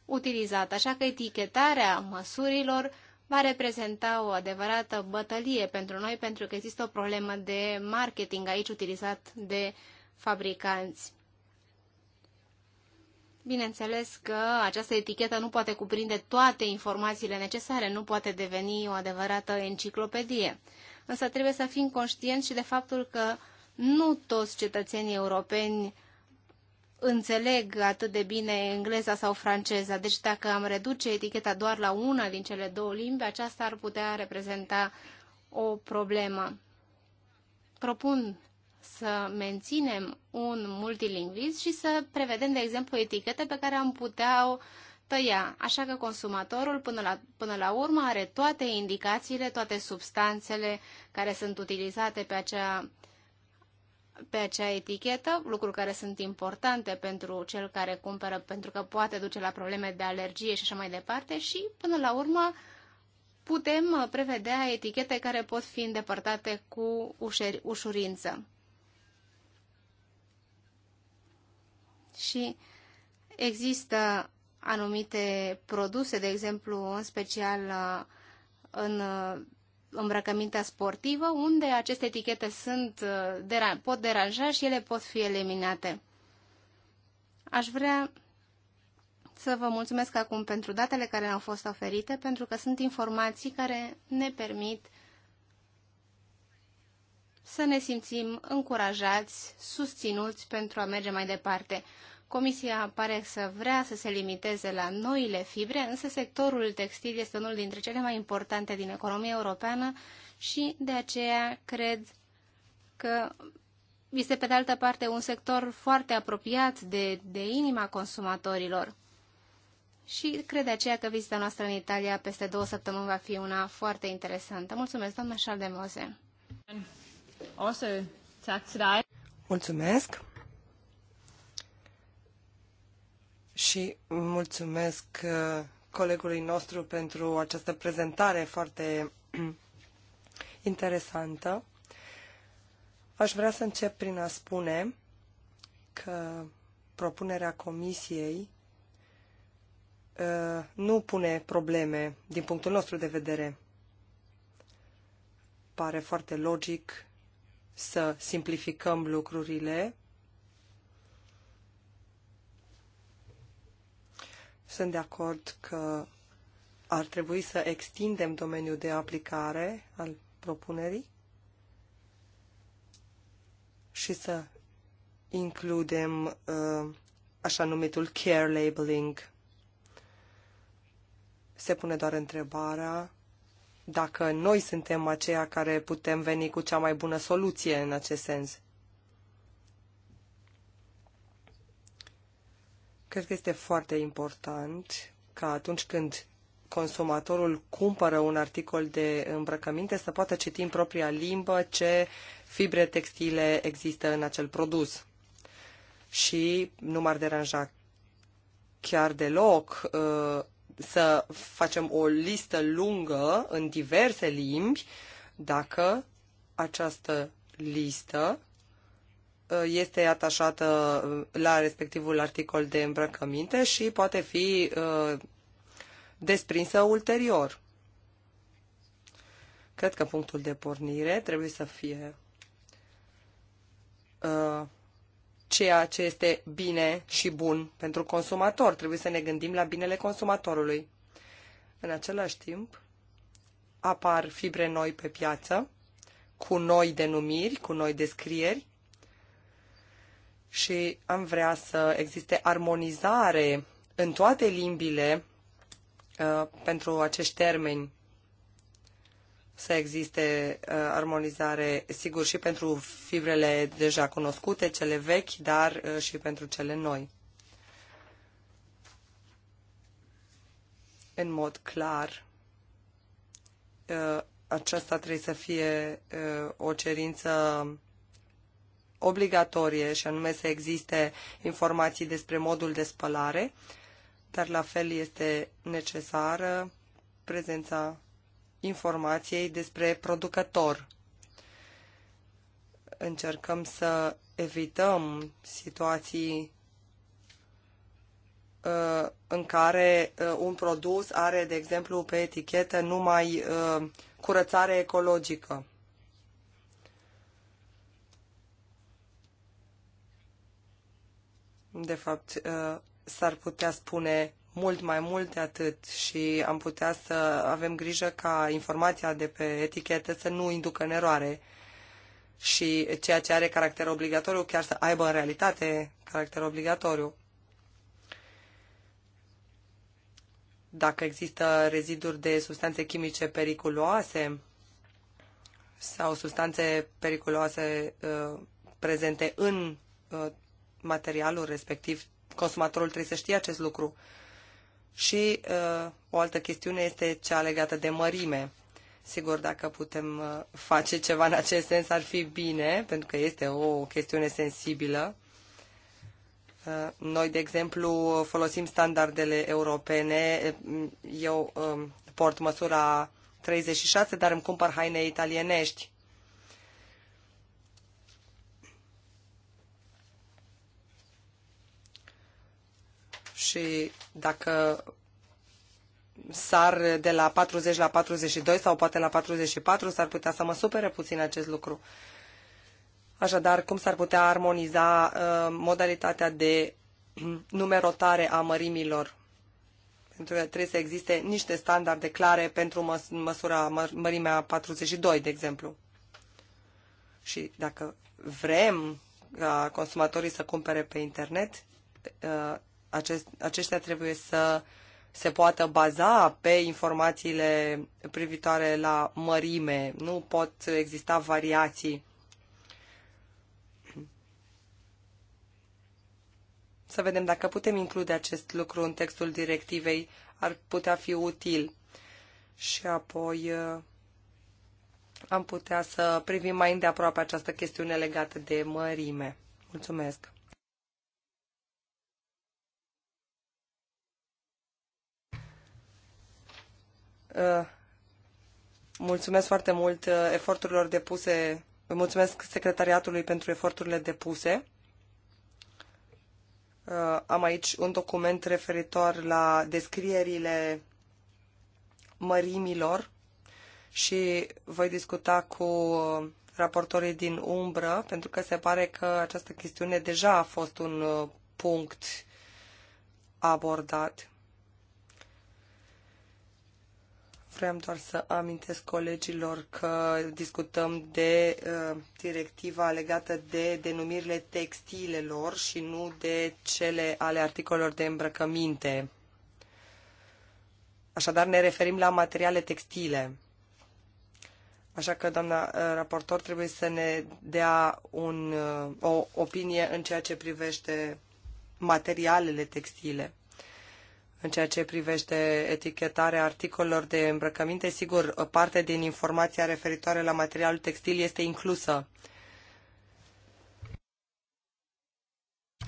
utilizată, așa că etichetarea măsurilor va reprezenta o adevărată bătălie pentru noi, pentru că există o problemă de marketing aici utilizat de fabricanți. Bineînțeles că această etichetă nu poate cuprinde toate informațiile necesare, nu poate deveni o adevărată enciclopedie. Însă trebuie să fim conștienți și de faptul că nu toți cetățenii europeni înțeleg atât de bine engleza sau franceza. Deci dacă am reduce eticheta doar la una din cele două limbi, aceasta ar putea reprezenta o problemă. Propun să menținem un multilingvism și să prevedem, de exemplu, etichete pe care am putea tăia, așa că consumatorul până la, până la urmă are toate indicațiile, toate substanțele care sunt utilizate pe acea, pe acea etichetă, lucruri care sunt importante pentru cel care cumpără, pentru că poate duce la probleme de alergie și așa mai departe și până la urmă putem prevedea etichete care pot fi îndepărtate cu ușurință. și există anumite produse, de exemplu, în special uh, în uh, îmbrăcămintea sportivă, unde aceste etichete sunt, uh, pot deranja și ele pot fi eliminate. Aș vrea să vă mulțumesc acum pentru datele care ne-au fost oferite, pentru că sunt informații care ne permit uh, să ne simțim încurajați, susținuți pentru a merge mai departe. Comisia pare să vrea să se limiteze la noile fibre, însă sectorul textil este unul dintre cele mai importante din economia europeană și de aceea cred că este pe de altă parte un sector foarte apropiat de, de inima consumatorilor. Și cred de aceea că vizita noastră în Italia peste două săptămâni va fi una foarte interesantă. Mulțumesc, doamna Charles de Mose. Også tak til dig. Mulțumesc. Și mulțumesc uh, colegului nostru pentru această prezentare foarte interesantă. Aș vrea să încep prin a spune că propunerea comisiei uh, nu pune probleme din punctul nostru de vedere. Pare foarte logic să simplificăm lucrurile. Sunt de acord că ar trebui să extindem domeniul de aplicare al propunerii și să includem uh, așa numitul care labeling. Se pune doar întrebarea dacă noi suntem aceia care putem veni cu cea mai bună soluție în acest sens. Cred că este foarte important ca atunci când consumatorul cumpără un articol de îmbrăcăminte să poată citi în propria limbă ce fibre textile există în acel produs. Și nu m-ar deranja chiar deloc uh, să facem o listă lungă în diverse limbi dacă această listă uh, este atașată uh, la respectivul articol de îmbrăcăminte și poate fi uh, desprinsă ulterior. Cred că punctul de pornire trebuie să fie ceea ce este bine și bun pentru consumator. Trebuie să ne gândim la binele consumatorului. În același timp, apar fibre noi pe piață, cu noi denumiri, cu noi descrieri și am vrea să existe armonizare în toate limbile uh, pentru acești termeni să existe uh, armonizare, sigur, și pentru fibrele deja cunoscute, cele vechi, dar uh, și pentru cele noi. În mod clar, uh, aceasta trebuie să fie uh, o cerință obligatorie, și anume să existe informații despre modul de spălare, dar la fel este necesară prezența informației despre producător. Încercăm să evităm situații uh, în care uh, un produs are, de exemplu, pe etichetă numai uh, curățare ecologică. De fapt, s-ar putea spune mult mai mult de atât și am putea să avem grijă ca informația de pe etichetă să nu inducă în eroare și ceea ce are caracter obligatoriu chiar să aibă în realitate caracter obligatoriu. Dacă există reziduri de substanțe chimice periculoase sau substanțe periculoase uh, prezente în uh, materialul respectiv, consumatorul trebuie să știe acest lucru. Uh, și uh, o altă chestiune este cea legată de mărime. Sigur, dacă putem uh, face ceva în acest sens, ar fi bine, pentru că este o chestiune sensibilă. Uh, noi, de exemplu, folosim standardele europene. Eu um, port măsura 36, dar îmi cumpăr haine italienești. și dacă sar de la 40 la 42 sau poate la 44, s-ar putea să mă supere puțin acest lucru. Așadar, cum s-ar putea armoniza uh, modalitatea de mm, numerotare a mărimilor? Pentru că trebuie să existe niște standarde clare pentru măs- măsura mă- mărimea 42, de exemplu. Și dacă vrem ca consumatorii să cumpere pe internet, uh, acest, aceștia trebuie să se poată baza pe informațiile privitoare la mărime. Nu pot exista variații. Să vedem dacă putem include acest lucru în textul directivei. Ar putea fi util. Și apoi uh, am putea să privim mai îndeaproape această chestiune legată de mărime. Mulțumesc! Uh, mulțumesc foarte mult uh, eforturilor depuse, mulțumesc secretariatului pentru eforturile depuse. Uh, am aici un document referitor la descrierile mărimilor și voi discuta cu raportorii din umbră, pentru că se pare că această chestiune deja a fost un punct abordat. Vreau doar să amintesc colegilor că discutăm de uh, directiva legată de denumirile textilelor și nu de cele ale articolelor de îmbrăcăminte. Așadar, ne referim la materiale textile. Așa că, doamna uh, raportor, trebuie să ne dea un, uh, o opinie în ceea ce privește materialele textile în ceea ce privește etichetarea articolelor de îmbrăcăminte, sigur, parte din informația referitoare la materialul textil este inclusă.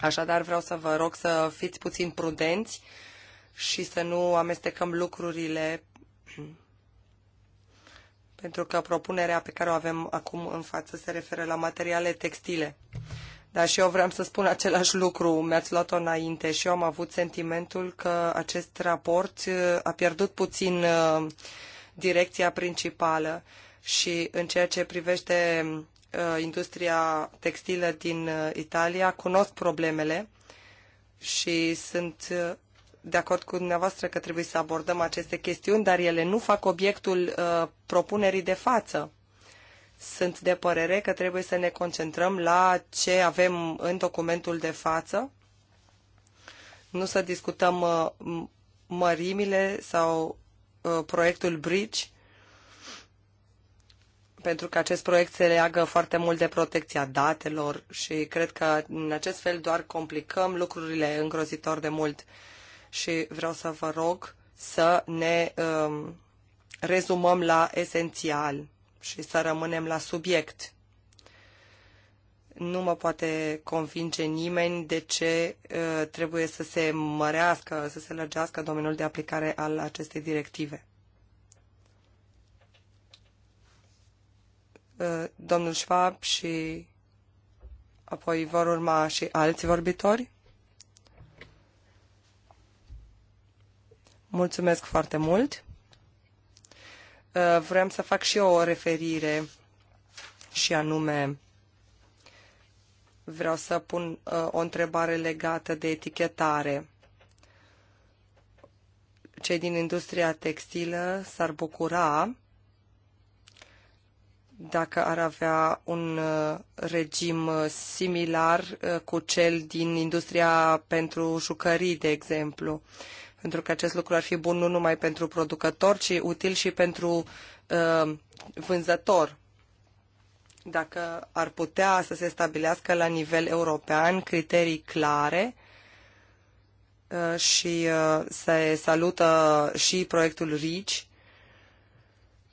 Așadar, vreau să vă rog să fiți puțin prudenți și să nu amestecăm lucrurile, pentru că propunerea pe care o avem acum în față se referă la materiale textile. Dar și eu vreau să spun același lucru, mi-ați luat-o înainte și eu am avut sentimentul că acest raport uh, a pierdut puțin uh, direcția principală și în ceea ce privește uh, industria textilă din Italia, cunosc problemele și sunt de acord cu dumneavoastră că trebuie să abordăm aceste chestiuni, dar ele nu fac obiectul propunerii de față. Sunt de părere că trebuie să ne concentrăm la ce avem în documentul de față, nu să discutăm uh, mărimile sau uh, proiectul Bridge, pentru că acest proiect se leagă foarte mult de protecția datelor și cred că în acest fel doar complicăm lucrurile îngrozitor de mult. Și vreau să vă rog să ne um, rezumăm la esențial și să rămânem la subiect. Nu mă poate convinge nimeni de ce uh, trebuie să se mărească, să se lărgească domeniul de aplicare al acestei directive. Uh, domnul Schwab și apoi vor urma și alți vorbitori. Mulțumesc foarte mult! Uh, vreau să fac și eu o referire și anume vreau să pun uh, o întrebare legată de etichetare. Cei din industria textilă s-ar bucura dacă ar avea un uh, regim similar cu cel din industria pentru jucării, de exemplu pentru că acest lucru ar fi bun nu numai pentru producător, ci util și pentru uh, vânzător. Dacă ar putea să se stabilească la nivel european criterii clare uh, și uh, se salută și proiectul RICI,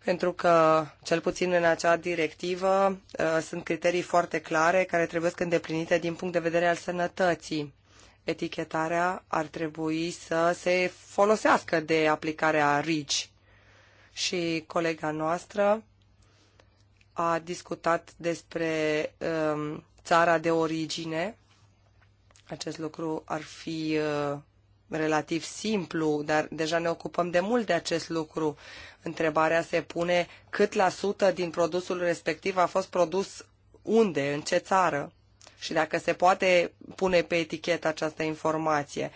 pentru că, cel puțin în acea directivă, uh, sunt criterii foarte clare care trebuie să îndeplinite din punct de vedere al sănătății etichetarea ar trebui să se folosească de aplicarea RIGI. Și colega noastră a discutat despre um, țara de origine. Acest lucru ar fi uh, relativ simplu, dar deja ne ocupăm de mult de acest lucru. Întrebarea se pune cât la sută din produsul respectiv a fost produs unde, în ce țară și dacă se poate pune pe etichetă această informație.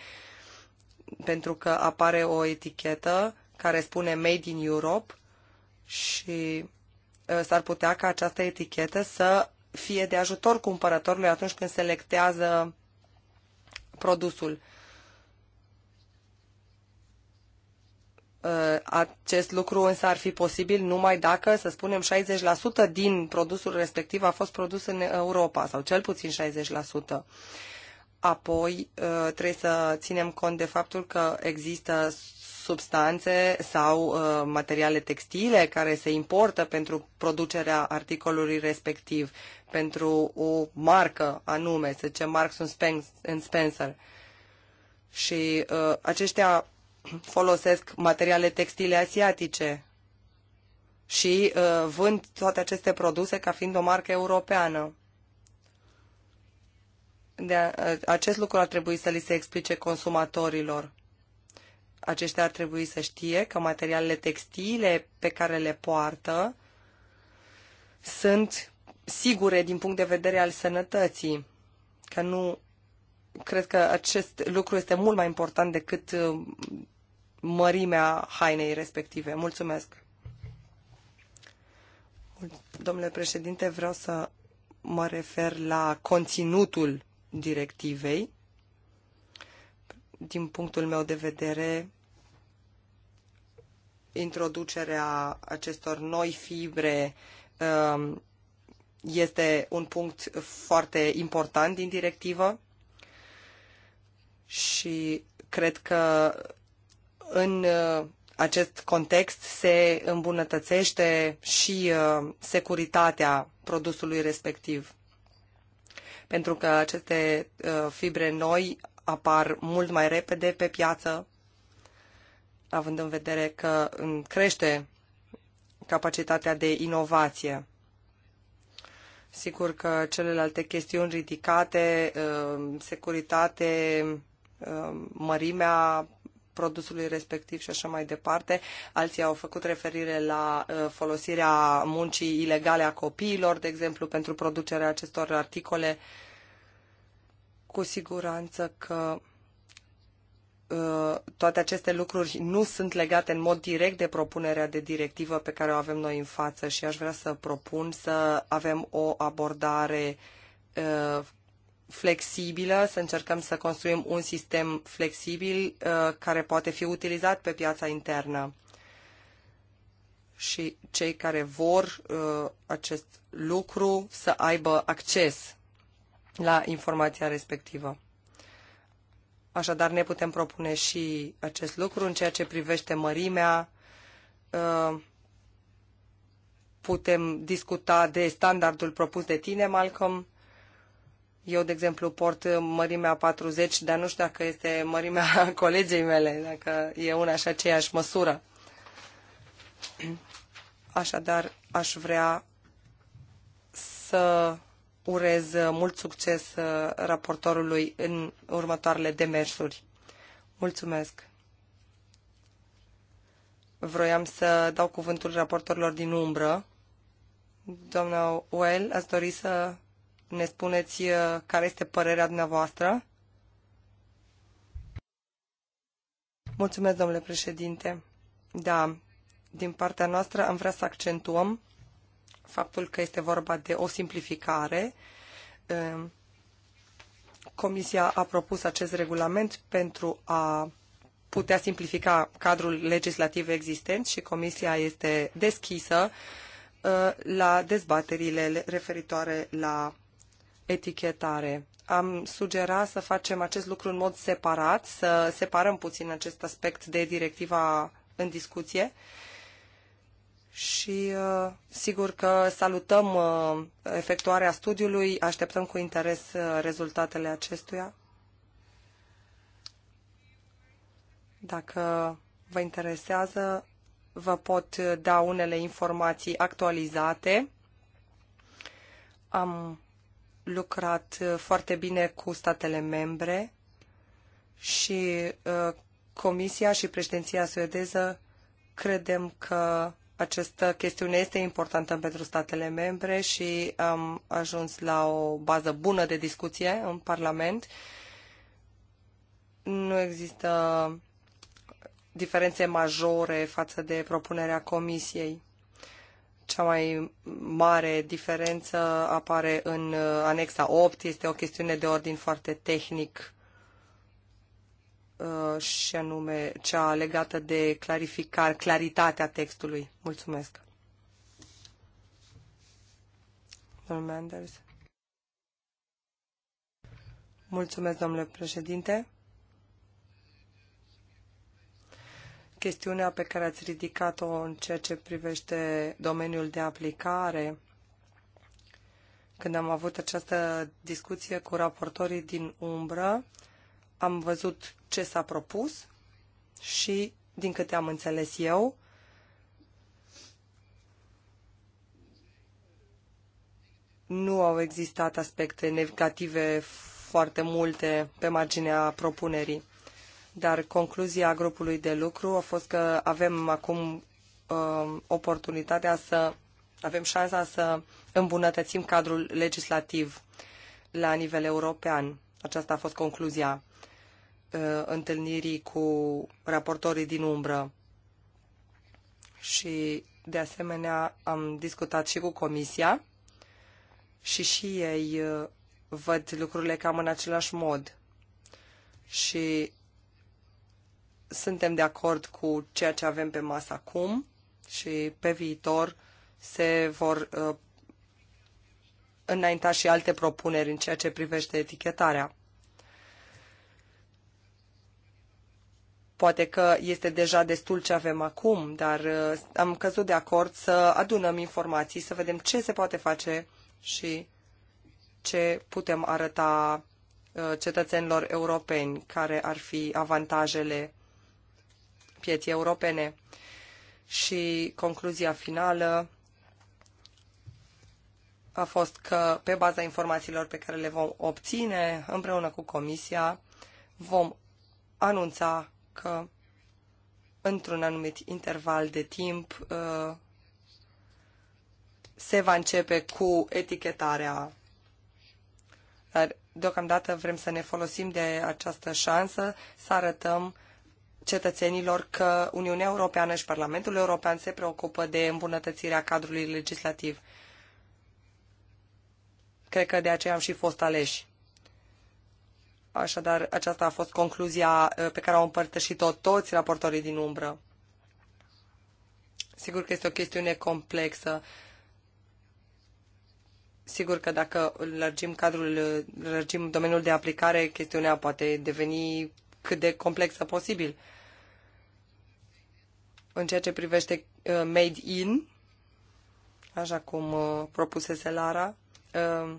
Pentru că apare o etichetă care spune Made in Europe și ă, s-ar putea ca această etichetă să fie de ajutor cumpărătorului atunci când selectează produsul. Uh, acest lucru însă ar fi posibil numai dacă, să spunem, 60% din produsul respectiv a fost produs în Europa, sau cel puțin 60%. Apoi uh, trebuie să ținem cont de faptul că există substanțe sau uh, materiale textile care se importă pentru producerea articolului respectiv, pentru o marcă anume, să zicem Marks Spencer. Și aceștia folosesc materiale textile asiatice și uh, vând toate aceste produse ca fiind o marcă europeană. De a, uh, acest lucru ar trebui să li se explice consumatorilor. Aceștia ar trebui să știe că materialele textile pe care le poartă sunt sigure din punct de vedere al sănătății, că nu cred că acest lucru este mult mai important decât uh, mărimea hainei respective. Mulțumesc! Domnule președinte, vreau să mă refer la conținutul directivei. Din punctul meu de vedere, introducerea acestor noi fibre um, este un punct foarte important din directivă și cred că în uh, acest context se îmbunătățește și uh, securitatea produsului respectiv. Pentru că aceste uh, fibre noi apar mult mai repede pe piață, având în vedere că crește capacitatea de inovație. Sigur că celelalte chestiuni ridicate, securitate, mărimea produsului respectiv și așa mai departe. Alții au făcut referire la uh, folosirea muncii ilegale a copiilor, de exemplu, pentru producerea acestor articole. Cu siguranță că uh, toate aceste lucruri nu sunt legate în mod direct de propunerea de directivă pe care o avem noi în față și aș vrea să propun să avem o abordare uh, flexibilă, să încercăm să construim un sistem flexibil uh, care poate fi utilizat pe piața internă. Și cei care vor uh, acest lucru să aibă acces la informația respectivă. Așadar, ne putem propune și acest lucru în ceea ce privește mărimea. Uh, putem discuta de standardul propus de tine, Malcolm, eu, de exemplu, port mărimea 40, dar nu știu dacă este mărimea colegei mele, dacă e una și aceeași măsură. Așadar, aș vrea să urez mult succes raportorului în următoarele demersuri. Mulțumesc! Vroiam să dau cuvântul raportorilor din umbră. Doamna Well, ați dori să ne spuneți uh, care este părerea dumneavoastră. Mulțumesc, domnule președinte. Da, din partea noastră am vrea să accentuăm faptul că este vorba de o simplificare. Uh, Comisia a propus acest regulament pentru a putea simplifica cadrul legislativ existent și Comisia este deschisă uh, la dezbaterile referitoare la etichetare. Am sugerat să facem acest lucru în mod separat, să separăm puțin acest aspect de directiva în discuție și uh, sigur că salutăm uh, efectuarea studiului, așteptăm cu interes uh, rezultatele acestuia. Dacă vă interesează, vă pot da unele informații actualizate. Am lucrat uh, foarte bine cu statele membre și uh, Comisia și președinția suedeză credem că această chestiune este importantă pentru statele membre și am ajuns la o bază bună de discuție în Parlament. Nu există diferențe majore față de propunerea Comisiei. Cea mai mare diferență apare în uh, anexa 8, este o chestiune de ordin foarte tehnic uh, și anume cea legată de clarificare, claritatea textului. Mulțumesc. Domnul Manders. Mulțumesc, domnule președinte. chestiunea pe care ați ridicat-o în ceea ce privește domeniul de aplicare, când am avut această discuție cu raportorii din umbră, am văzut ce s-a propus și, din câte am înțeles eu, nu au existat aspecte negative foarte multe pe marginea propunerii dar concluzia grupului de lucru a fost că avem acum uh, oportunitatea să avem șansa să îmbunătățim cadrul legislativ la nivel european. Aceasta a fost concluzia uh, întâlnirii cu raportorii din umbră. Și, de asemenea, am discutat și cu Comisia și și ei uh, văd lucrurile cam în același mod. Și suntem de acord cu ceea ce avem pe masă acum și pe viitor se vor uh, înainta și alte propuneri în ceea ce privește etichetarea. Poate că este deja destul ce avem acum, dar uh, am căzut de acord să adunăm informații, să vedem ce se poate face și ce putem arăta uh, cetățenilor europeni, care ar fi avantajele pieții europene. Și concluzia finală a fost că, pe baza informațiilor pe care le vom obține împreună cu Comisia, vom anunța că, într-un anumit interval de timp, uh, se va începe cu etichetarea. Dar, deocamdată, vrem să ne folosim de această șansă să arătăm cetățenilor că Uniunea Europeană și Parlamentul European se preocupă de îmbunătățirea cadrului legislativ. Cred că de aceea am și fost aleși. Așadar, aceasta a fost concluzia uh, pe care au împărtășit-o toți raportorii din umbră. Sigur că este o chestiune complexă. Sigur că dacă lărgim cadrul, lărgim domeniul de aplicare, chestiunea poate deveni cât de complexă posibil în ceea ce privește uh, Made In, așa cum uh, propusese Lara. Uh,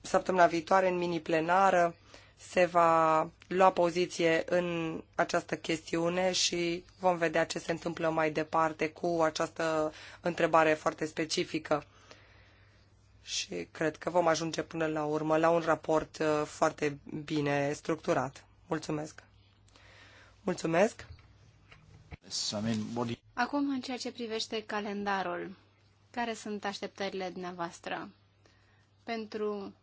săptămâna viitoare, în mini-plenară, se va lua poziție în această chestiune și vom vedea ce se întâmplă mai departe cu această întrebare foarte specifică. Și cred că vom ajunge până la urmă la un raport foarte bine structurat. Mulțumesc! Mulțumesc! Acum, în ceea ce privește calendarul, care sunt așteptările dumneavoastră pentru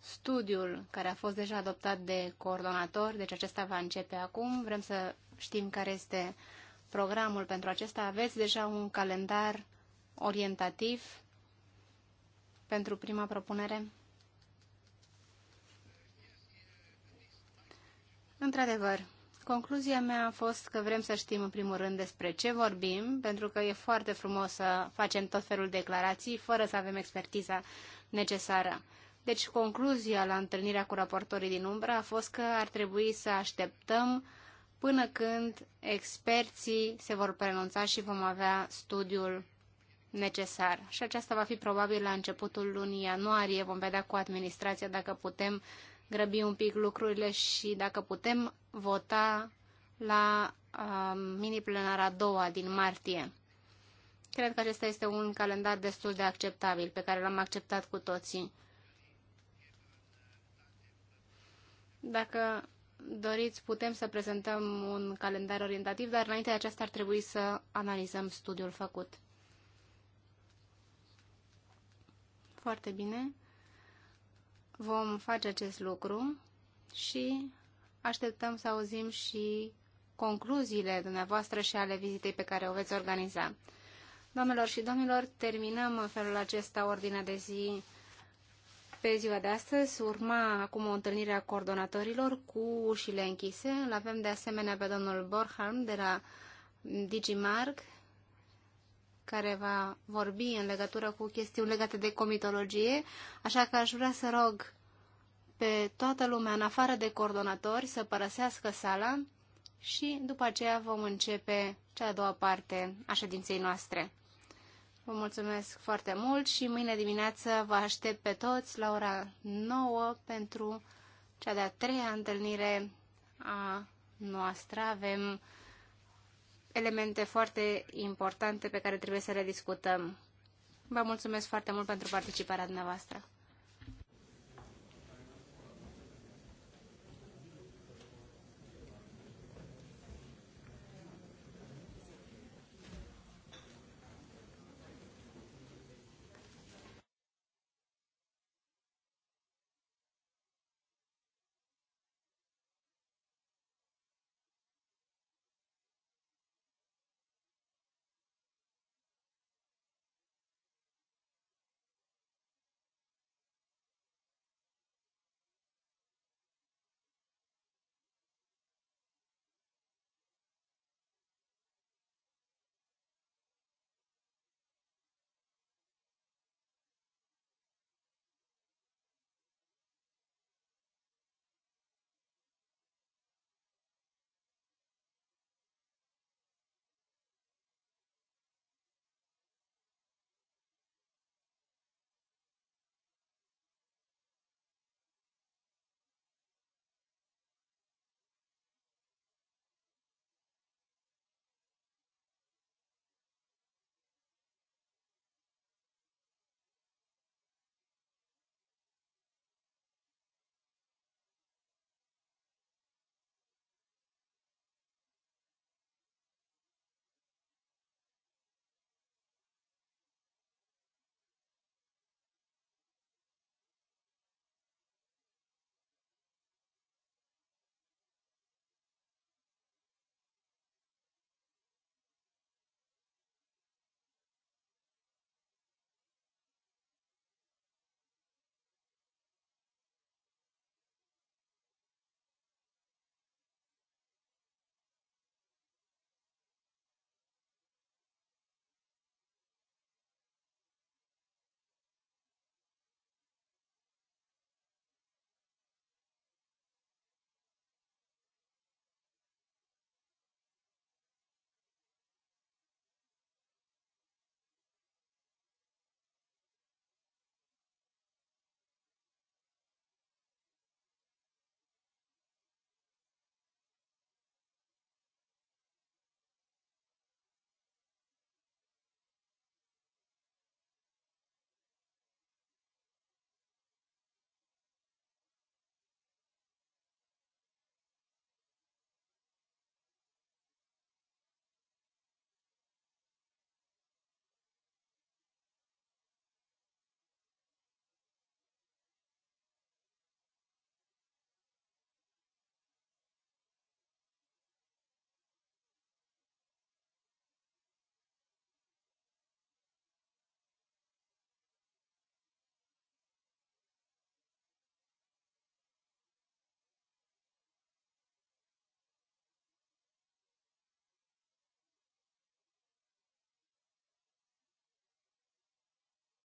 studiul care a fost deja adoptat de coordonator, deci acesta va începe acum. Vrem să știm care este programul pentru acesta. Aveți deja un calendar orientativ pentru prima propunere? Într-adevăr, concluzia mea a fost că vrem să știm în primul rând despre ce vorbim, pentru că e foarte frumos să facem tot felul de declarații fără să avem expertiza necesară. Deci concluzia la întâlnirea cu raportorii din umbră a fost că ar trebui să așteptăm până când experții se vor pronunța și vom avea studiul necesar. Și aceasta va fi probabil la începutul lunii ianuarie. Vom vedea cu administrația dacă putem grăbi un pic lucrurile și dacă putem vota la um, mini-plenara a doua din martie. Cred că acesta este un calendar destul de acceptabil, pe care l-am acceptat cu toții. Dacă doriți, putem să prezentăm un calendar orientativ, dar înainte de aceasta ar trebui să analizăm studiul făcut. Foarte bine. Vom face acest lucru și așteptăm să auzim și concluziile dumneavoastră și ale vizitei pe care o veți organiza. Doamnelor și domnilor, terminăm în felul acesta ordinea de zi pe ziua de astăzi. Urma acum o întâlnire a coordonatorilor cu ușile închise. L avem de asemenea pe domnul Borham de la Digimark care va vorbi în legătură cu chestiuni legate de comitologie, așa că aș vrea să rog pe toată lumea, în afară de coordonatori, să părăsească sala și după aceea vom începe cea a doua parte a ședinței noastre. Vă mulțumesc foarte mult și mâine dimineață vă aștept pe toți la ora 9 pentru cea de-a treia întâlnire a noastră. Avem elemente foarte importante pe care trebuie să le discutăm. Vă mulțumesc foarte mult pentru participarea dumneavoastră.